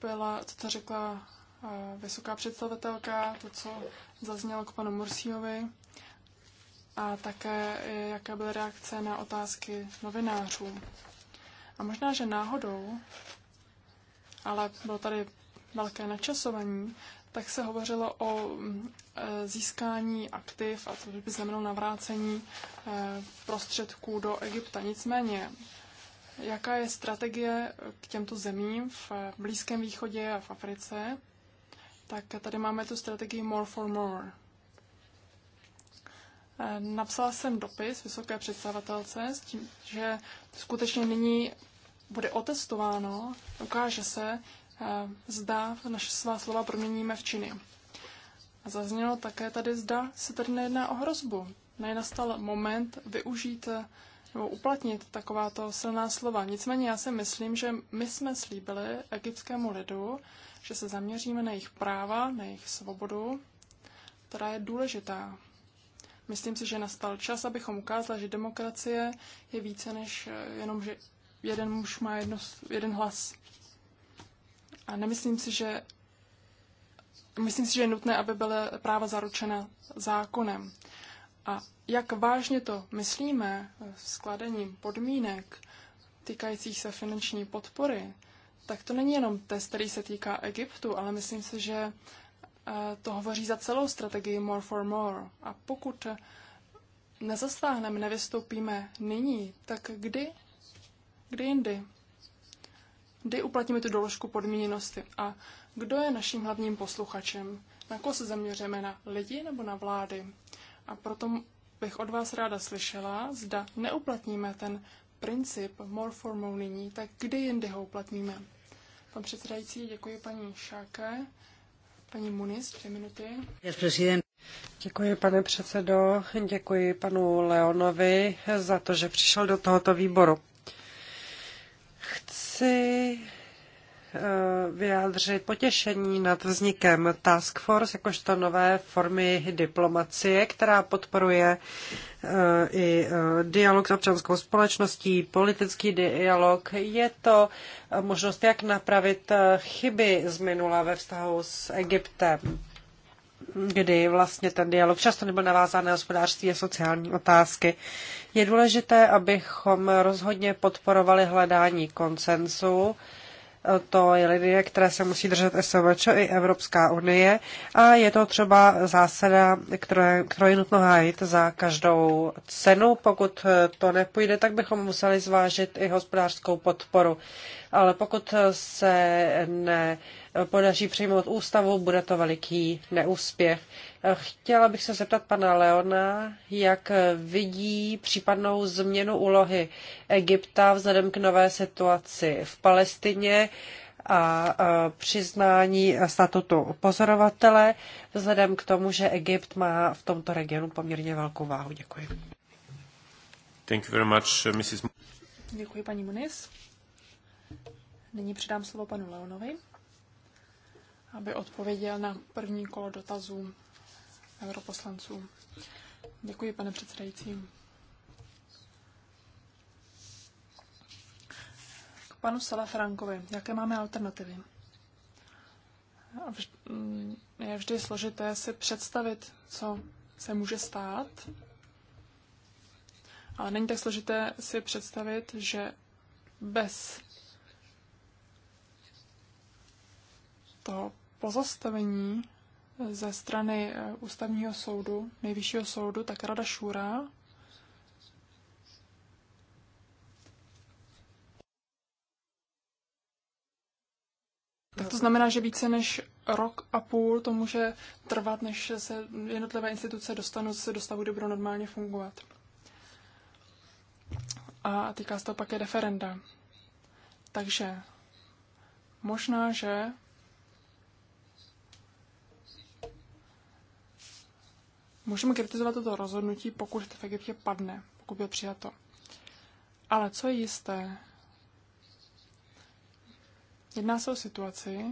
byla, to, co řekla eh, vysoká představitelka, to, co zaznělo k panu Mursíovi a také jaké byly reakce na otázky novinářů. A možná, že náhodou, ale bylo tady velké načasování, tak se hovořilo o e, získání aktiv, a to by znamenalo navrácení e, prostředků do Egypta. Nicméně, jaká je strategie k těmto zemím v Blízkém východě a v Africe? Tak tady máme tu strategii More for More. Eh, napsala jsem dopis vysoké představitelce s tím, že skutečně nyní bude otestováno, ukáže se, eh, zda naše svá slova proměníme v činy. A zaznělo také tady, zda se tady nejedná o hrozbu. Nenastal moment využít eh, nebo uplatnit takováto silná slova. Nicméně já si myslím, že my jsme slíbili egyptskému lidu, že se zaměříme na jejich práva, na jejich svobodu, která je důležitá Myslím si, že nastal čas, abychom ukázali, že demokracie je více než eh, jenom, že jeden muž má jedno, jeden hlas. A nemyslím si, že myslím si, že je nutné, aby byly práva zaručena zákonem. A jak vážně to myslíme eh, kladením podmínek týkajících se finanční podpory, tak to není jenom test, který se týká Egyptu, ale myslím si, že Eh, to hovoří za celou strategii More for More. A pokud nezastáhneme, nevystoupíme nyní, tak kdy? Kdy jindy? Kdy uplatníme tu doložku podmíněnosti? A kdo je naším hlavním posluchačem? Na koho se zaměříme? Na lidi nebo na vlády? A proto bych od vás ráda slyšela, zda neuplatníme ten princip more for more nyní, tak kdy jindy ho uplatníme? Pan předsedající, děkuji paní Šáke. Paní Muniz, dvě minuty. Děkuji, pane předsedo. Děkuji panu Leonovi za to, že přišel do tohoto výboru. Chci Eh, vyjádřit potěšení nad vznikem Task Force, jakožto nové formy diplomacie, která podporuje eh, i eh, dialog s občanskou společností, politický dialog. Je to možnost, jak napravit chyby z minula ve vztahu s Egyptem kdy vlastně ten dialog často nebyl navázán na hospodářství a sociální otázky. Je důležité, abychom rozhodně podporovali hledání konsensu to je linie, které se musí držet SOVČ i Evropská unie a je to třeba zásada, které, kterou je nutno hájit za každou cenu. Pokud to nepůjde, tak bychom museli zvážit i hospodářskou podporu. Ale pokud se ne podaří přijmout ústavu, bude to veliký neúspěch. Chtěla bych se zeptat pana Leona, jak vidí případnou změnu úlohy Egypta vzhledem k nové situaci v Palestině a přiznání statutu pozorovatele, vzhledem k tomu, že Egypt má v tomto regionu poměrně velkou váhu. Děkuji. Thank you very much, uh, Mrs. Děkuji, paní Muniz. Nyní předám slovo panu Leonovi, aby odpověděl na první kolo dotazů europoslanců. Děkuji, pane předsedající. K panu Frankovi, Jaké máme alternativy? Mm, je vždy složité si představit, co se může stát. Ale není tak složité si představit, že bez toho pozastavení ze strany eh, ústavního soudu, nejvyššího soudu, tak Rada Šura Tak to znamená, že více než rok a půl to může trvat, než se jednotlivé instituce dostanou se do stavu, kdy budou normálně fungovat. A týká se to pak i referenda. Takže možná, že Můžeme kritizovat toto rozhodnutí, pokud v Egyptě padne, pokud je přijato. Ale co je jisté? Jedná se o situaci,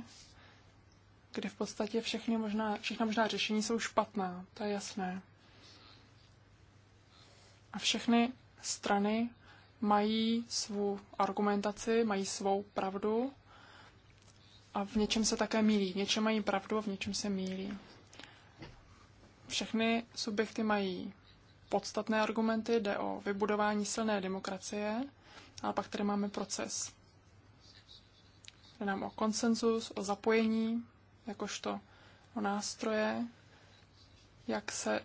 kdy v podstatě všechny možná, všechna možná řešení jsou špatná, to je jasné. A všechny strany mají svou argumentaci, mají svou pravdu a v něčem se také mílí. V něčem mají pravdu a v něčem se mílí. Všechny subjekty mají podstatné argumenty, jde o vybudování silné demokracie, ale pak tady máme proces. Jde nám o konsenzus, o zapojení, jakožto o nástroje, jak se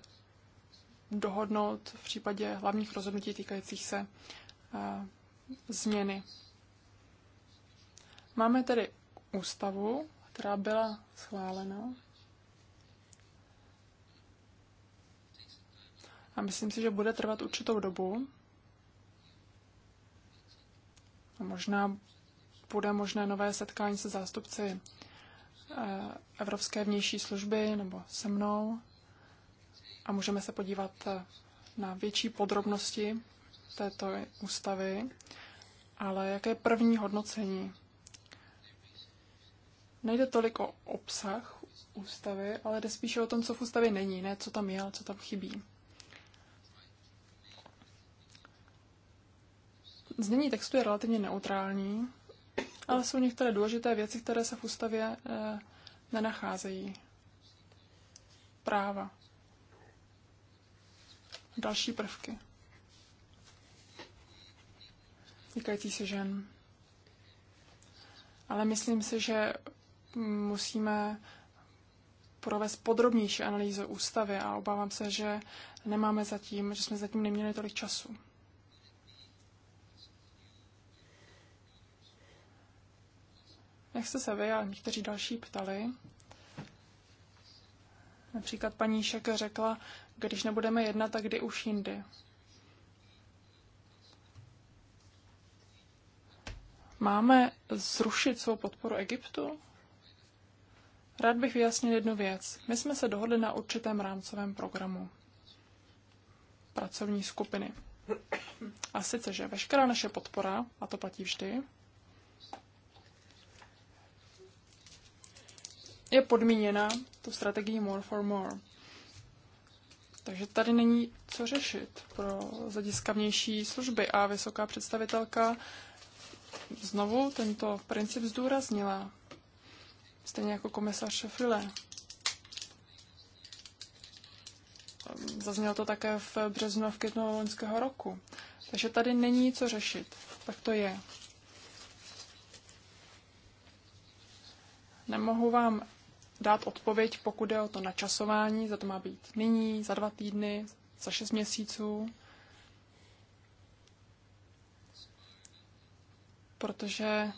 dohodnout v případě hlavních rozhodnutí týkajících se a, eh, změny. Máme tedy ústavu, která byla schválena a myslím si, že bude trvat určitou dobu. A možná bude možné nové setkání se zástupci eh, Evropské vnější služby nebo se mnou a můžeme se podívat eh, na větší podrobnosti této ústavy, ale jaké je první hodnocení? Nejde tolik o obsah ústavy, ale jde spíše o tom, co v ústavě není, ne co tam je, ale co tam chybí. Znění textu je relativně neutrální, ale jsou některé důležité věci, které se v ústavě e, nenacházejí. Práva. Další prvky. Týkající se žen. Ale myslím si, že musíme provést podrobnější analýzu ústavy a obávám se, že nemáme zatím, že jsme zatím neměli tolik času. Jak jste se vy a někteří další ptali, například paní Šek řekla, když nebudeme jednat, tak kdy už jindy. Máme zrušit svou podporu Egyptu? Rád bych vyjasnil jednu věc. My jsme se dohodli na určitém rámcovém programu pracovní skupiny. A sice, že veškerá naše podpora, a to platí vždy, je podmíněna tu strategií more for more. Takže tady není co řešit pro zadiskavnější služby a vysoká představitelka znovu tento princip zdůraznila, stejně jako komisař Šefile. Zaznělo to také v březnu a v květnu loňského roku. Takže tady není co řešit. Tak to je. Nemohu vám dát odpověď, pokud je o to načasování, za to má být nyní, za dva týdny, za šest měsíců. Protože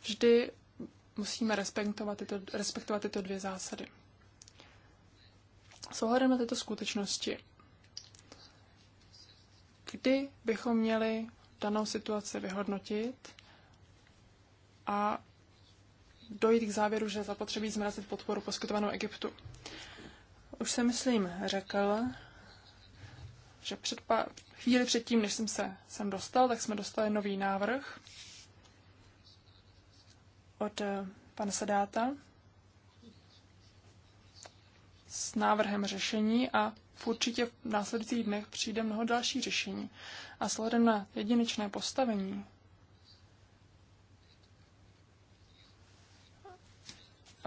vždy musíme respektovat tyto, respektovat tyto dvě zásady. S ohledem na tyto skutečnosti, kdy bychom měli danou situaci vyhodnotit a dojít k závěru, že zapotřebí zmrazit podporu poskytovanou Egyptu. Už jsem, myslím, řekl, že před pa- chvíli předtím, než jsem se sem dostal, tak jsme dostali nový návrh od eh, pana Sedáta s návrhem řešení a v určitě v následujících dnech přijde mnoho další řešení. A s na jedinečné postavení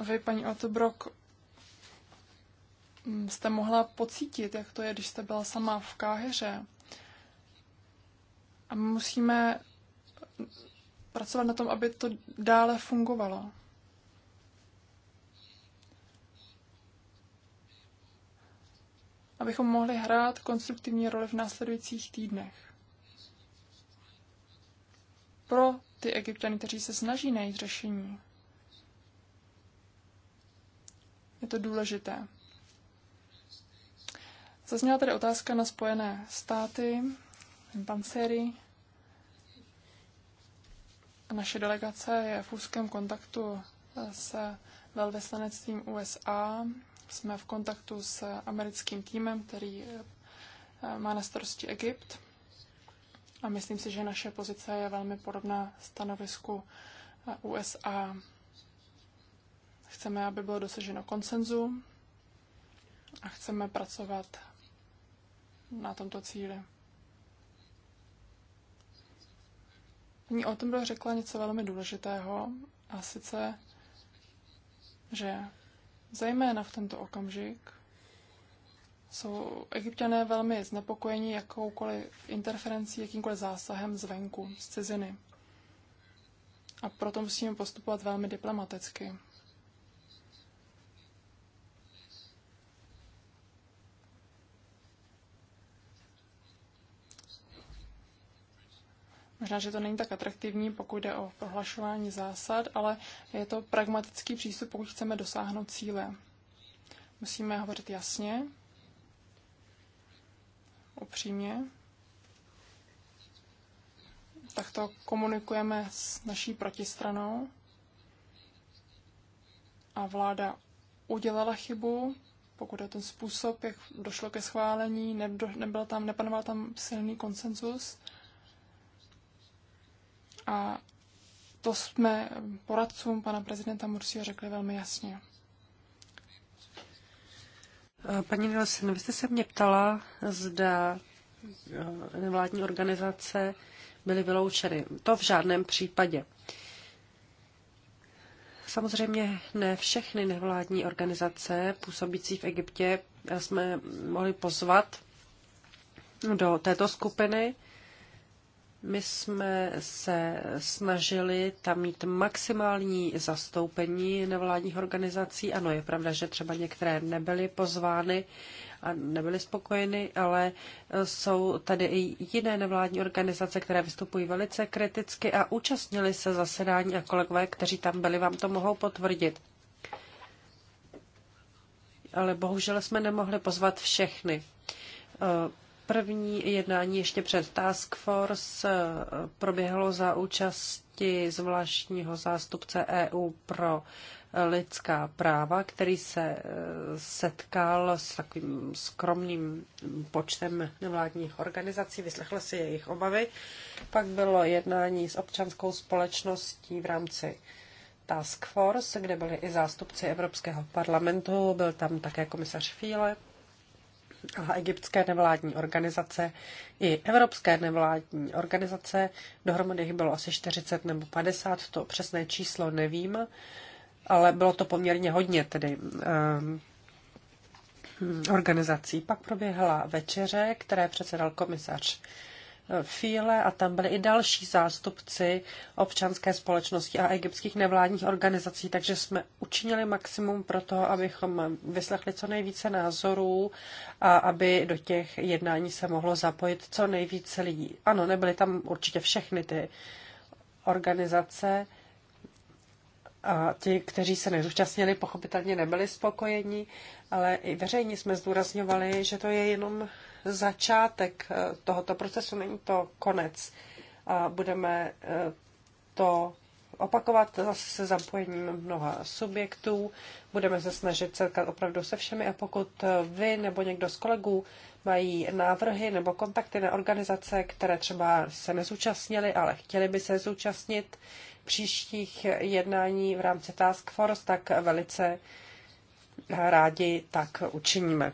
vy, paní Otobrok, jste mohla pocítit, jak to je, když jste byla sama v káheře. A musíme pracovat na tom, aby to dále fungovalo. Abychom mohli hrát konstruktivní roli v následujících týdnech. Pro ty egyptiany, kteří se snaží najít řešení. Je to důležité. Zazněla tady otázka na Spojené státy, pancery. Naše delegace je v úzkém kontaktu s velvyslanectvím USA. Jsme v kontaktu s americkým týmem, který eh, má na starosti Egypt. A myslím si, že naše pozice je velmi podobná stanovisku eh, USA. Chceme, aby bylo dosaženo konsenzu a chceme pracovat na tomto cíli. Paní Otenbel řekla něco velmi důležitého, a sice, že zejména v tento okamžik jsou egyptiané velmi znepokojeni jakoukoliv interferencí, jakýmkoliv zásahem zvenku, z ciziny. A proto musíme postupovat velmi diplomaticky. Možná, že to není tak atraktivní, pokud jde o prohlašování zásad, ale je to pragmatický přístup, pokud chceme dosáhnout cíle. Musíme hovořit jasně, upřímně. Tak to komunikujeme s naší protistranou. A vláda udělala chybu, pokud je ten způsob, jak došlo ke schválení, nebyl tam, nepanoval tam silný konsenzus. A to jsme poradcům pana prezidenta Mursího řekli velmi jasně. Paní Nilsen, vy jste se mě ptala, zda nevládní organizace byly vyloučeny. To v žádném případě. Samozřejmě ne všechny nevládní organizace působící v Egyptě jsme mohli pozvat do této skupiny. My jsme se snažili tam mít maximální zastoupení nevládních organizací. Ano, je pravda, že třeba některé nebyly pozvány a nebyly spokojeny, ale jsou tady i jiné nevládní organizace, které vystupují velice kriticky a účastnili se zasedání a kolegové, kteří tam byli, vám to mohou potvrdit. Ale bohužel jsme nemohli pozvat všechny První jednání ještě před Task Force eh, proběhlo za účasti zvláštního zástupce EU pro eh, lidská práva, který se eh, setkal s takovým skromným počtem nevládních organizací, vyslechl si jejich obavy. Pak bylo jednání s občanskou společností v rámci Task Force, kde byli i zástupci Evropského parlamentu, byl tam také komisař Fiele a egyptské nevládní organizace i evropské nevládní organizace. Dohromady jich bylo asi 40 nebo 50, to přesné číslo nevím, ale bylo to poměrně hodně tedy um, organizací. Pak proběhla večeře, které předsedal komisař Fíle a tam byli i další zástupci občanské společnosti a egyptských nevládních organizací, takže jsme učinili maximum pro to, abychom vyslechli co nejvíce názorů a aby do těch jednání se mohlo zapojit co nejvíce lidí. Ano, nebyly tam určitě všechny ty organizace a ti, kteří se nezúčastnili, pochopitelně nebyli spokojeni, ale i veřejně jsme zdůrazňovali, že to je jenom začátek eh, tohoto procesu, není to konec. A budeme eh, to opakovat zase se zapojením mnoha subjektů. Budeme se snažit setkat opravdu se všemi a pokud eh, vy nebo někdo z kolegů mají návrhy nebo kontakty na organizace, které třeba se nezúčastnili, ale chtěli by se zúčastnit příštích jednání v rámci Task Force, tak velice rádi tak učiníme.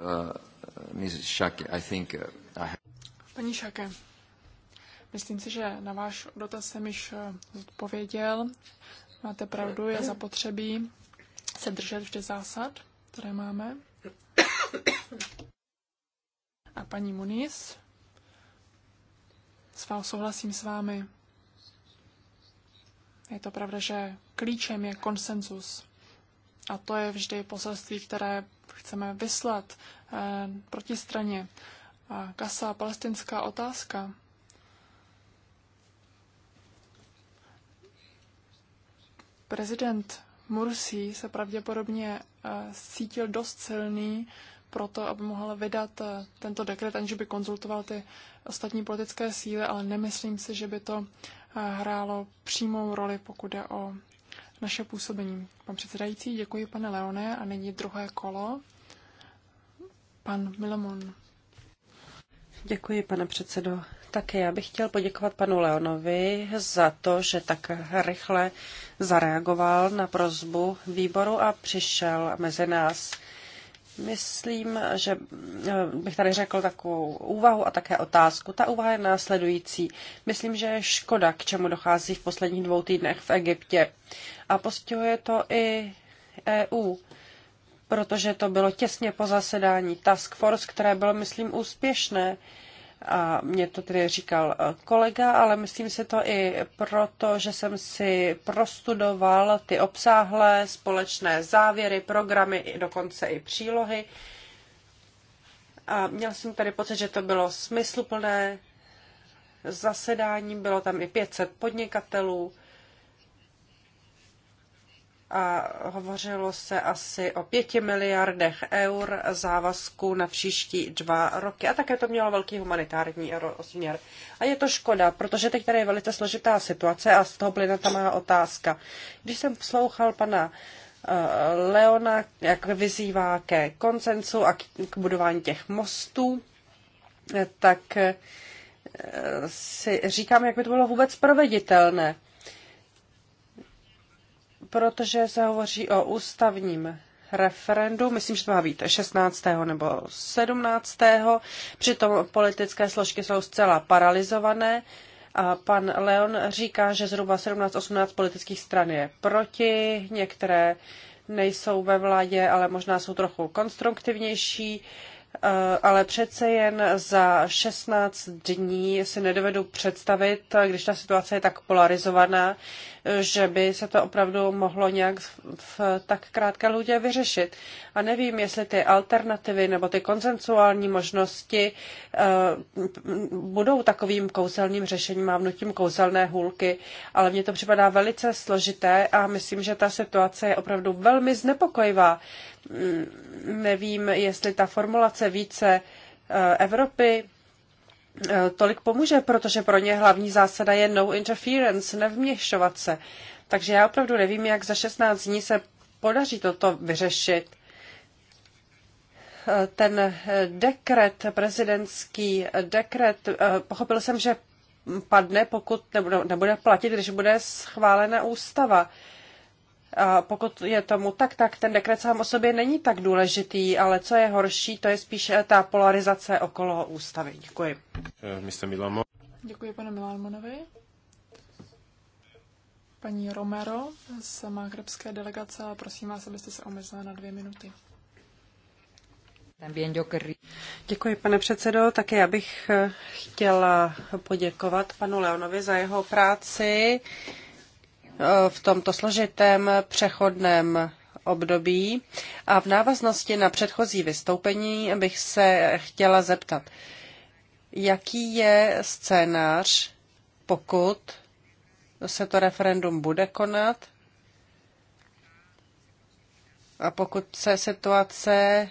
Uh. Uh, uh, paní Šake, myslím si, že na váš dotaz jsem již eh, odpověděl. Máte pravdu, je zapotřebí se držet vždy zásad, které máme. A paní Muniz, s vám souhlasím s vámi. Je to pravda, že klíčem je konsenzus. A to je vždy poselství, které chceme vyslat eh, proti straně. A kasa palestinská otázka. Prezident Mursi se pravděpodobně eh, cítil dost silný pro to, aby mohl vydat eh, tento dekret, aniž by konzultoval ty ostatní politické síly, ale nemyslím si, že by to hrálo přímou roli, pokud je o naše působení. Pan předsedající, děkuji pane Leone a nyní druhé kolo. Pan Milamon. Děkuji, pane předsedo. Také já bych chtěl poděkovat panu Leonovi za to, že tak rychle zareagoval na prozbu výboru a přišel mezi nás. Myslím, že eh, bych tady řekl takovou úvahu a také otázku. Ta úvaha je následující. Myslím, že je škoda, k čemu dochází v posledních dvou týdnech v Egyptě. A postihuje to i EU, protože to bylo těsně po zasedání Task Force, které bylo, myslím, úspěšné. Uh, a mě to tedy říkal eh, kolega, ale myslím si to i proto, že jsem si prostudoval ty obsáhlé společné závěry, programy, dokonce i přílohy. A měl jsem tady pocit, že to bylo smysluplné zasedání, bylo tam i 500 podnikatelů a hovořilo se asi o pěti miliardech eur závazků na příští dva roky a také to mělo velký humanitární rozměr. A je to škoda, protože teď tady je velice složitá situace a z toho plyne ta má otázka. Když jsem poslouchal pana eh, Leona, jak vyzývá ke koncensu a k budování těch mostů, eh, tak eh, si říkám, jak by to bylo vůbec proveditelné protože se hovoří o ústavním referendu, myslím, že to má být 16. nebo 17. Přitom politické složky jsou zcela paralizované a pan Leon říká, že zhruba 17-18 politických stran je proti, některé nejsou ve vládě, ale možná jsou trochu konstruktivnější, eh, ale přece jen za 16 dní si nedovedu představit, když ta situace je tak polarizovaná, že by se to opravdu mohlo nějak v tak krátké lůdě vyřešit. A nevím, jestli ty alternativy nebo ty konsensuální možnosti eh, budou takovým kouzelným řešením a vnutím kouzelné hůlky, ale mně to připadá velice složité a myslím, že ta situace je opravdu velmi znepokojivá. Mm, nevím, jestli ta formulace více eh, Evropy Eh, tolik pomůže, protože pro ně hlavní zásada je no interference, nevměšovat se. Takže já opravdu nevím, jak za 16 dní se podaří toto vyřešit. Eh, ten eh, dekret, prezidentský dekret, pochopil jsem, že padne, pokud nebude platit, když bude schválena ústava pokud je tomu tak, tak ten dekret sám o sobě není tak důležitý, ale co je horší, to je spíše eh, ta polarizace okolo ústavy. Děkuji. Eh, Mr. Milamo. Děkuji panu Milámonovi. Paní Romero z magrebské delegace, prosím vás, abyste se omezila na dvě minuty. Děkuji, pane předsedo. Také já bych eh, chtěla poděkovat panu Leonovi za jeho práci v tomto složitém přechodném období. A v návaznosti na předchozí vystoupení bych se chtěla zeptat, jaký je scénář, pokud se to referendum bude konat a pokud se situace eh,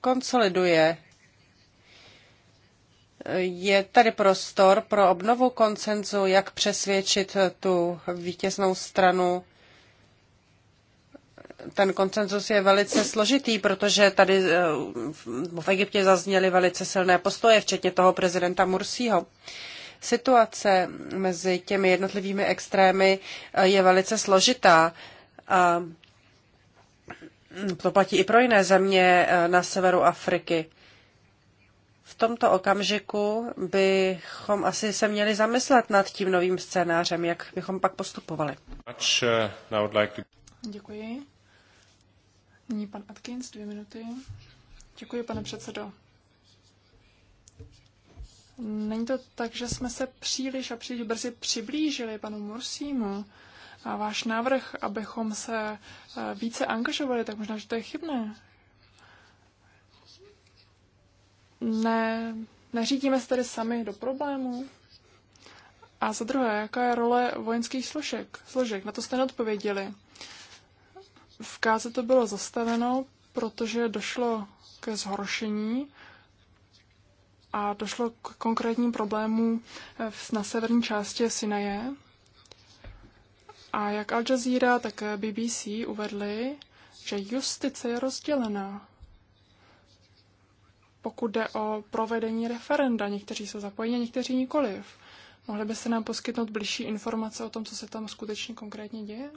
konsoliduje je tady prostor pro obnovu koncenzu, jak přesvědčit tu vítěznou stranu. Ten koncenzus je velice složitý, protože tady eh, v Egyptě zazněly velice silné postoje, včetně toho prezidenta Mursího. Situace mezi těmi jednotlivými extrémy eh, je velice složitá. A to platí i pro jiné země eh, na severu Afriky tomto okamžiku bychom asi se měli zamyslet nad tím novým scénářem, jak bychom pak postupovali. Uh, Děkuji. Nyní pan Atkins, dvě minuty. Děkuji, pane předsedo. Není to tak, že jsme se příliš a příliš brzy přiblížili panu Mursímu a váš návrh, abychom se eh, více angažovali, tak možná, že to je chybné. ne, neřídíme se tady sami do problému? A za druhé, jaká je role vojenských složek? složek? Na to jste neodpověděli. V Káze to bylo zastaveno, protože došlo ke zhoršení a došlo k konkrétním problémům eh, na severní části Sinaje. A jak Al Jazeera, tak eh, BBC uvedli, že justice je rozdělená pokud jde o provedení referenda. Někteří jsou zapojeni, někteří nikoliv. Mohli byste nám poskytnout blížší informace o tom, co se tam skutečně konkrétně děje?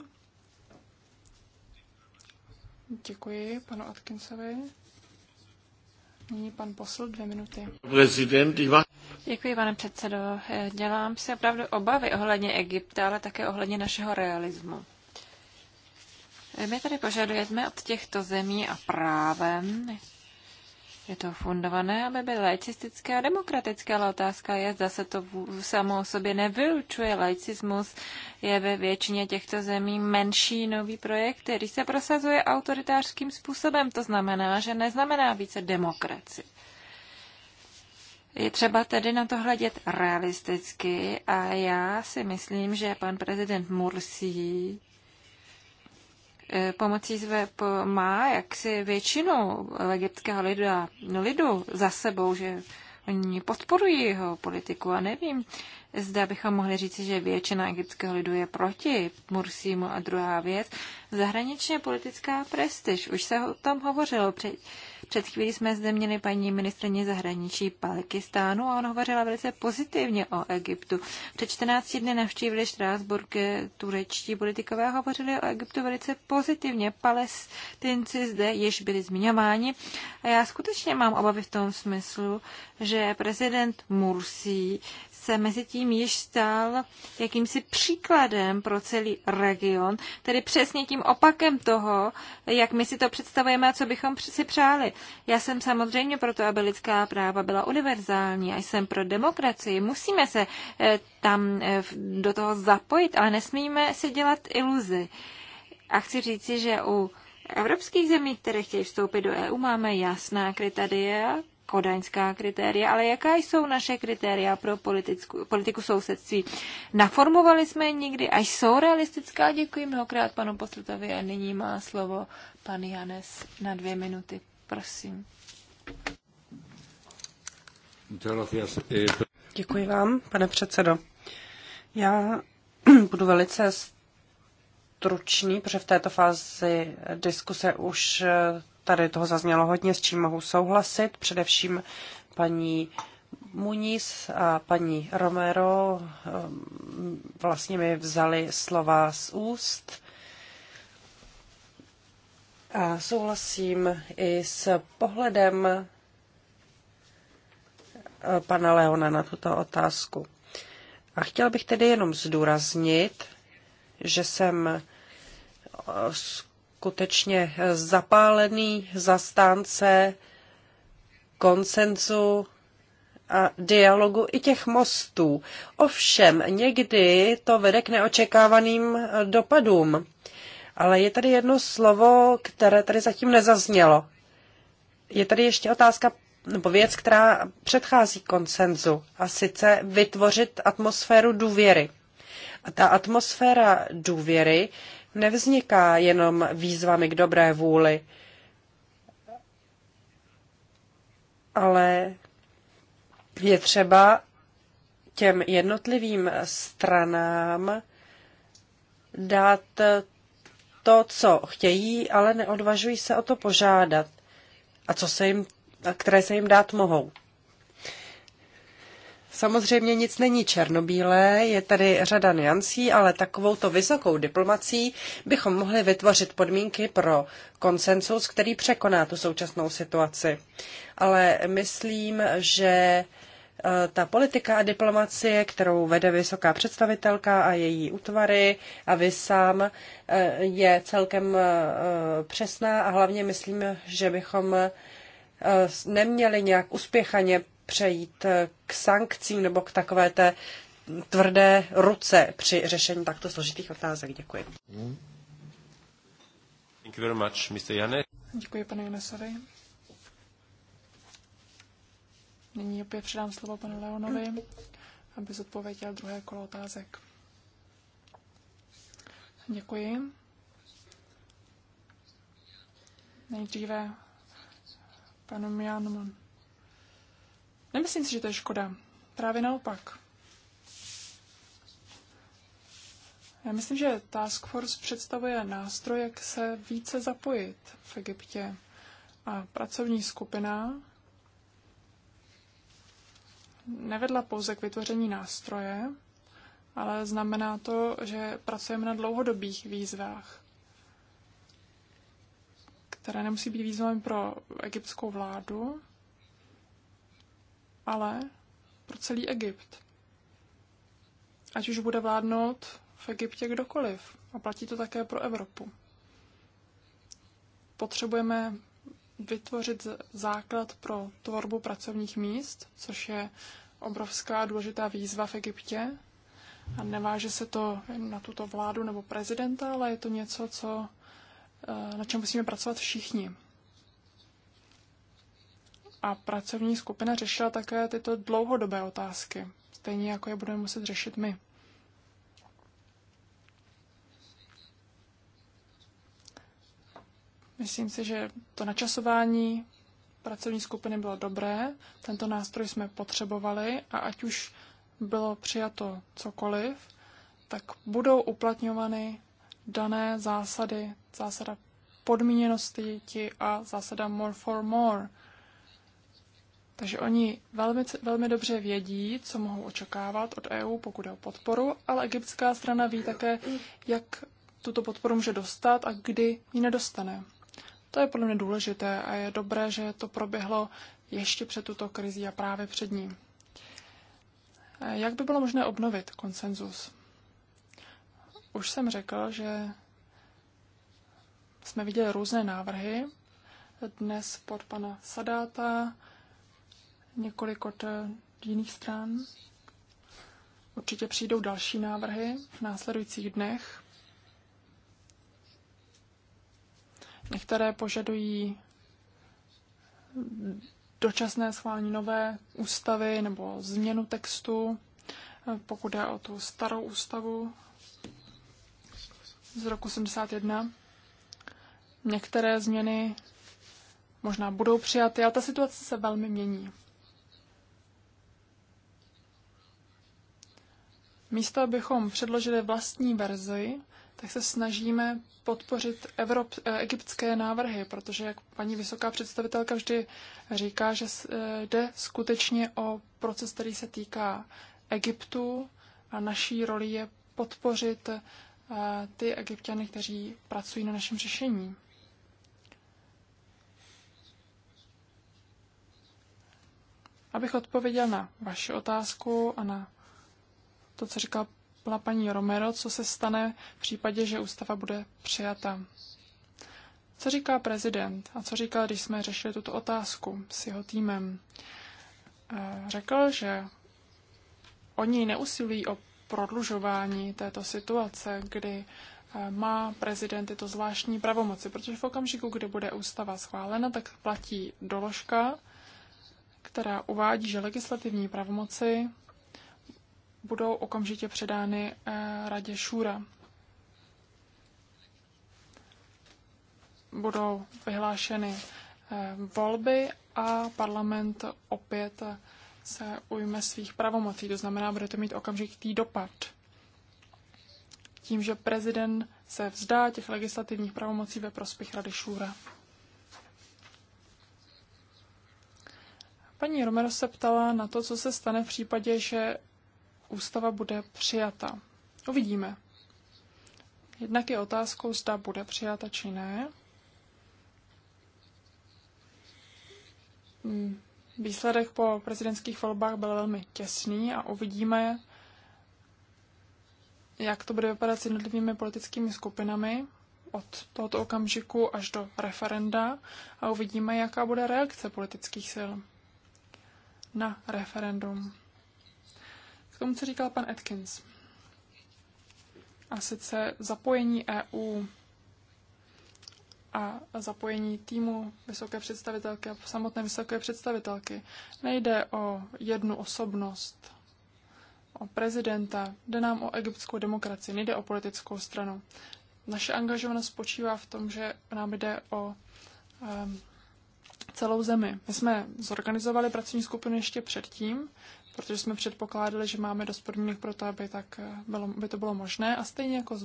Děkuji panu Atkinsovi. Nyní pan posl, dvě minuty. Prezident, Děkuji, pane předsedo. Dělám si opravdu obavy ohledně Egypta, ale také ohledně našeho realismu. My tady požadujeme od těchto zemí a právem je to fundované, aby byly laicistické a demokratické, ale otázka je, zda se to samo o sobě nevylučuje. Laicismus je ve většině těchto zemí menší nový projekt, který se prosazuje autoritářským způsobem. To znamená, že neznamená více demokraci. Je třeba tedy na to hledět realisticky a já si myslím, že pan prezident Mursi pomocí ZVEP má jaksi většinu egyptského lidu, lidu za sebou, že oni podporují jeho politiku a nevím, zda bychom mohli říci, že většina egyptského lidu je proti Mursímu a druhá věc, zahraničně politická prestiž. Už se o tom hovořilo. Před před chvílí jsme zde měli paní ministrně zahraničí Pakistánu a ona hovořila velice pozitivně o Egyptu. Před 14 dny navštívili Štrásburg eh, turečtí politikové a hovořili o Egyptu velice pozitivně. Palestinci zde již byli zmiňováni a já skutečně mám obavy v tom smyslu, že prezident Mursi se mezi tím již stal jakýmsi příkladem pro celý region, tedy přesně tím opakem toho, jak my si to představujeme a co bychom si přáli. Já jsem samozřejmě proto, aby lidská práva byla univerzální a jsem pro demokracii. Musíme se eh, tam eh, do toho zapojit, ale nesmíme si dělat iluzi. A chci říci, že u evropských zemí, které chtějí vstoupit do EU, máme jasná kritéria kodaňská kritéria, ale jaká jsou naše kritéria pro politickou, politiku sousedství? Naformovali jsme je nikdy a jsou realistická? Děkuji mnohokrát panu Poslutovi a nyní má slovo pan Janes na dvě minuty. Prosím. Děkuji vám, pane předsedo. Já budu velice stručný, protože v této fázi diskuse už Tady toho zaznělo hodně, s čím mohu souhlasit. Především paní Muniz a paní Romero ehm, vlastně mi vzali slova z úst. A souhlasím i s pohledem eh, pana Leona na tuto otázku. A chtěla bych tedy jenom zdůraznit, že jsem eh, skutečně eh, zapálený zastánce konsenzu a dialogu i těch mostů. Ovšem, někdy to vede k neočekávaným eh, dopadům. Ale je tady jedno slovo, které tady zatím nezaznělo. Je tady ještě otázka nebo věc, která předchází konsenzu, a sice vytvořit atmosféru důvěry. A ta atmosféra důvěry nevzniká jenom výzvami k dobré vůli, ale je třeba těm jednotlivým stranám dát to, co chtějí, ale neodvažují se o to požádat a co se jim, které se jim dát mohou. Samozřejmě nic není černobílé, je tady řada niancí, ale takovouto vysokou diplomací bychom mohli vytvořit podmínky pro konsensus, který překoná tu současnou situaci. Ale myslím, že eh, ta politika a diplomacie, kterou vede vysoká představitelka a její útvary a vy sám, eh, je celkem eh, přesná a hlavně myslím, že bychom neměli nějak uspěchaně přejít k sankcím nebo k takové té tvrdé ruce při řešení takto složitých otázek. Děkuji. Thank you very much, Mr. Jane. Děkuji, pane Janesovi. Nyní opět předám slovo panu Leonovi, aby zodpověděl druhé kolo otázek. Děkuji. Nejdříve panu Mianmanu. Nemyslím si, že to je škoda. Právě naopak. Já myslím, že Task Force představuje nástroj, jak se více zapojit v Egyptě. A pracovní skupina nevedla pouze k vytvoření nástroje, ale znamená to, že pracujeme na dlouhodobých výzvách, které nemusí být výzvami pro egyptskou vládu, ale pro celý Egypt. Ať už bude vládnout v Egyptě kdokoliv. A platí to také pro Evropu. Potřebujeme vytvořit základ pro tvorbu pracovních míst, což je obrovská důležitá výzva v Egyptě. A neváže se to na tuto vládu nebo prezidenta, ale je to něco, co, eh, na čem musíme pracovat všichni. A pracovní skupina řešila také tyto dlouhodobé otázky, stejně jako je budeme muset řešit my. Myslím si, že to načasování pracovní skupiny bylo dobré, tento nástroj jsme potřebovali a ať už bylo přijato cokoliv, tak budou uplatňovány dané zásady, zásada podmíněnosti děti a zásada more for more – takže oni velmi, velmi dobře vědí, co mohou očekávat od EU, pokud je o podporu, ale egyptská strana ví také, jak tuto podporu může dostat a kdy ji nedostane. To je podle mě důležité a je dobré, že to proběhlo ještě před tuto krizí a právě před ní. E, jak by bylo možné obnovit konsenzus? Už jsem řekl, že jsme viděli různé návrhy. Dnes pod pana Sadáta, několik od eh, jiných stran. Určitě přijdou další návrhy v následujících dnech. Některé požadují dočasné schválení nové ústavy nebo změnu textu, eh, pokud je o tu starou ústavu z roku 71. Některé změny možná budou přijaty, ale ta situace se velmi mění. Místo, abychom předložili vlastní verzi, tak se snažíme podpořit Evrop, eh, egyptské návrhy, protože, jak paní vysoká představitelka vždy říká, že eh, jde skutečně o proces, který se týká Egyptu a naší roli je podpořit eh, ty egyptiany, kteří pracují na našem řešení. Abych odpověděl na vaši otázku a na to, co říkala paní Romero, co se stane v případě, že ústava bude přijata. Co říká prezident a co říkal, když jsme řešili tuto otázku s jeho týmem? Eh, řekl, že oni neusilují o prodlužování této situace, kdy eh, má prezident tyto zvláštní pravomoci, protože v okamžiku, kdy bude ústava schválena, tak platí doložka, která uvádí, že legislativní pravomoci budou okamžitě předány eh, radě Šura. Budou vyhlášeny eh, volby a parlament opět eh, se ujme svých pravomocí, to znamená, bude to mít okamžitý dopad. Tím, že prezident se vzdá těch legislativních pravomocí ve prospěch Rady Šura. Paní Romero se ptala na to, co se stane v případě, že ústava bude přijata. Uvidíme. Jednak je otázkou, zda bude přijata či ne. Hmm. Výsledek po prezidentských volbách byl velmi těsný a uvidíme, jak to bude vypadat s jednotlivými politickými skupinami od tohoto okamžiku až do referenda a uvidíme, jaká bude reakce politických sil na referendum. K tomu, co říkal pan Atkins. A sice zapojení EU a zapojení týmu vysoké představitelky a samotné vysoké představitelky. Nejde o jednu osobnost, o prezidenta, jde nám o egyptskou demokracii, nejde o politickou stranu. Naše angažovanost spočívá v tom, že nám jde o um, celou zemi. My jsme zorganizovali pracovní skupinu ještě předtím, protože jsme předpokládali, že máme dost podmínek pro to, aby, tak eh, bylo, by to bylo možné. A stejně jako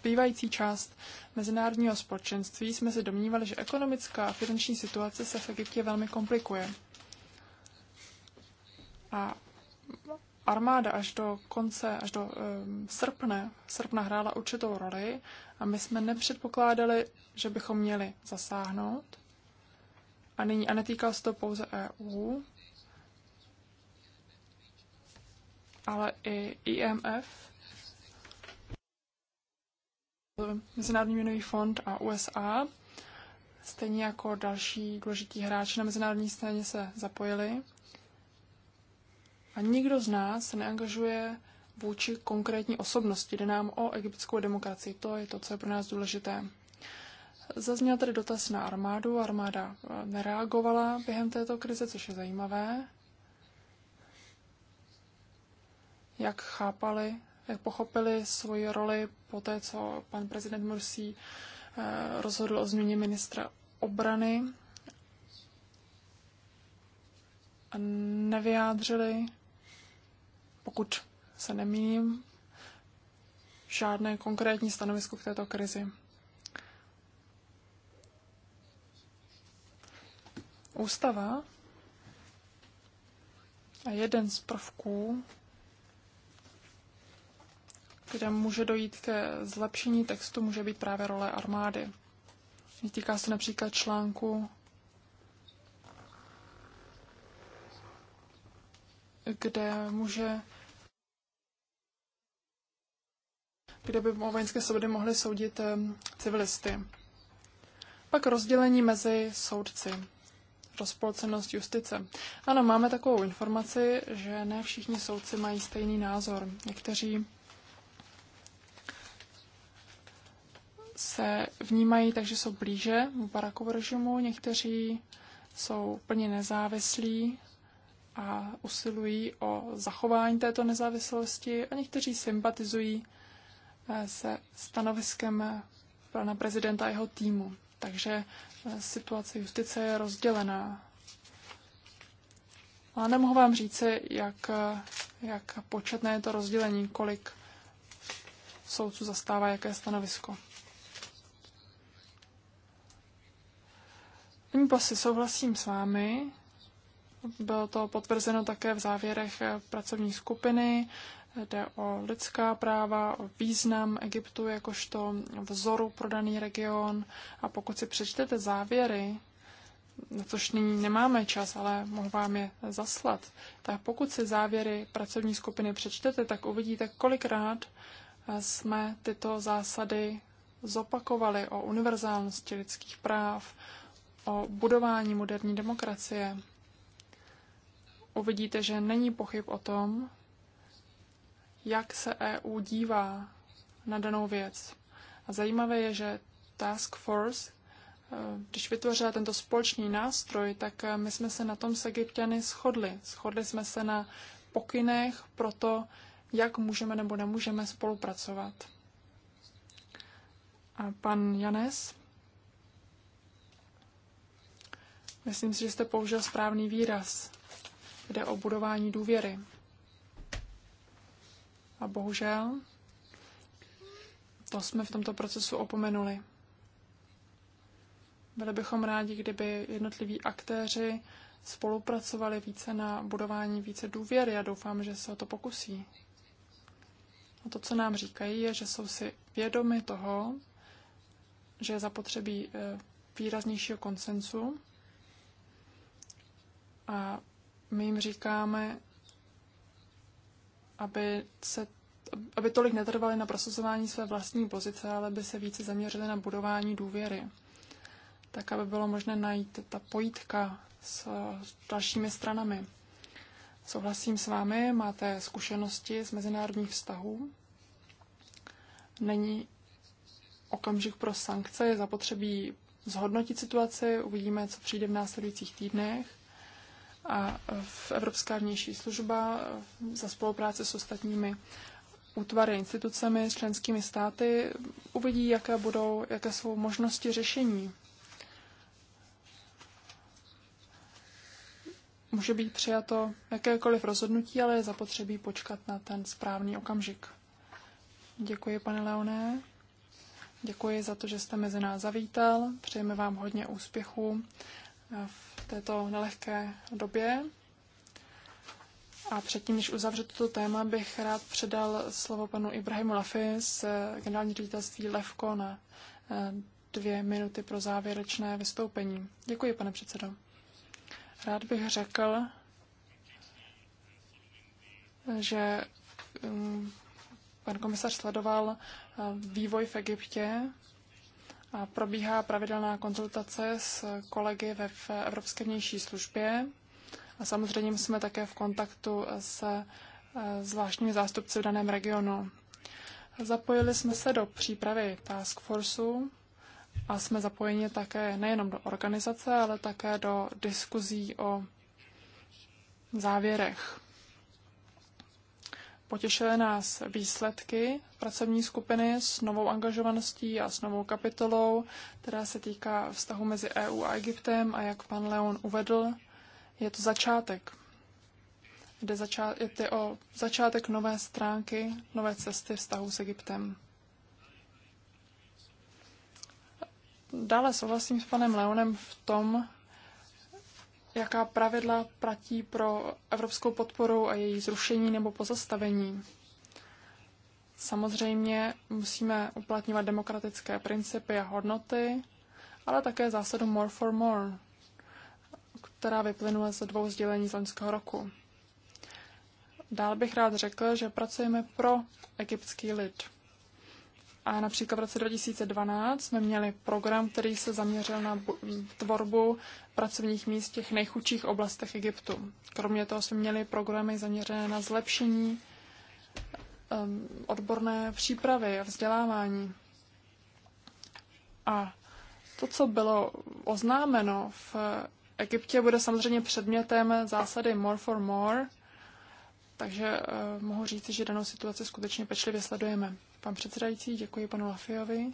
zbývající část mezinárodního společenství jsme se domnívali, že ekonomická a finanční situace se v Egyptě velmi komplikuje. A armáda až do konce, až do um, srpne, srpna hrála určitou roli a my jsme nepředpokládali, že bychom měli zasáhnout. A nyní, a netýká se to pouze EU, ale i IMF, Mezinárodní měnový fond a USA, stejně jako další důležití hráči na mezinárodní scéně se zapojili. A nikdo z nás se neangažuje vůči konkrétní osobnosti. Jde nám o egyptskou demokracii. To je to, co je pro nás důležité. Zazněl tedy dotaz na armádu. Armáda eh, nereagovala během této krize, což je zajímavé. jak chápali, jak pochopili svoji roli po té, co pan prezident Mursi eh, rozhodl o změně ministra obrany. A nevyjádřili, pokud se nemím, žádné konkrétní stanovisko k této krizi. Ústava a jeden z prvků kde může dojít ke zlepšení textu, může být právě role armády. Týká se například článku, kde může kde by vojenské soudy mohly soudit civilisty. Pak rozdělení mezi soudci. Rozpolcenost justice. Ano, máme takovou informaci, že ne všichni soudci mají stejný názor. Někteří se vnímají tak, že jsou blíže barakovu režimu, někteří jsou plně nezávislí a usilují o zachování této nezávislosti a někteří sympatizují eh, se stanoviskem eh, pana prezidenta a jeho týmu. Takže eh, situace justice je rozdělená. Ale nemohu vám říci, jak, jak početné je to rozdělení, kolik soudců zastává jaké stanovisko. Paní Pasi, souhlasím s vámi. Bylo to potvrzeno také v závěrech pracovní skupiny. Jde o lidská práva, o význam Egyptu jakožto vzoru pro daný region. A pokud si přečtete závěry, na což nyní nemáme čas, ale mohu vám je zaslat, tak pokud si závěry pracovní skupiny přečtete, tak uvidíte, kolikrát jsme tyto zásady zopakovali o univerzálnosti lidských práv, o budování moderní demokracie, uvidíte, že není pochyb o tom, jak se EU dívá na danou věc. A zajímavé je, že Task Force, eh, když vytvořila tento společný nástroj, tak eh, my jsme se na tom s Egyptiany shodli. Shodli jsme se na pokynech pro to, jak můžeme nebo nemůžeme spolupracovat. A pan Janes Myslím si, že jste použil správný výraz. Jde o budování důvěry. A bohužel, to jsme v tomto procesu opomenuli. Byli bychom rádi, kdyby jednotliví aktéři spolupracovali více na budování více důvěry a doufám, že se o to pokusí. A to, co nám říkají, je, že jsou si vědomi toho, že je zapotřebí eh, výraznějšího konsensu a my jim říkáme, aby, se, aby tolik netrvali na prosazování své vlastní pozice, ale by se více zaměřili na budování důvěry. Tak, aby bylo možné najít ta pojítka s, s dalšími stranami. Souhlasím s vámi, máte zkušenosti z mezinárodních vztahů. Není okamžik pro sankce, je zapotřebí zhodnotit situaci, uvidíme, co přijde v následujících týdnech a v Evropská vnější služba za spolupráce s ostatními útvary, institucemi, členskými státy uvidí, jaké, budou, jaké jsou možnosti řešení. Může být přijato jakékoliv rozhodnutí, ale je zapotřebí počkat na ten správný okamžik. Děkuji, pane Leoné. Děkuji za to, že jste mezi nás zavítal. Přejeme vám hodně úspěchů v této nelehké době. A předtím, než uzavřu toto téma, bych rád předal slovo panu Ibrahimu Lafi z eh, generální ředitelství Levko na eh, dvě minuty pro závěrečné vystoupení. Děkuji, pane předsedo. Rád bych řekl, že mm, pan komisař sledoval eh, vývoj v Egyptě probíhá pravidelná konzultace s kolegy ve Evropské vnější službě a samozřejmě jsme také v kontaktu s eh, zvláštními zástupci v daném regionu. Zapojili jsme se do přípravy task forceu a jsme zapojeni také nejenom do organizace, ale také do diskuzí o závěrech. Potěšily nás výsledky pracovní skupiny s novou angažovaností a s novou kapitolou, která se týká vztahu mezi EU a Egyptem a jak pan Leon uvedl, je to začátek. Jde, začá- to o začátek nové stránky, nové cesty vztahu s Egyptem. Dále souhlasím s panem Leonem v tom, jaká pravidla platí pro evropskou podporu a její zrušení nebo pozastavení. Samozřejmě musíme uplatňovat demokratické principy a hodnoty, ale také zásadu more for more, která vyplynula ze dvou sdělení z loňského roku. Dál bych rád řekl, že pracujeme pro egyptský lid. A například v roce 2012 jsme měli program, který se zaměřil na tvorbu pracovních míst v těch nejchudších oblastech Egyptu. Kromě toho jsme měli programy zaměřené na zlepšení um, odborné přípravy a vzdělávání. A to, co bylo oznámeno v Egyptě, bude samozřejmě předmětem zásady more for more, takže uh, mohu říct, že danou situaci skutečně pečlivě sledujeme. Pan předsedající, děkuji panu Lafiovi.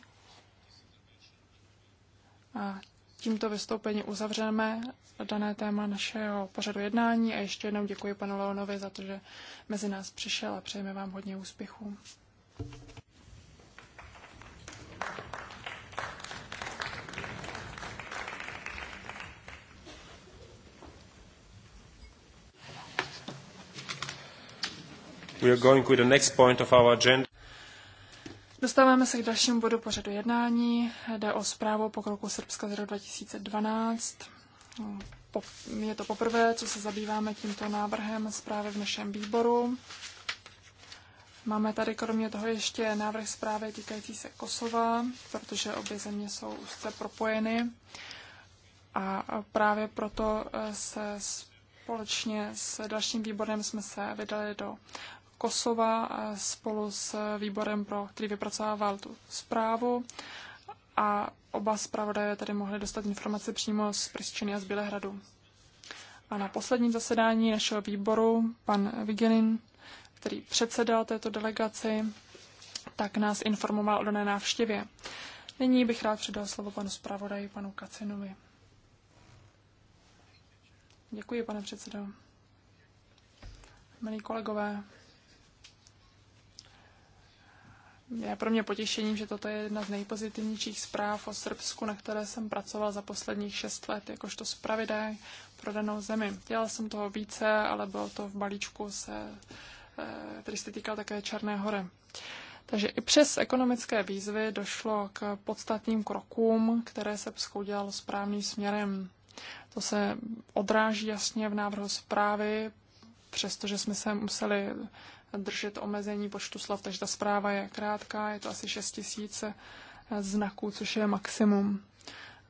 A tímto vystoupení uzavřeme dané téma našeho pořadu jednání a ještě jednou děkuji panu Leonovi za to, že mezi nás přišel a přejeme vám hodně úspěchů. We are going with the next point of our agenda. Dostáváme se k dalšímu bodu pořadu jednání. Jde o zprávu o pokroku Srbska z roku 2012. Je to poprvé, co se zabýváme tímto návrhem zprávy v našem výboru. Máme tady kromě toho ještě návrh zprávy týkající se Kosova, protože obě země jsou úzce propojeny. A právě proto eh, se společně s dalším výborem jsme se vydali do Kosova spolu s výborem, pro, který vypracovával tu zprávu a oba zpravodaje tedy mohli dostat informace přímo z Prisčiny a z Bělehradu. A na posledním zasedání našeho výboru pan Vigenin, který předsedal této delegaci, tak nás informoval o dané návštěvě. Nyní bych rád předal slovo panu zpravodaji, panu Kacinovi. Děkuji, pane předsedo. Milí kolegové, je pro mě potěšením, že toto je jedna z nejpozitivnějších zpráv o Srbsku, na které jsem pracoval za posledních šest let, jakožto zpravidaj pro danou zemi. Dělal jsem toho více, ale bylo to v balíčku, se, eh, který se týkal také Černé hory. Takže i přes ekonomické výzvy došlo k podstatným krokům, které Srbsko udělalo správným směrem. To se odráží jasně v návrhu zprávy, přestože jsme se museli držet omezení počtu slov, takže ta zpráva je krátká, je to asi 6 tisíc eh, znaků, což je maximum.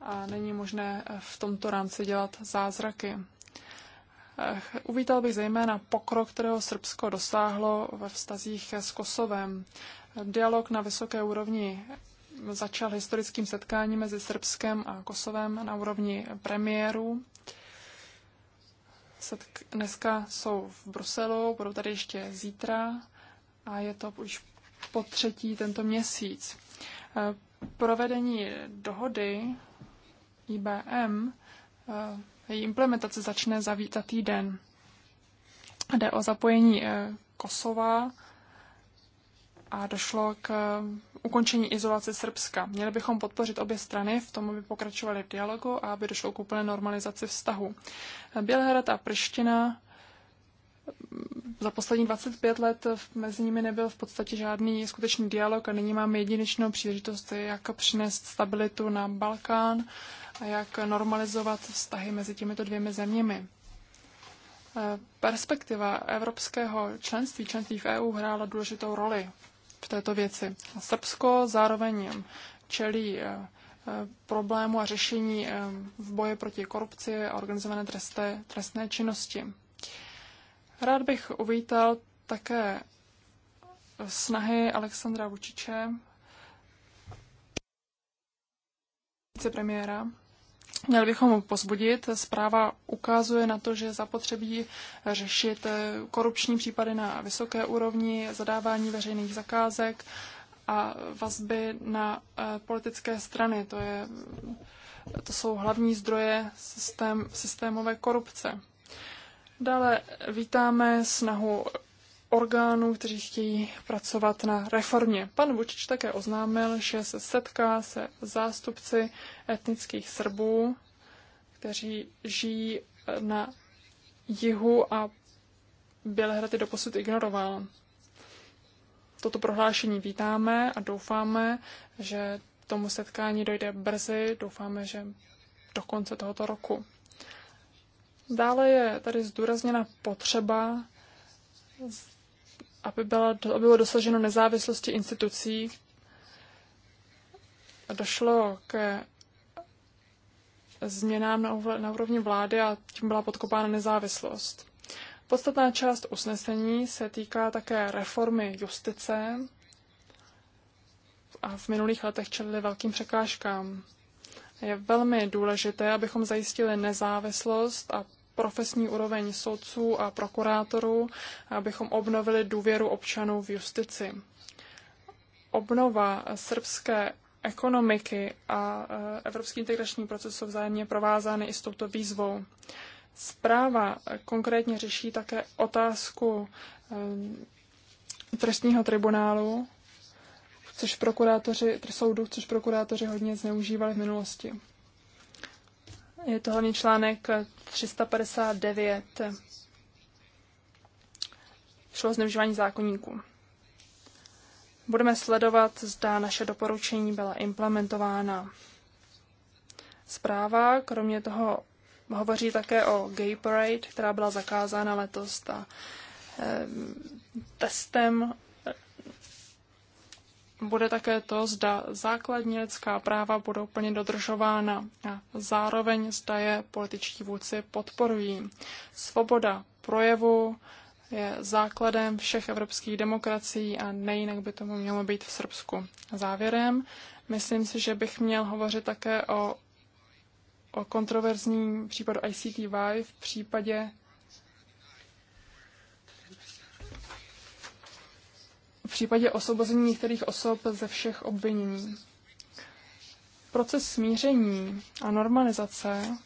A není možné eh, v tomto rámci dělat zázraky. Eh, uvítal bych zejména pokrok, kterého Srbsko dosáhlo ve vztazích s Kosovem. Dialog na vysoké úrovni začal historickým setkáním mezi Srbskem a Kosovem na úrovni premiérů setk- dneska jsou v Bruselu, budou tady ještě zítra a je to už po třetí tento měsíc. Eh, provedení dohody IBM, eh, její implementace začne za, za týden. Jde o zapojení eh, Kosova a došlo k eh, ukončení izolace Srbska. Měli bychom podpořit obě strany v tom, aby pokračovali v dialogu a aby došlo k úplné normalizaci vztahu. Bělehrad a Priština mm, za poslední 25 let mezi nimi nebyl v podstatě žádný skutečný dialog a nyní máme jedinečnou příležitost, jak přinést stabilitu na Balkán a jak normalizovat vztahy mezi těmito dvěmi zeměmi. Eh, perspektiva evropského členství, členství v EU hrála důležitou roli v této věci. Srbsko zároveň čelí eh, eh, problému a řešení eh, v boji proti korupci a organizované trestné, trestné činnosti. Rád bych uvítal také snahy Alexandra Vučiče, vicepremiéra, Měli bychom ho pozbudit. Zpráva ukazuje na to, že zapotřebí řešit eh, korupční případy na vysoké úrovni, zadávání veřejných zakázek a vazby na eh, politické strany. To, je, to jsou hlavní zdroje systém, systémové korupce. Dále vítáme snahu orgánů, kteří chtějí pracovat na reformě. Pan Vučič také oznámil, že se setká se zástupci etnických Srbů, kteří žijí eh, na jihu a Bělehrad je doposud ignoroval. Toto prohlášení vítáme a doufáme, že tomu setkání dojde brzy, doufáme, že do konce tohoto roku. Dále je tady zdůrazněna potřeba aby, byla, aby bylo dosaženo nezávislosti institucí. Došlo ke změnám na, na úrovni vlády a tím byla podkopána nezávislost. Podstatná část usnesení se týká také reformy justice a v minulých letech čelili velkým překážkám. Je velmi důležité, abychom zajistili nezávislost a profesní úroveň soudců a prokurátorů, abychom obnovili důvěru občanů v justici. Obnova srbské ekonomiky a e, evropský integrační proces jsou vzájemně provázány i s touto výzvou. Zpráva konkrétně řeší také otázku e, trestního tribunálu, což prokurátoři, soudu, což prokurátoři hodně zneužívali v minulosti. Je to hlavní článek 359. Šlo o zneužívání zákonníků. Budeme sledovat, zda naše doporučení byla implementována. Zpráva kromě toho hovoří také o gay parade, která byla zakázána letos a eh, testem bude také to, zda základní lidská práva budou plně dodržována a zároveň zda je političtí vůdci podporují. Svoboda projevu je základem všech evropských demokracií a nejinak by tomu mělo být v Srbsku. Závěrem, myslím si, že bych měl hovořit také o, o kontroverzním případu ICTY v případě v případě osvobození některých osob ze všech obvinění. Proces smíření a normalizace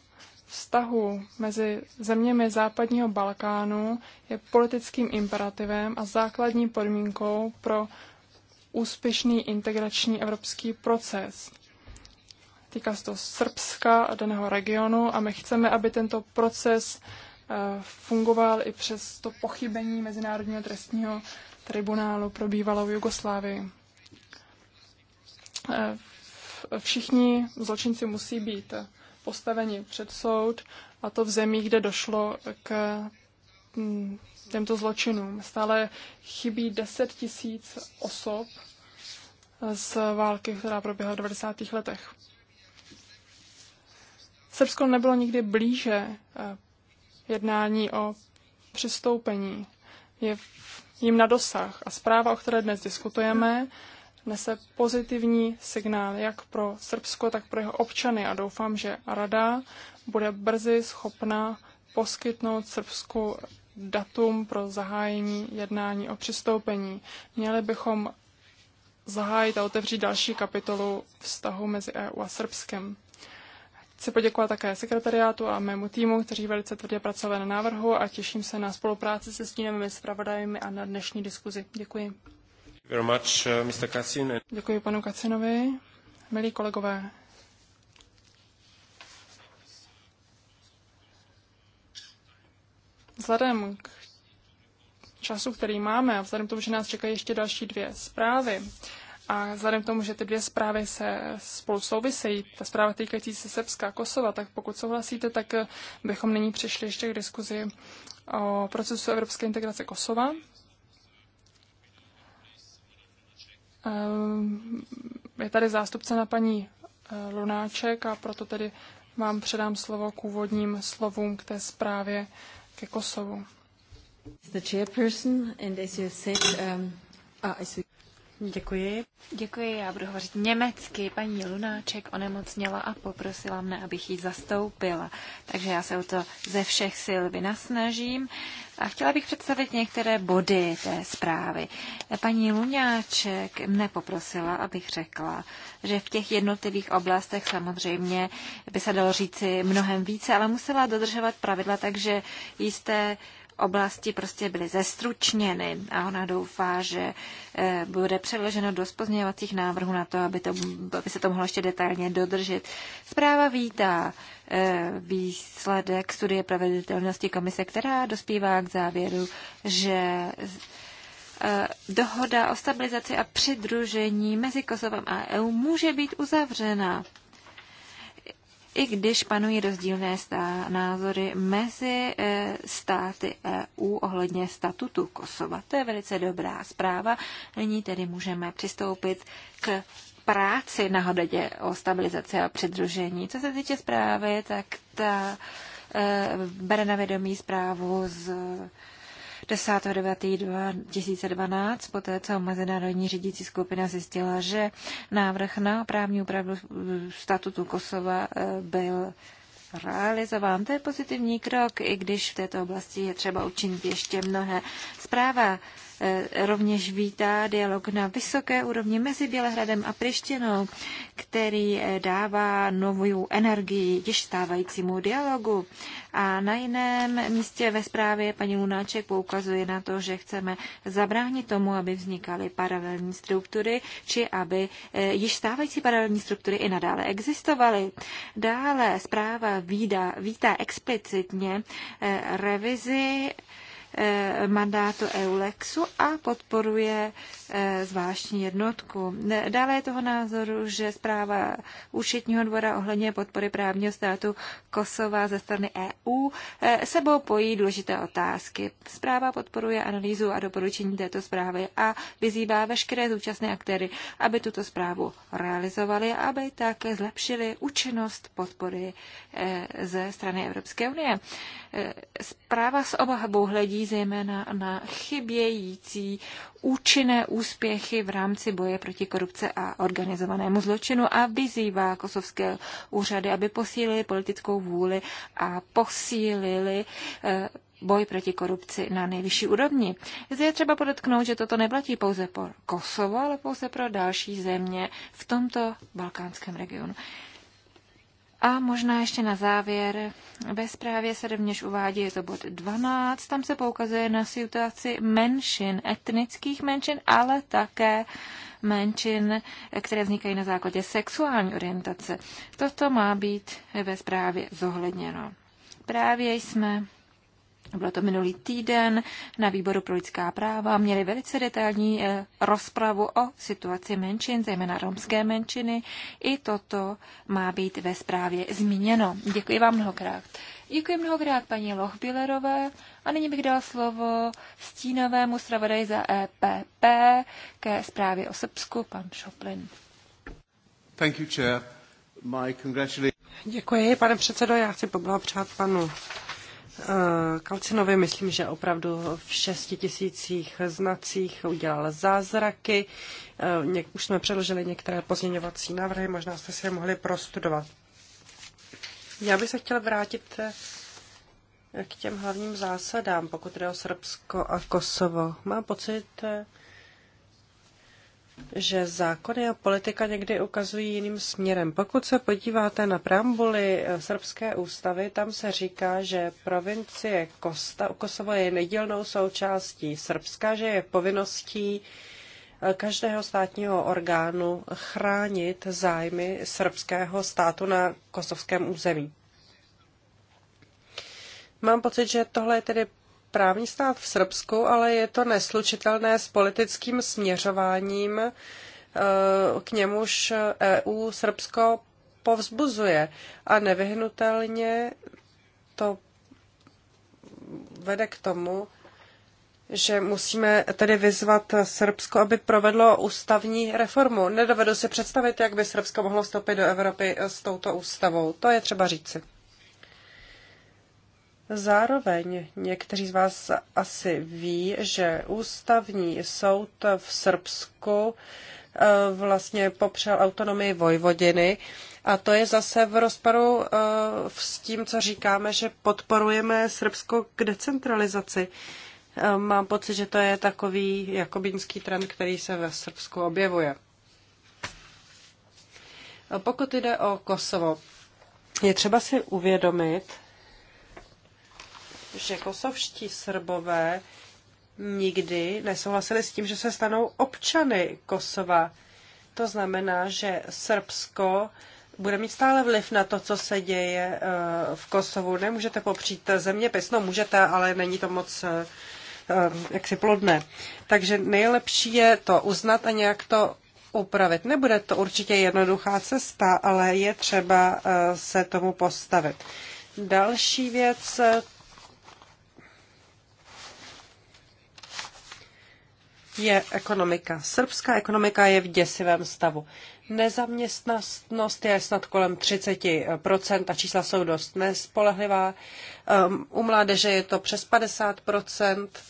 vztahu mezi zeměmi západního Balkánu je politickým imperativem a základní podmínkou pro úspěšný integrační evropský proces. Týká se to Srbska a daného regionu a my chceme, aby tento proces eh, fungoval i přes to pochybení Mezinárodního trestního tribunálu pro bývalou Jugoslávii. Eh, všichni zločinci musí být postaveni před soud, a to v zemích, kde došlo k hm, těmto zločinům. Stále chybí 10 tisíc osob z války, která proběhla v 90. letech. Srbsko nebylo nikdy blíže eh, jednání o přistoupení. Je jim na dosah. A zpráva, o které dnes diskutujeme, nese pozitivní signál jak pro Srbsko, tak pro jeho občany a doufám, že Rada bude brzy schopna poskytnout Srbsku datum pro zahájení jednání o přistoupení. Měli bychom zahájit a otevřít další kapitolu vztahu mezi EU a Srbskem. Chci poděkovat také sekretariátu a mému týmu, kteří velice tvrdě pracovali na návrhu a těším se na spolupráci se stínovými zpravodajmi a na dnešní diskuzi. Děkuji. Very much, uh, Mr. Kacin. Děkuji panu Kacinovi. Milí kolegové, vzhledem k času, který máme a vzhledem k tomu, že nás čekají ještě další dvě zprávy, a vzhledem k tomu, že ty dvě zprávy se spolu souvisejí, ta zpráva týkající se Srbska a Kosova, tak pokud souhlasíte, tak eh, bychom nyní přišli ještě k diskuzi o procesu evropské integrace Kosova. Eh, je tady zástupce na paní eh, Lunáček a proto tedy vám předám slovo k úvodním slovům k té zprávě ke Kosovu. The chairperson and as you said, um, uh, Děkuji. Děkuji, já budu hovořit německy. Paní Lunáček onemocněla a poprosila mne, abych ji zastoupila. Takže já se o to ze všech sil vynasnažím. A chtěla bych představit některé body té zprávy. Paní Lunáček mne poprosila, abych řekla, že v těch jednotlivých oblastech samozřejmě by se dalo říci mnohem více, ale musela dodržovat pravidla, takže jisté oblasti prostě byly zestručněny a ona doufá, že eh, bude přeloženo do pozměňovacích návrhů na to, aby, to, aby se to mohlo ještě detailně dodržet. Zpráva vítá eh, výsledek studie proveditelnosti komise, která dospívá k závěru, že eh, dohoda o stabilizaci a přidružení mezi Kosovem a EU může být uzavřena i když panují rozdílné názory mezi e, státy EU ohledně statutu Kosova. To je velice dobrá zpráva. Nyní tedy můžeme přistoupit k práci na hododě o stabilizaci a předružení. Co se týče zprávy, tak ta e, bere na vědomí zprávu z 10.9.2012, poté co Mezinárodní řídící skupina zjistila, že návrh na právní úpravu statutu Kosova eh, byl realizován. To je pozitivní krok, i když v této oblasti je třeba učinit ještě mnohé. Zpráva Eh, rovněž vítá dialog na vysoké úrovni mezi Bělehradem a Prištěnou, který eh, dává novou energii již stávajícímu dialogu. A na jiném místě ve zprávě paní Lunáček poukazuje na to, že chceme zabránit tomu, aby vznikaly paralelní struktury, či aby eh, již stávající paralelní struktury i nadále existovaly. Dále zpráva vítá explicitně revizi Eh, mandátu EULEXu a podporuje eh, zvláštní jednotku. Dále je toho názoru, že zpráva účetního dvora ohledně podpory právního státu Kosova ze strany EU eh, sebou pojí důležité otázky. Zpráva podporuje analýzu a doporučení této zprávy a vyzývá veškeré zúčastné aktéry, aby tuto zprávu realizovali, aby také zlepšili účinnost podpory ze strany Evropské unie. Zpráva z obhabu hledí zejména na chybějící účinné úspěchy v rámci boje proti korupce a organizovanému zločinu a vyzývá kosovské úřady, aby posílili politickou vůli a posílili eh, boj proti korupci na nejvyšší úrovni. Zde je třeba podotknout, že toto neplatí pouze pro Kosovo, ale pouze pro další země v tomto balkánském regionu. A možná ještě na závěr, ve zprávě se rovněž uvádí, je to bod 12, tam se poukazuje na situaci menšin, etnických menšin, ale také menšin, které vznikají na základě sexuální orientace. Toto má být ve zprávě zohledněno. Právě jsme bylo to minulý týden na výboru pro lidská práva, měli velice detailní eh, rozpravu o situaci menšin, zejména romské menšiny. I toto má být ve zprávě zmíněno. Děkuji vám mnohokrát. Děkuji mnohokrát paní Lochbillerové a nyní bych dal slovo stínovému zpravodaji za EPP ke zprávě o Srbsku, pan Šoplin. Thank you, chair. My congratulations. Děkuji, pane předsedo. Já chci poblahopřát panu Eh, Kalcinovi myslím, že opravdu v šesti tisících znacích udělal zázraky. Eh, už jsme předložili některé pozměňovací návrhy, možná jste si je mohli prostudovat. Já bych se chtěla vrátit eh, k těm hlavním zásadám, pokud jde o Srbsko a Kosovo. Mám pocit, že zákony a politika někdy ukazují jiným směrem. Pokud se podíváte na preambuly eh, srbské ústavy, tam se říká, že provincie Kosta, Kosovo je nedílnou součástí Srbska, že je povinností eh, každého státního orgánu chránit zájmy srbského státu na kosovském území. Mám pocit, že tohle je tedy právní stát v Srbsku, ale je to neslučitelné s politickým směřováním, eh, k němuž EU Srbsko povzbuzuje. A nevyhnutelně to vede k tomu, že musíme tedy vyzvat Srbsko, aby provedlo ústavní reformu. Nedovedu si představit, jak by Srbsko mohlo vstoupit do Evropy s touto ústavou. To je třeba říci. Zároveň někteří z vás asi ví, že ústavní soud v Srbsku eh, vlastně popřel autonomii Vojvodiny a to je zase v rozporu eh, s tím, co říkáme, že podporujeme Srbsko k decentralizaci. Eh, mám pocit, že to je takový jakobínský trend, který se ve Srbsku objevuje. Pokud jde o Kosovo, je třeba si uvědomit, že kosovští Srbové nikdy nesouhlasili s tím, že se stanou občany Kosova. To znamená, že Srbsko bude mít stále vliv na to, co se děje eh, v Kosovu. Nemůžete popřít země no můžete, ale není to moc eh, eh, jaksi plodné. Takže nejlepší je to uznat a nějak to upravit. Nebude to určitě jednoduchá cesta, ale je třeba se tomu postavit. Další věc, je ekonomika. Srbská ekonomika je v děsivém stavu. Nezaměstnanost je snad kolem 30% a čísla jsou dost nespolehlivá. Ehm, u mládeže je to přes 50%.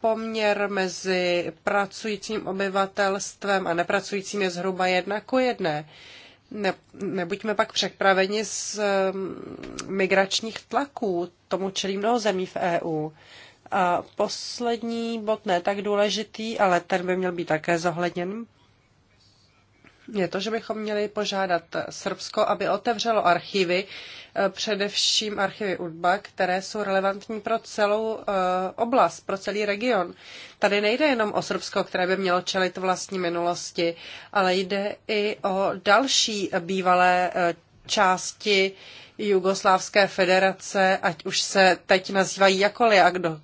Poměr mezi pracujícím obyvatelstvem a nepracujícím je zhruba jedna ku jedné. Ne, nebuďme pak přepraveni z ehm, migračních tlaků, tomu čelí mnoho zemí v EU. A poslední bod, ne tak důležitý, ale ten by měl být také zohledněn, je to, že bychom měli požádat Srbsko, aby otevřelo archivy, e, především archivy UDBA, které jsou relevantní pro celou e, oblast, pro celý region. Tady nejde jenom o Srbsko, které by mělo čelit vlastní minulosti, ale jde i o další bývalé e, části Jugoslávské federace, ať už se teď nazývají jakoliv a kdo,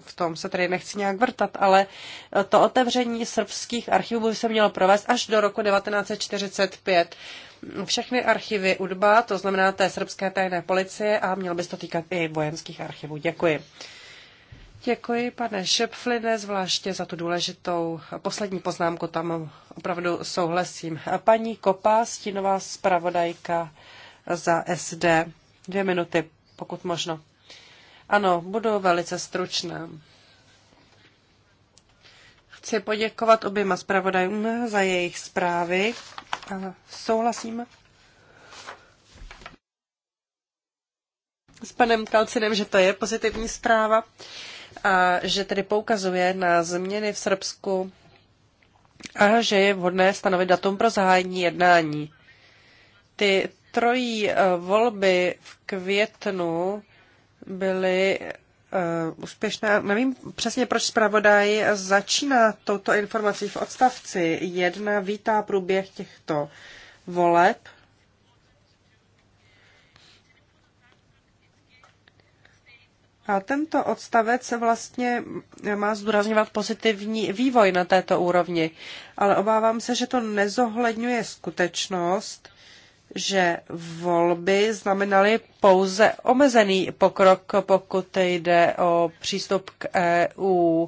v tom se tady nechci nějak vrtat, ale to otevření srbských archivů by se mělo provést až do roku 1945. Všechny archivy UDBA, to znamená té srbské tajné policie a mělo by se to týkat i vojenských archivů. Děkuji. Děkuji, pane Šepfline, zvláště za tu důležitou poslední poznámku, tam opravdu souhlasím. Paní Kopa, stínová zpravodajka za SD. Dvě minuty, pokud možno. Ano, budu velice stručná. Chci poděkovat oběma zpravodajům za jejich zprávy. A souhlasím s panem Kalcinem, že to je pozitivní zpráva a že tedy poukazuje na změny v Srbsku a že je vhodné stanovit datum pro zahájení jednání. Ty trojí eh, volby v květnu byly uh, úspěšné. Nevím přesně, proč zpravodaj začíná touto informací v odstavci. Jedna vítá průběh těchto voleb. A tento odstavec vlastně má zdůrazňovat pozitivní vývoj na této úrovni, ale obávám se, že to nezohledňuje skutečnost, že volby znamenaly pouze omezený pokrok, pokud jde o přístup k EU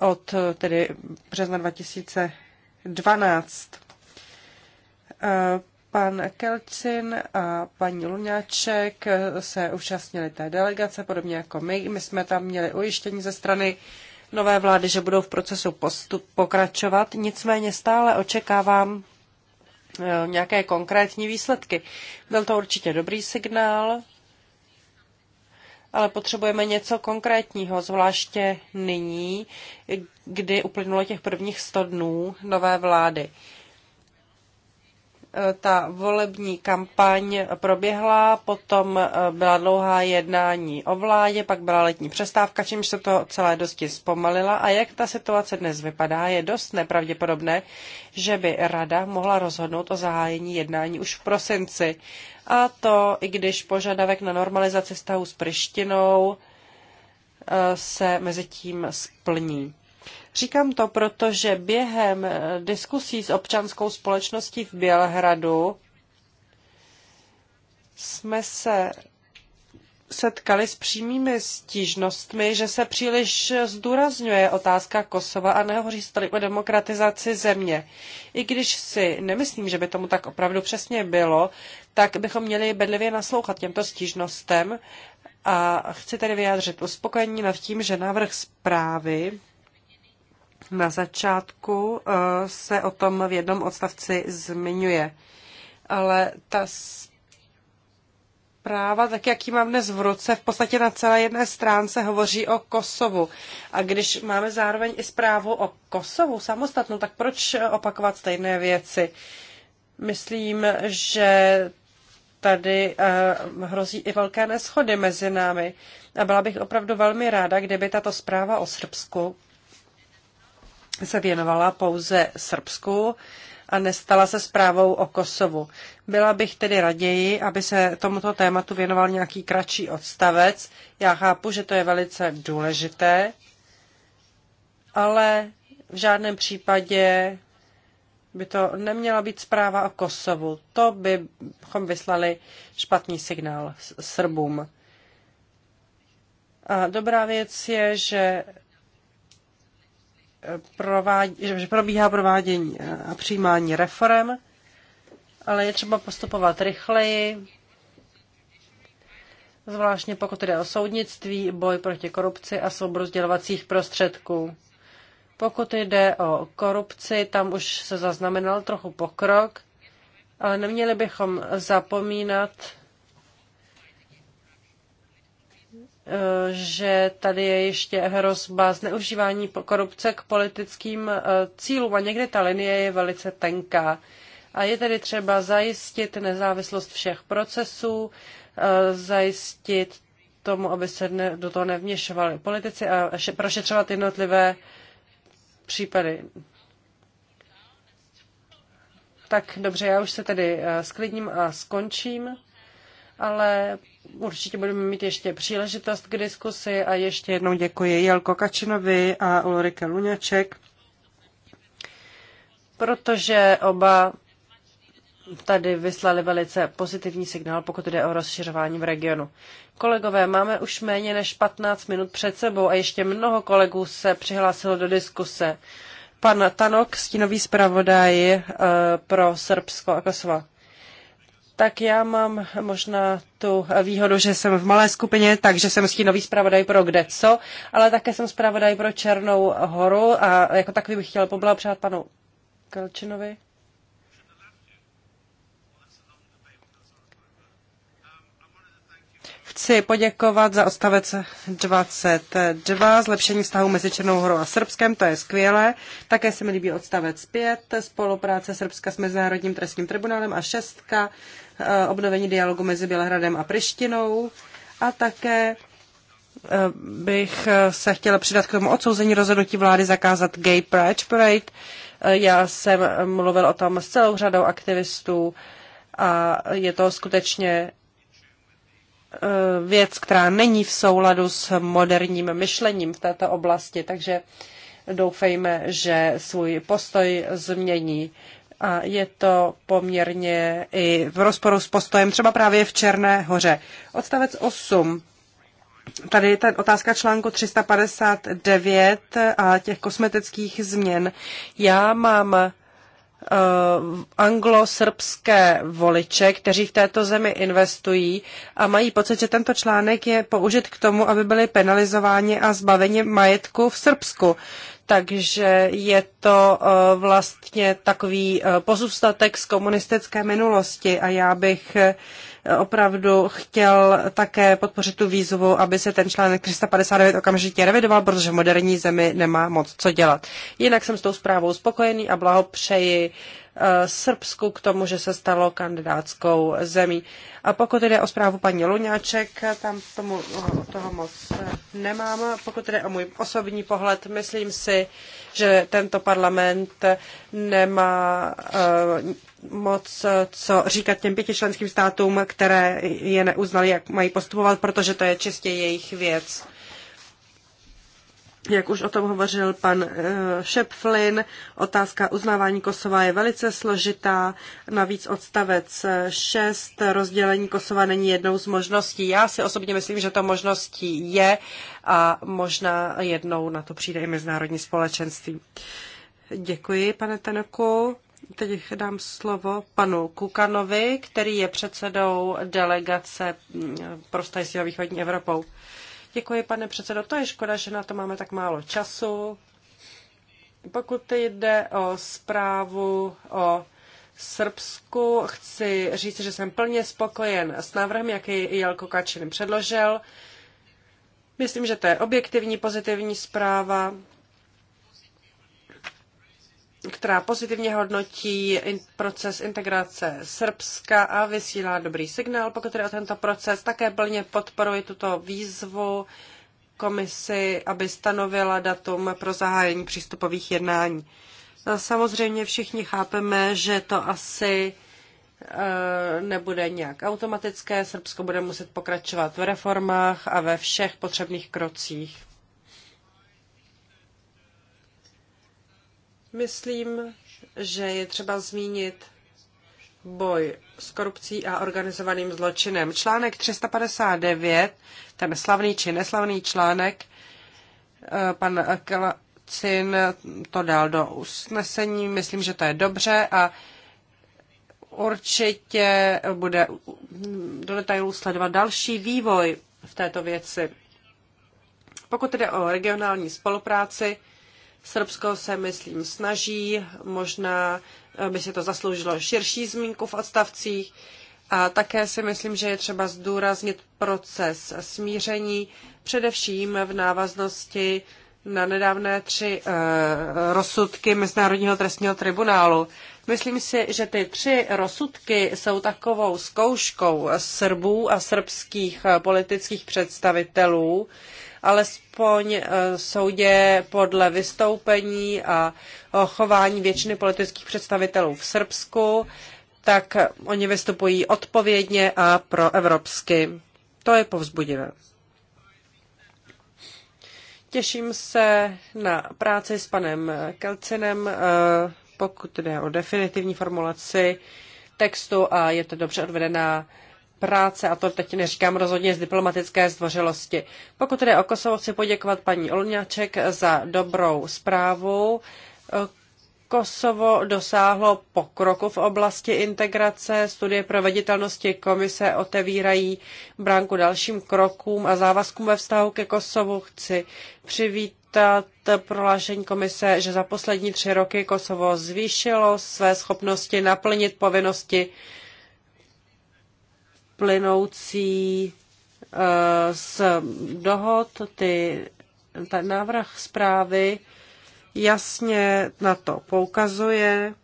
od tedy března 2012. E, pan Kelcin a paní Luňáček se účastnili té delegace, podobně jako my. My jsme tam měli ujištění ze strany nové vlády, že budou v procesu postup pokračovat. Nicméně stále očekávám Eh, nějaké konkrétní výsledky. Byl to určitě dobrý signál, ale potřebujeme něco konkrétního, zvláště nyní, kdy uplynulo těch prvních 100 dnů nové vlády ta volební kampaň proběhla, potom eh, byla dlouhá jednání o vládě, pak byla letní přestávka, čímž se to celé dosti zpomalila a jak ta situace dnes vypadá, je dost nepravděpodobné, že by rada mohla rozhodnout o zahájení jednání už v prosinci. A to, i když požadavek na normalizaci stavu s Prištinou eh, se mezi tím splní. Říkám to, protože během diskusí s občanskou společností v Bělehradu jsme se setkali s přímými stížnostmi, že se příliš zdůrazňuje otázka Kosova a nehoří se tady o demokratizaci země. I když si nemyslím, že by tomu tak opravdu přesně bylo, tak bychom měli bedlivě naslouchat těmto stížnostem a chci tedy vyjádřit uspokojení nad tím, že návrh zprávy na začátku eh, se o tom v jednom odstavci zmiňuje, ale ta práva, tak jak ji mám dnes v ruce, v podstatě na celé jedné stránce hovoří o Kosovu. A když máme zároveň i zprávu o Kosovu samostatnou, tak proč opakovat stejné věci? Myslím, že tady eh, hrozí i velké neschody mezi námi. A byla bych opravdu velmi ráda, kdyby tato zpráva o Srbsku se věnovala pouze Srbsku a nestala se zprávou o Kosovu. Byla bych tedy raději, aby se tomuto tématu věnoval nějaký kratší odstavec. Já chápu, že to je velice důležité, ale v žádném případě by to neměla být zpráva o Kosovu. To bychom vyslali špatný signál Srbům. A dobrá věc je, že provádě, že probíhá provádění eh, a přijímání reform, ale je třeba postupovat rychleji, zvláštně pokud jde o soudnictví, boj proti korupci a svobodu sdělovacích prostředků. Pokud jde o korupci, tam už se zaznamenal trochu pokrok, ale neměli bychom zapomínat že tady je ještě hrozba zneužívání korupce k politickým eh, cílům a někde ta linie je velice tenká. A je tedy třeba zajistit nezávislost všech procesů, eh, zajistit tomu, aby se do toho nevměšovali politici a prošetřovat jednotlivé případy. Tak dobře, já už se tedy sklidním eh, a skončím, ale Určitě budeme mít ještě příležitost k diskusi a ještě jednou děkuji Jelko Kačinovi a Ulrike Luňaček, protože oba tady vyslali velice pozitivní signál, pokud jde o rozšiřování v regionu. Kolegové, máme už méně než 15 minut před sebou a ještě mnoho kolegů se přihlásilo do diskuse. Pan Tanok, stínový zpravodaj eh, pro Srbsko a Kosovo. Tak já mám možná tu výhodu, že jsem v malé skupině, takže jsem stínový zpravodaj pro kde co, ale také jsem zpravodaj pro Černou horu a jako takový bych chtěl poblahopřát panu Kalčinovi Chci poděkovat za odstavec 22, zlepšení vztahu mezi Černou horou a Srbskem, to je skvělé. Také se mi líbí odstavec 5, spolupráce Srbska s Mezinárodním trestním tribunálem a 6, eh, obnovení dialogu mezi Bělehradem a Prištinou a také eh, bych eh, se chtěla přidat k tomu odsouzení rozhodnutí vlády zakázat gay pride parade. Já jsem mluvil o tom s celou řadou aktivistů a je to skutečně Eh, věc, která není v souladu s moderním myšlením v této oblasti, takže doufejme, že svůj postoj změní. A je to poměrně i v rozporu s postojem třeba právě v Černé hoře. Odstavec 8. Tady je ta otázka článku 359 a těch kosmetických změn. Já mám Eh, anglosrbské voliče, kteří v této zemi investují a mají pocit, že tento článek je použit k tomu, aby byli penalizováni a zbaveni majetku v Srbsku takže je to eh, vlastně takový eh, pozůstatek z komunistické minulosti a já bych eh, opravdu chtěl také podpořit tu výzvu, aby se ten článek 359 okamžitě revidoval, protože moderní zemi nemá moc co dělat. Jinak jsem s tou zprávou spokojený a blahopřeji Eh, Srbsku k tomu, že se stalo kandidátskou zemí. A pokud jde o zprávu paní Luňáček, tam tomu, eh, toho moc eh, nemám. Pokud jde o můj osobní pohled, myslím si, že tento parlament nemá moc co říkat těm pěti členským státům, které je neuznali, jak mají postupovat, protože to je čistě jejich věc. Jak už o tom hovořil pan eh, Flynn, otázka uznávání Kosova je velice složitá. Navíc odstavec 6 eh, rozdělení Kosova není jednou z možností. Já si osobně myslím, že to možností je a možná jednou na to přijde i mezinárodní společenství. Děkuji, pane Tenoku. Teď dám slovo panu Kukanovi, který je předsedou delegace mm, pro s východní Evropou. Děkuji, pane předsedo. To je škoda, že na to máme tak málo času. Pokud jde o zprávu o Srbsku, chci říct, že jsem plně spokojen s návrhem, jaký Jelko Kačin předložil. Myslím, že to je objektivní pozitivní zpráva která pozitivně hodnotí proces integrace Srbska a vysílá dobrý signál, pokud je o tento proces. Také plně podporuje tuto výzvu komisi, aby stanovila datum pro zahájení přístupových jednání. No, samozřejmě všichni chápeme, že to asi e, nebude nějak automatické. Srbsko bude muset pokračovat v reformách a ve všech potřebných krocích. Myslím, že je třeba zmínit boj s korupcí a organizovaným zločinem. Článek 359, ten slavný či neslavný článek, eh, pan Kalacin to dal do usnesení, myslím, že to je dobře a určitě bude do detailů sledovat další vývoj v této věci. Pokud jde o regionální spolupráci, Srbsko se, myslím, snaží, možná eh, by si to zasloužilo širší zmínku v odstavcích. A také si myslím, že je třeba zdůraznit proces smíření, především v návaznosti na nedávné tři e, rozsudky Mezinárodního trestního tribunálu. Myslím si, že ty tři rozsudky jsou takovou zkouškou Srbů a srbských eh, politických představitelů, alespoň eh, soudě podle vystoupení a eh, chování většiny politických představitelů v Srbsku, tak oni vystupují odpovědně a proevropsky. To je povzbudivé. Těším se na práci s panem Kelcinem, eh, pokud jde o definitivní formulaci textu a je to dobře odvedená práce, a to teď neříkám rozhodně z diplomatické zdvořilosti. Pokud jde o Kosovo, chci poděkovat paní Olňáček za dobrou zprávu. Kosovo dosáhlo pokroku v oblasti integrace, studie proveditelnosti komise otevírají bránku dalším krokům a závazkům ve vztahu ke Kosovu. Chci přivítat prohlášení komise, že za poslední tři roky Kosovo zvýšilo své schopnosti naplnit povinnosti plynoucí eh, z dohod, ty, ten návrh zprávy jasně na to poukazuje.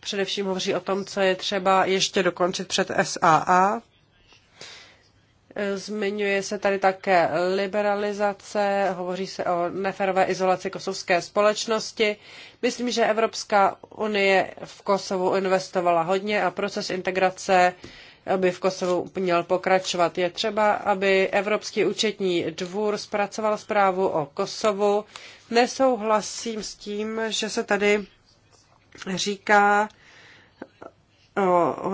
Především hovoří o tom, co je třeba ještě dokončit před SAA. Zmiňuje se tady také liberalizace, hovoří se o neferové izolaci kosovské společnosti. Myslím, že Evropská unie v Kosovu investovala hodně a proces integrace by v Kosovu měl pokračovat. Je třeba, aby Evropský účetní dvůr zpracoval zprávu o Kosovu. Nesouhlasím s tím, že se tady říká,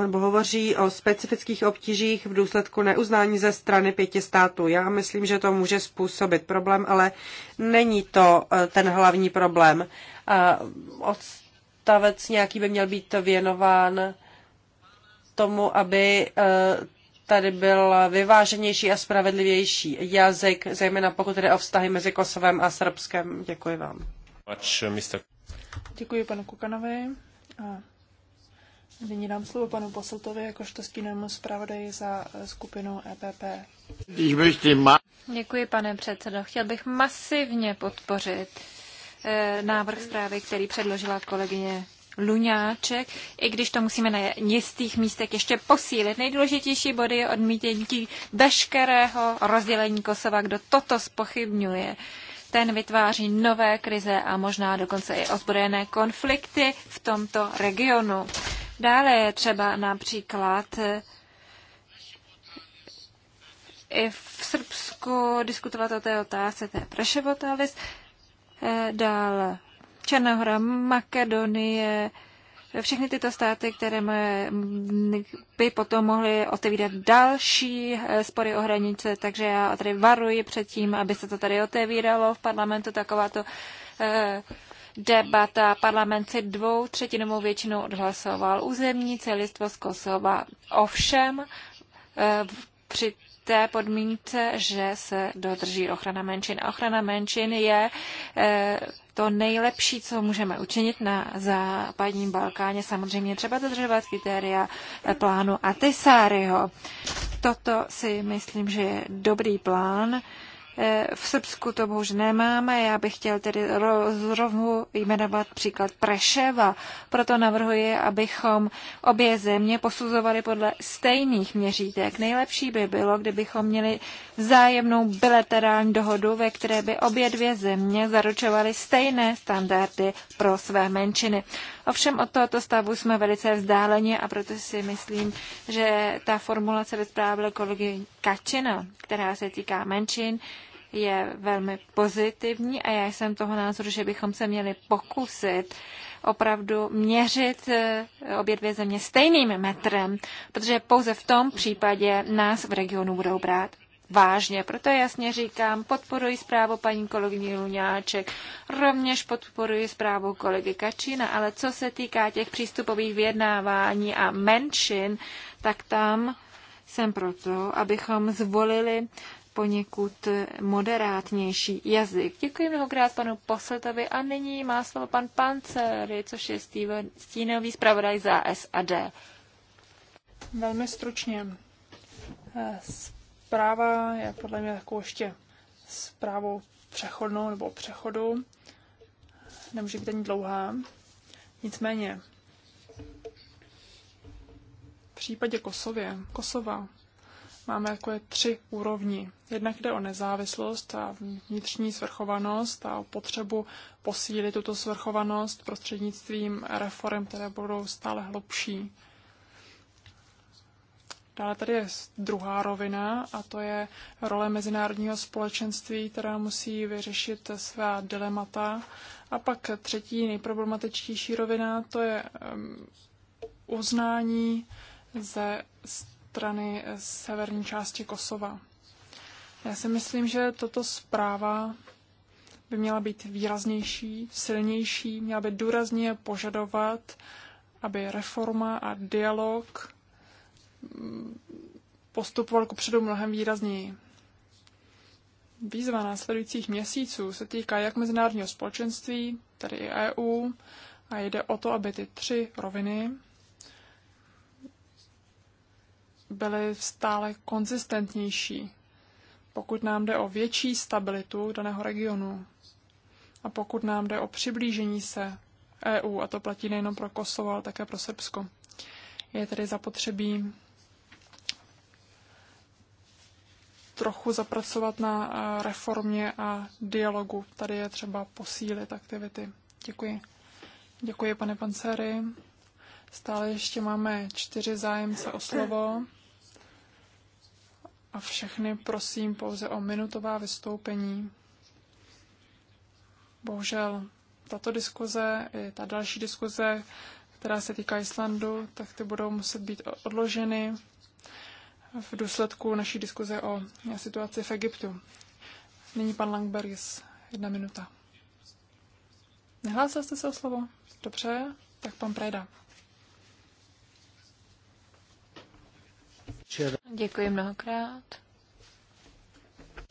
nebo hovoří o specifických obtížích v důsledku neuznání ze strany pěti států. Já myslím, že to může způsobit problém, ale není to e, ten hlavní problém. A odstavec nějaký by měl být věnován tomu, aby e, tady byl vyváženější a spravedlivější jazyk, zejména pokud jde o vztahy mezi Kosovem a Srbskem. Děkuji vám. Uh, Děkuji panu Kukanovi. Nyní dám slovo panu Poseltovi, jakožto stínému zpravodaji za eh, skupinu EPP. Děkuji, pane předsedo. Chtěl bych masivně podpořit eh, návrh zprávy, který předložila kolegyně Luňáček, i když to musíme na jistých místech ještě posílit. Nejdůležitější body je odmítnutí veškerého rozdělení Kosova, kdo toto spochybňuje ten vytváří nové krize a možná dokonce i ozbrojené konflikty v tomto regionu. Dále je třeba například eh, i v Srbsku diskutovat o té otázce té Preševotalis, eh, dál Černohora, Makedonie, všechny tyto státy, které by potom mohly otevírat další eh, spory o hranice, takže já tady varuji před tím, aby se to tady otevíralo v parlamentu, takováto debata. Parlament se dvou třetinovou většinou odhlasoval územní celistvost Kosova. Ovšem eh, při té podmínce, že se dodrží ochrana menšin. A ochrana menšin je eh, to nejlepší, co můžeme učinit na západním Balkáně. Samozřejmě třeba dodržovat kritéria eh, plánu Atisáryho. Toto si myslím, že je dobrý plán. E, v Srbsku to už nemáme, já bych chtěl tedy zrovna jmenovat příklad Preševa. Proto navrhuji, abychom obě země posuzovali podle stejných měřítek. Nejlepší by bylo, kdybychom měli vzájemnou bilaterální dohodu, ve které by obě dvě země zaručovaly stejné standardy pro své menšiny. Ovšem od tohoto stavu jsme velice vzdáleni a proto si myslím, že ta formulace ve zprávě kolegy Kačina, která se týká menšin, je velmi pozitivní a já jsem toho názoru, že bychom se měli pokusit opravdu měřit eh, obě dvě země stejným metrem, protože pouze v tom případě nás v regionu budou brát vážně. Proto jasně říkám, podporuji zprávu paní kolegyně Luňáček, rovněž podporuji zprávu kolegy Kačína, ale co se týká těch přístupových vyjednávání a menšin, tak tam jsem proto, abychom zvolili poněkud moderátnější jazyk. Děkuji mnohokrát panu Posletovi a nyní má slovo pan Pancery, což je Steven, stínový zpravodaj za SAD. Velmi stručně. S eh, zpráva je podle mě takovou ještě zprávou přechodnou nebo přechodu. Nemůže být ani dlouhá. Nicméně, v případě Kosově, Kosova máme jako je tři úrovni. Jednak jde o nezávislost a vnitřní svrchovanost a o potřebu posílit tuto svrchovanost prostřednictvím reform, které budou stále hlubší. Dále tady je druhá rovina a to je role mezinárodního společenství, která musí vyřešit svá dilemata. A pak třetí nejproblematičtější rovina, to je uznání ze strany eh, severní části Kosova. Já si myslím, že toto zpráva by měla být výraznější, silnější, měla by důrazně požadovat, aby reforma a dialog postupoval předu mnohem výrazněji. Výzva následujících měsíců se týká jak mezinárodního společenství, tedy i EU, a jde o to, aby ty tři roviny byly stále konzistentnější, pokud nám jde o větší stabilitu daného regionu a pokud nám jde o přiblížení se EU, a to platí nejenom pro Kosovo, ale také pro Srbsko. Je tedy zapotřebí trochu zapracovat na eh, reformě a dialogu. Tady je třeba posílit aktivity. Děkuji. Děkuji, pane Pancery. Stále ještě máme čtyři zájemce o slovo. A všechny prosím pouze o minutová vystoupení. Bohužel tato diskuze i ta další diskuze, která se týká Islandu, tak ty budou muset být odloženy v důsledku naší diskuze o situaci v Egyptu. Nyní pan Langberis, jedna minuta. Nehlásil jste se o slovo? Dobře, tak pan Preda. Děkuji mnohokrát.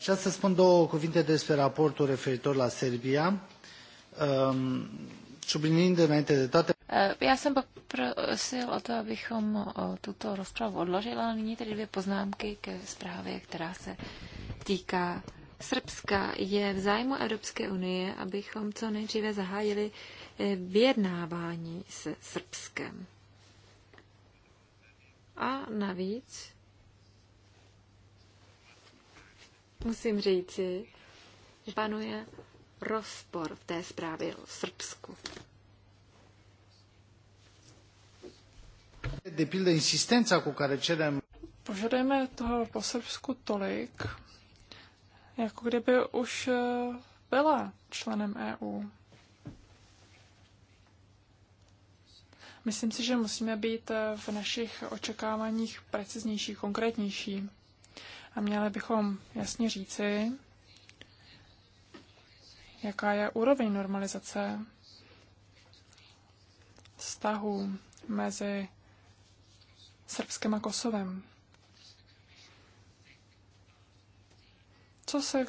Așa să spun două cuvinte despre raportul referitor la Serbia, ehm, subliniind înainte de toate Eh, já jsem poprosil o to, abychom eh, tuto rozpravu odložili, ale nyní tedy dvě poznámky ke zprávě, která se týká Srbska. Je v zájmu Evropské unie, abychom co nejdříve zahájili eh, vyjednávání se Srbskem. A navíc musím říci, panuje rozpor v té zprávě o Srbsku. De pildă insistența cu care cerem... Požadujeme toho po Srbsku tolik, jako kdyby už eh, byla členem EU. Myslím si, že musíme být eh, v našich očekáváních preciznější, konkrétnější. A měli bychom jasně říci, jaká je úroveň normalizace vztahu mezi Srbskem a Kosovem. Co se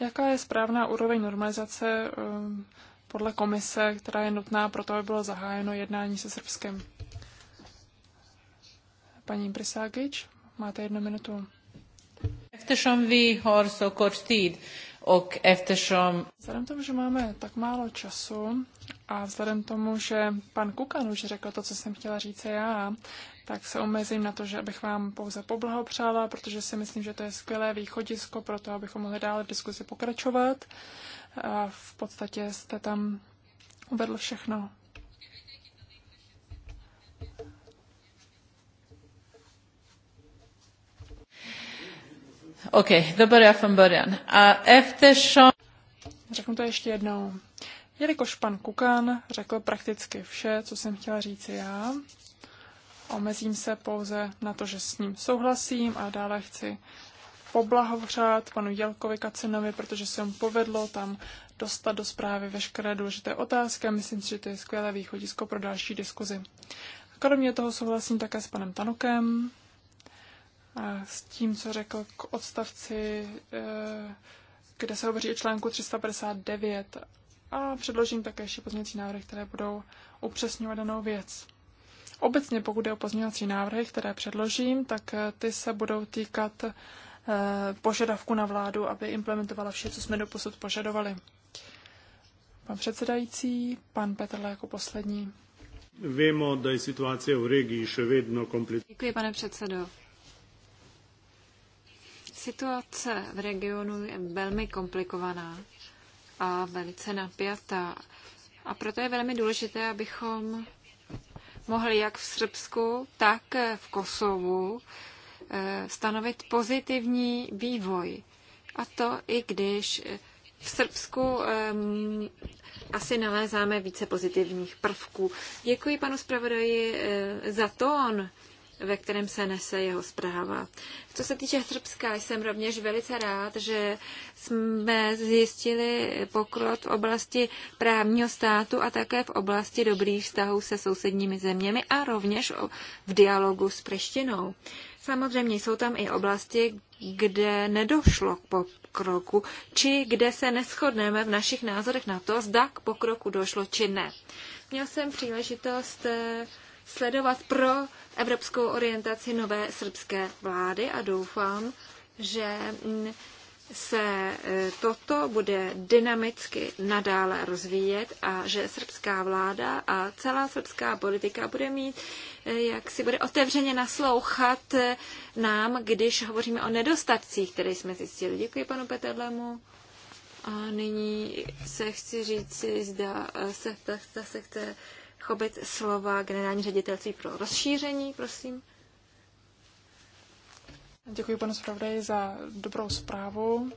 Jaká je správná úroveň normalizace ehm, podle komise, která je nutná pro to, aby bylo zahájeno jednání se Srbskem? Paní Briságič, máte jednu minutu. Eftersom vi har så kort tid Och eftersom... Vzhledem tomu, že máme tak málo času a vzhledem tomu, že pan Kukan už řekl to, co jsem chtěla říct já, tak se omezím na to, že abych vám pouze poblahopřála, protože si myslím, že to je skvělé východisko pro to, abychom mohli dále v diskuzi pokračovat. A v podstatě jste tam uvedl všechno Ok, okay, já jsem jag A början. Řeknu to ještě jednou. Jelikož pan Kukan řekl prakticky vše, co jsem chtěla říct já, omezím se pouze na to, že s ním souhlasím a dále chci poblahovřát panu Jelkovi Kacinovi, protože se mu povedlo tam dostat do zprávy veškeré důležité otázky a myslím si, že to je skvělé východisko pro další diskuzi. Kromě toho souhlasím také s panem Tanukem, s tím, co řekl k odstavci, eh, kde se hovoří o článku 359 a předložím také ještě pozměňovací návrhy, které budou upřesňovat danou věc. Obecně, pokud je o pozměňovací návrhy, které předložím, tak eh, ty se budou týkat eh, požadavku na vládu, aby implementovala vše, co jsme doposud požadovali. Pan předsedající, pan Petrle jako poslední. Vím, že situace v regii je vedno komplikovaná. Děkuji, pane předsedo. Situace v regionu je velmi komplikovaná a velice napjatá. A proto je velmi důležité, abychom mohli jak v Srbsku, tak v Kosovu eh, stanovit pozitivní vývoj. A to i když v Srbsku um, asi nalézáme více pozitivních prvků. Děkuji panu zpravodaji eh, za tón, ve kterém se nese jeho zpráva. Co se týče Srbska, jsem rovněž velice rád, že jsme zjistili pokrok v oblasti právního státu a také v oblasti dobrých vztahů se sousedními zeměmi a rovněž v dialogu s Preštinou. Samozřejmě jsou tam i oblasti, kde nedošlo k pokroku, či kde se neschodneme v našich názorech na to, zda k pokroku došlo, či ne. Měl jsem příležitost eh, sledovat pro evropskou orientaci nové srbské vlády a doufám, že mm, se e, toto bude dynamicky nadále rozvíjet a že srbská vláda a celá srbská politika bude mít, e, jak si bude otevřeně naslouchat e, nám, když hovoříme o nedostatcích, které jsme zjistili. Děkuji panu Petrlemu. A nyní se chci říct, zda se, zda se chce Chobit slova generální ředitelství pro rozšíření, prosím. Děkuji panu zpravodaji za dobrou zprávu.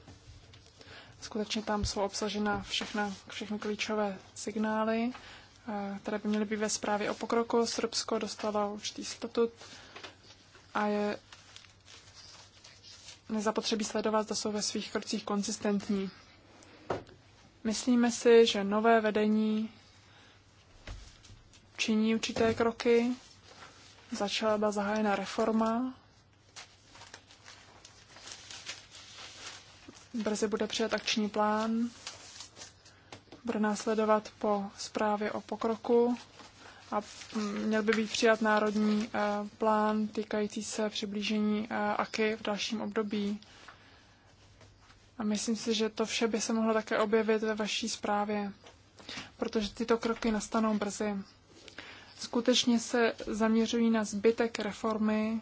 Skutečně tam jsou obsažena všechna, všechny klíčové signály, eh, které by měly být ve zprávě o pokroku. Srbsko dostalo určitý statut a je nezapotřebí sledovat, zda jsou ve svých krocích konzistentní. Myslíme si, že nové vedení činí určité kroky. Začala byla zahájena reforma. Brzy bude přijat akční plán. Bude následovat po zprávě o pokroku a mm, měl by být přijat národní eh, plán týkající se přiblížení eh, AKY v dalším období. A myslím si, že to vše by se mohlo také objevit ve vaší zprávě, protože tyto kroky nastanou brzy skutečně se zaměřují na zbytek reformy,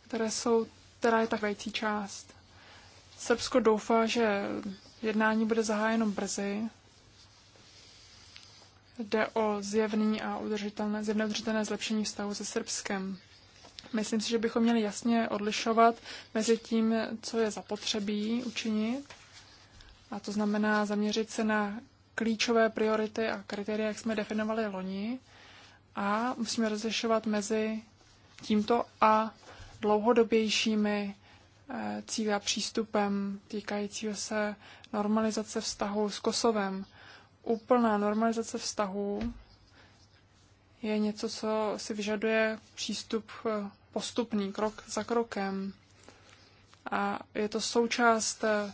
které jsou, která je takovající část. Srbsko doufá, že jednání bude zahájeno brzy. Jde o zjevný a udržitelné, zjevné udržitelné zlepšení vztahu se Srbskem. Myslím si, že bychom měli jasně odlišovat mezi tím, co je zapotřebí učinit, a to znamená zaměřit se na klíčové priority a kritéria, jak jsme definovali loni, a musíme rozlišovat mezi tímto a dlouhodobějšími eh, cíly a přístupem týkajícího se normalizace vztahu s Kosovem. Úplná normalizace vztahu je něco, co si vyžaduje přístup eh, postupný, krok za krokem. A je to součást eh,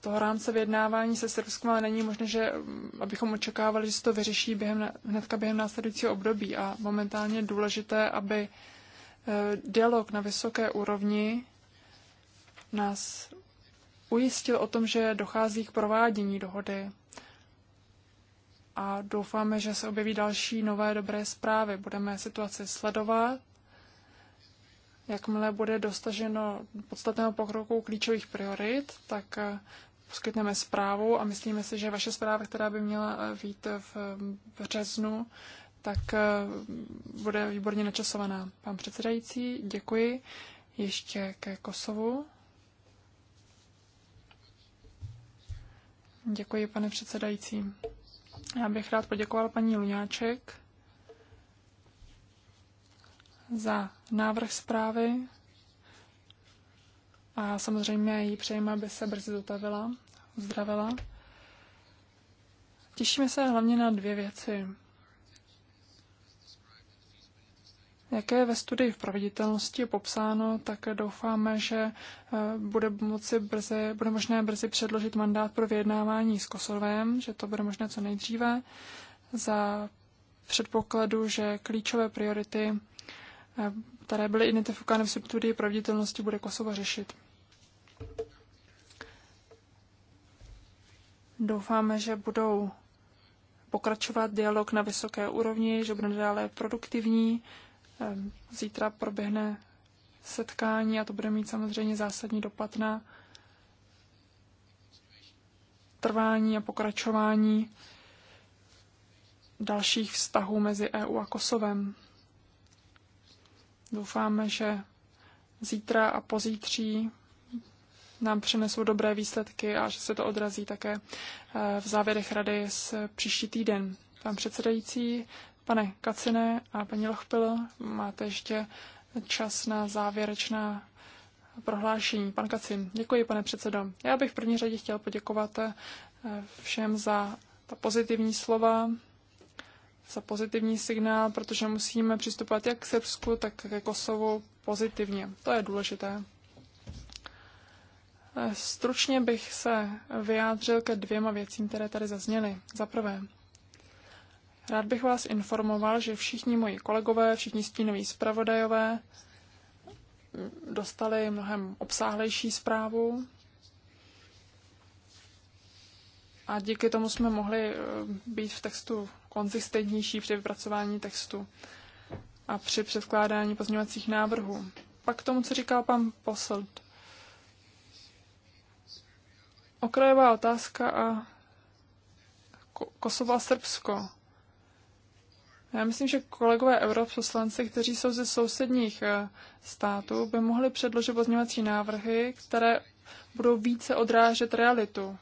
toho rámce vyjednávání se Srbskem, ale není možné, že mm, abychom očekávali, že se to vyřeší během, hnedka během následujícího období. A momentálně je důležité, aby e, dialog na vysoké úrovni nás ujistil o tom, že dochází k provádění dohody. A doufáme, že se objeví další nové dobré zprávy. Budeme situaci sledovat Jakmile bude dostaženo podstatného pokroku klíčových priorit, tak eh, poskytneme zprávu a myslíme si, že vaše zpráva, která by měla být eh, v březnu, tak eh, bude výborně načasovaná. Pán předsedající, děkuji. Ještě ke Kosovu. Děkuji, pane předsedající. Já bych rád poděkoval paní Luňáček za návrh zprávy a samozřejmě jí přejeme, aby se brzy dotavila, uzdravila. Těšíme se hlavně na dvě věci. Jaké je ve studii v proveditelnosti popsáno, tak doufáme, že eh, bude, moci brzy, bude možné brzy předložit mandát pro vyjednávání s Kosovem, že to bude možné co nejdříve, za předpokladu, že klíčové priority Eh, které byly identifikovány v studii proveditelnosti, bude Kosovo řešit. Doufáme, že budou pokračovat dialog na vysoké úrovni, že bude dále produktivní. Eh, zítra proběhne setkání a to bude mít samozřejmě zásadní dopad na trvání a pokračování dalších vztahů mezi EU a Kosovem. Doufáme, že zítra a pozítří nám přinesou dobré výsledky a že se to odrazí také eh, v závěrech rady z příští týden. Pan předsedající, pane Kacine a paní Lochpil, máte ještě čas na závěrečná prohlášení. Pan Kacin, děkuji, pane předsedo. Já bych v první řadě chtěl poděkovat eh, všem za ta pozitivní slova, za pozitivní signál, protože musíme přistupovat jak k Srbsku, tak ke Kosovu pozitivně. To je důležité. Eh, stručně bych se vyjádřil ke dvěma věcím, které tady zazněly. Za prvé, rád bych vás informoval, že všichni moji kolegové, všichni stínoví zpravodajové dostali mnohem obsáhlejší zprávu, a díky tomu jsme mohli eh, být v textu konzistentnější při vypracování textu a při předkládání pozměňovacích návrhů. Pak k tomu, co říkal pan Posled. Okrajová otázka a Kosovo a Srbsko. Já myslím, že kolegové europoslanci, kteří jsou ze sousedních eh, států, by mohli předložit pozměňovací návrhy, které budou více odrážet realitu.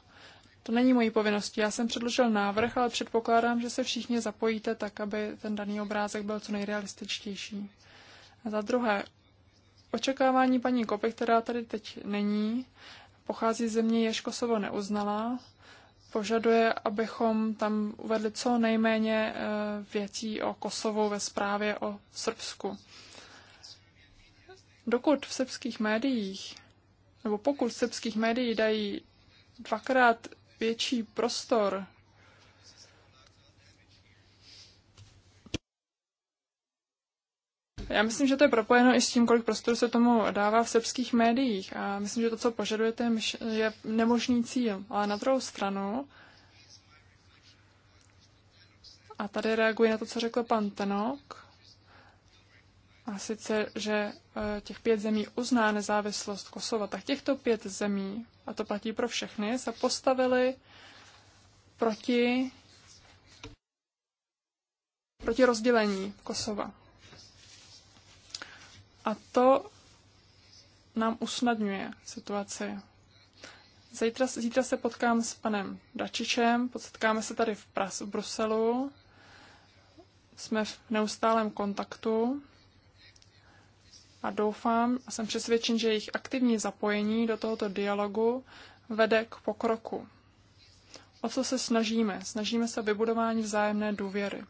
To není mojí povinností. Já jsem předložil návrh, ale předpokládám, že se všichni zapojíte tak, aby ten daný obrázek byl co nejrealističtější. A za druhé, očekávání paní Kopy, která tady teď není, pochází ze země, jež Kosovo neuznala, požaduje, abychom tam uvedli co nejméně eh, věcí o Kosovu ve zprávě o Srbsku. Dokud v srbských médiích, nebo pokud v srbských médiích dají dvakrát větší prostor Já myslím, že to je propojeno i s tím, kolik prostoru se tomu dává v srbských médiích. A myslím, že to, co požadujete, je nemožný cíl. Ale na druhou stranu, a tady reaguji na to, co řekl pan Tenok, a sice, že e, těch pět zemí uzná nezávislost Kosova, tak těchto pět zemí, a to platí pro všechny, se postavili proti, proti rozdělení Kosova. A to nám usnadňuje situaci. Zítra, zítra se potkám s panem Dačičem, potkáme se tady v, Pras, v Bruselu. Jsme v neustálém kontaktu a doufám a jsem přesvědčen, že jejich aktivní zapojení do tohoto dialogu vede k pokroku. O co se snažíme? Snažíme se o vybudování vzájemné důvěry.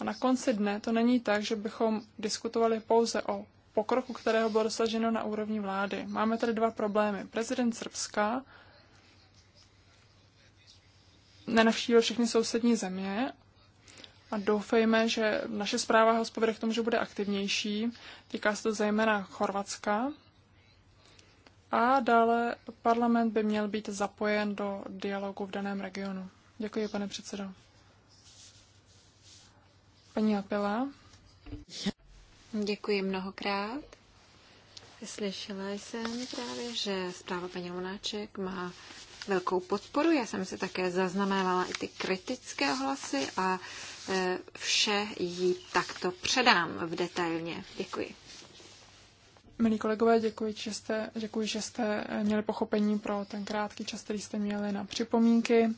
A na konci dne to není tak, že bychom diskutovali pouze o pokroku, kterého bylo dosaženo na úrovni vlády. Máme tady dva problémy. Prezident Srbska nenavštívil všechny sousední země a doufejme, že naše zpráva o hospodě k tomu, že bude aktivnější. Týká se to zejména Chorvatska. A dále parlament by měl být zapojen do dialogu v daném regionu. Děkuji, pane předsedo. Paní Apila. Děkuji mnohokrát. Slyšela jsem právě, že zpráva paní Lunáček má velkou podporu. Já jsem si také zaznamenala i ty kritické hlasy a Eh, vše jí takto předám v detailně. Děkuji. Milí kolegové, děkuji, že jste, děkuji, že jste eh, měli pochopení pro ten krátký čas, který jste měli na připomínky.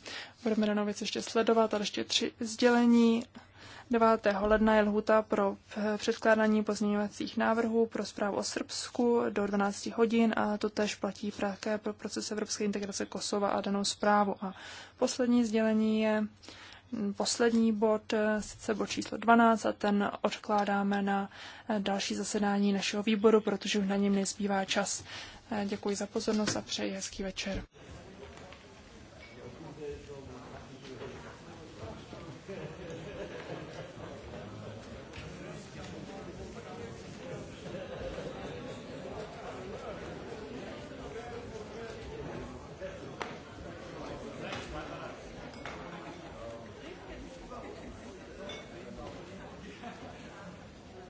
Budeme danou věc ještě sledovat, a ještě tři sdělení. 9. ledna je lhuta pro eh, předkládání pozměňovacích návrhů pro zprávu o Srbsku do 12 hodin a to tež platí právě pro proces evropské integrace Kosova a danou zprávu. A poslední sdělení je poslední bod, sice bod číslo 12, a ten odkládáme na eh, další zasedání našeho výboru, protože už na něm nezbývá čas. Eh, děkuji za pozornost a přeji hezký večer.